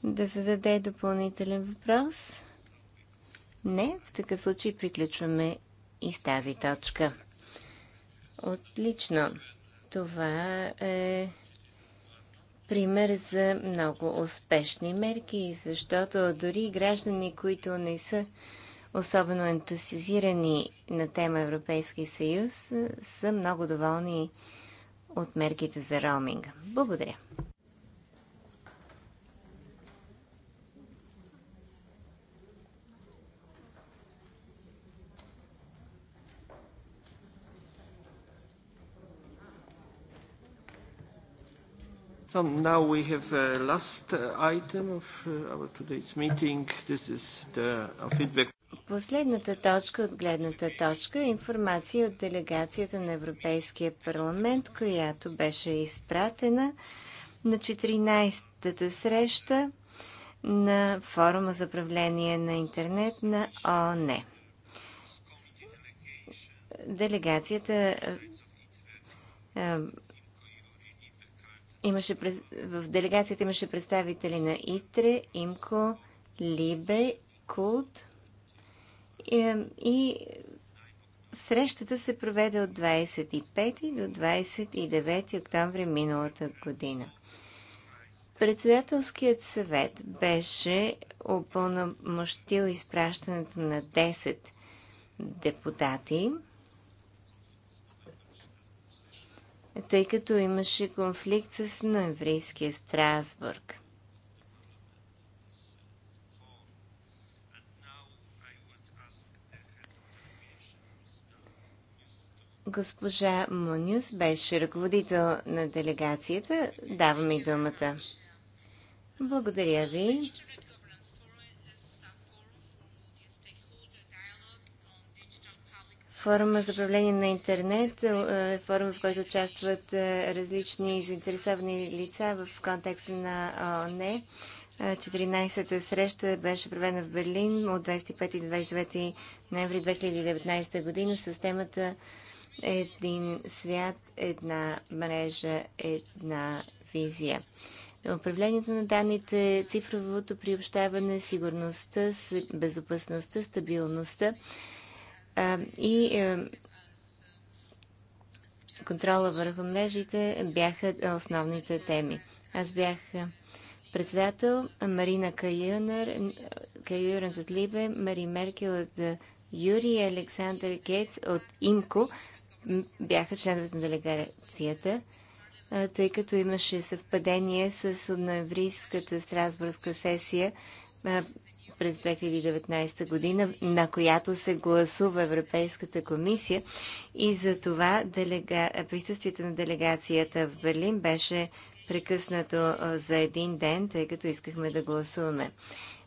Speaker 2: да зададе допълнителен въпрос? Не, в такъв случай приключваме и с тази точка. Отлично. Това е пример за много успешни мерки, защото дори граждани, които не са особено ентусизирани на тема Европейски съюз, са много доволни от мерките за роуминга. Благодаря.
Speaker 1: So now we have uh, last uh, item of uh, our today's meeting. This is the feedback.
Speaker 2: Последната точка от гледната точка е информация от делегацията на Европейския парламент, която беше изпратена на 14-та среща на форума за управление на интернет на ООН. Делегацията е, е, Имаше, в делегацията имаше представители на ИТРЕ, ИМКО, ЛИБЕ, КУЛТ и, и срещата се проведе от 25 до 29 октомври миналата година. Председателският съвет беше опълномощил изпращането на 10 депутати – тъй като имаше конфликт с ноеврийския Страсбург. Госпожа Мунюс беше ръководител на делегацията. Давам и думата. Благодаря ви. форума за управление на интернет е, е Форума, форум, в който участват е, различни заинтересовани лица в контекста на ОНЕ, 14-та среща беше проведена в Берлин от 25 до 29 ноември 2019 година с темата Един свят, една мрежа, една визия. Управлението на данните, цифровото приобщаване, сигурността, безопасността, стабилността и е, контрола върху мрежите бяха основните теми. Аз бях е, председател, Марина Каюнер, Каюнер от Либе, Мари Меркел от е, Юрий и Александър Гейтс от ИМКО бяха членовете на делегацията, тъй като имаше съвпадение с ноеврийската Страсбургска сесия през 2019 година, на която се гласува Европейската комисия и за това делега... присъствието на делегацията в Берлин беше прекъснато за един ден, тъй като искахме да гласуваме.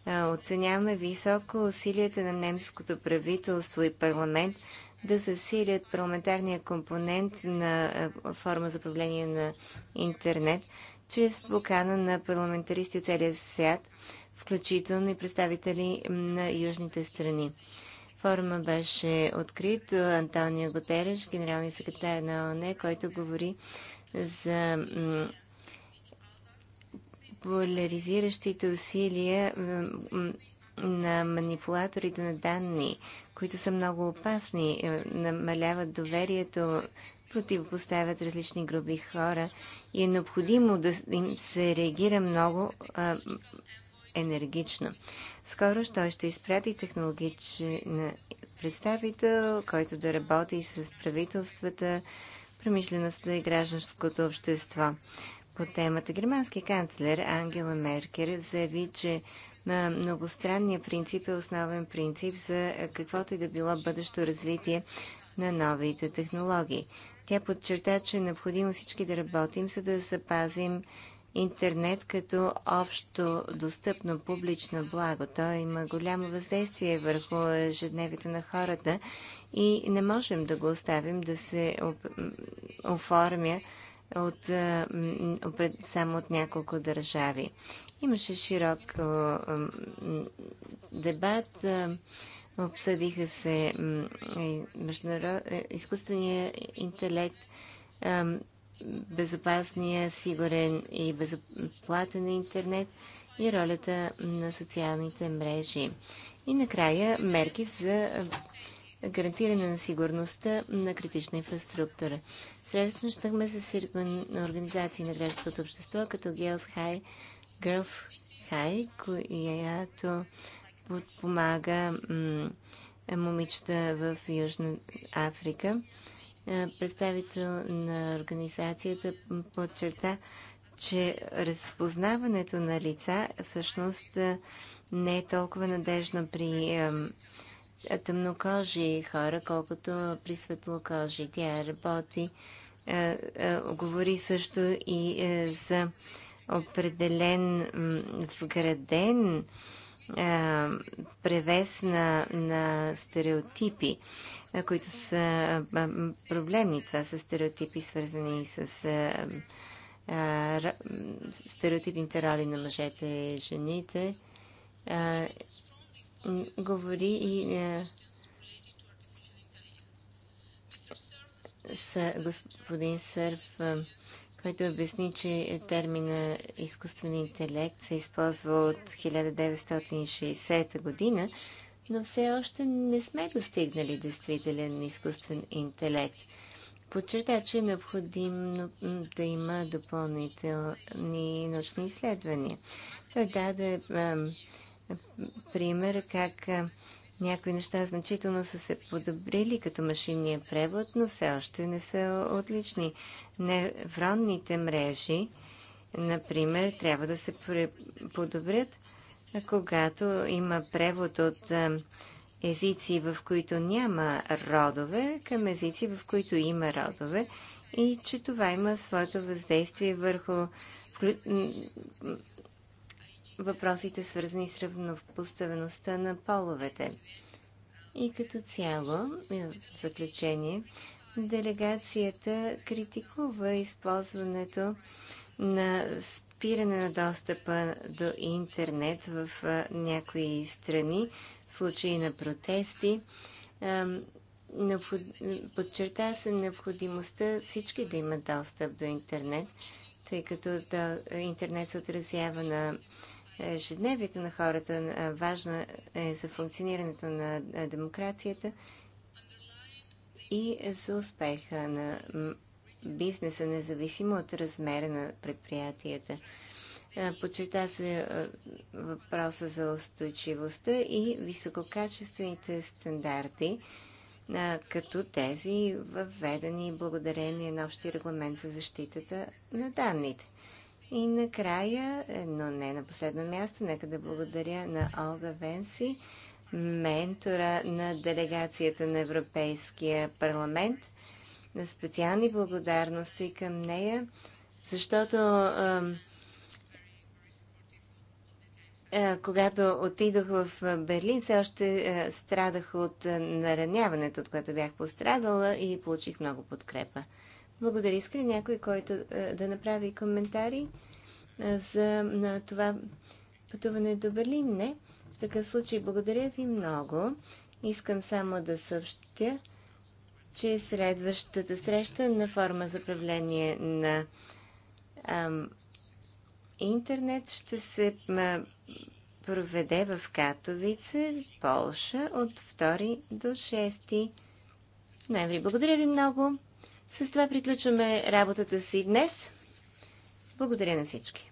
Speaker 2: Оценяваме високо усилията на немското правителство и парламент да засилят парламентарния компонент на форма за управление на интернет чрез покана на парламентаристи от целия свят включително и представители на южните страни. Форума беше открит Антонио Готереш, генералния секретар на ОНЕ, който говори за поляризиращите усилия на манипулаторите на данни, които са много опасни, е, намаляват доверието, противопоставят различни групи хора и е необходимо да им се реагира много а, енергично. Скоро той ще изпрати технологичен е, представител, който да работи с правителствата, промишлеността и гражданското общество. По темата германски канцлер Ангела Меркер заяви, че на многостранния принцип е основен принцип за каквото и да било бъдещо развитие на новите технологии. Тя подчерта, че е необходимо всички да работим, за да запазим интернет като общо достъпно публично благо. Той има голямо въздействие върху ежедневието на хората и не можем да го оставим да се оформя от, само от няколко държави. Имаше широк дебат. Обсъдиха се е, изкуствения интелект, безопасния, сигурен и безплатен интернет и ролята на социалните мрежи. И накрая мерки за гарантиране на сигурността на критична инфраструктура. Срещнахме с организации на гражданското общество, като Girls High, Girls High която подпомага момичета в Южна Африка е, представител на организацията подчерта, че разпознаването на лица всъщност е, не е толкова надежно при е, тъмнокожи хора, колкото при светлокожи. Тя работи, говори също и за определен вграден е, превес на, на стереотипи, е, които са е, проблемни. Това са стереотипи, свързани с стереотипните роли на мъжете и жените. говори и с господин Сърф. А, който обясни, че термина изкуствен интелект се използва от 1960 година, но все още не сме достигнали действителен изкуствен интелект. Подчерта, че е необходимо да има допълнителни научни изследвания. Той даде пример как а, някои неща значително са се подобрили, като машинния превод, но все още не са отлични. Невронните мрежи, например, трябва да се подобрят, когато има превод от езици, в които няма родове, към езици, в които има родове и че това има своето въздействие върху въпросите, свързани с равнопоставеността на половете. И като цяло, в заключение, делегацията критикува използването на спиране на достъпа до интернет в някои страни, в случаи на протести. Подчерта се необходимостта всички да имат достъп до интернет, тъй като интернет се отразява на ежедневието на хората, е, важна е за функционирането на е, демокрацията и за успеха на бизнеса, независимо от размера на предприятията. Е, Почерта се въпроса за устойчивостта и висококачествените стандарти, като тези въведени благодарение на общия регламент за защитата на данните. И накрая, е, но не на последно място, нека да благодаря на Олга Венси, ментора на делегацията на Европейския парламент. На специални благодарности към нея, защото е, когато отидох в Берлин, все още е, страдах от нараняването, от което бях пострадала и получих много подкрепа. Благодаря. Иска някой, който е, да направи коментари е, за на това пътуване до Берлин? Не. В такъв случай благодаря ви много. Искам само да съобщя, че следващата среща на форма за правление на ам, интернет ще се ма, проведе в Катовице, Полша от 2 до 6 ноември. Благодаря ви много. С това приключваме работата си днес. Благодаря на всички.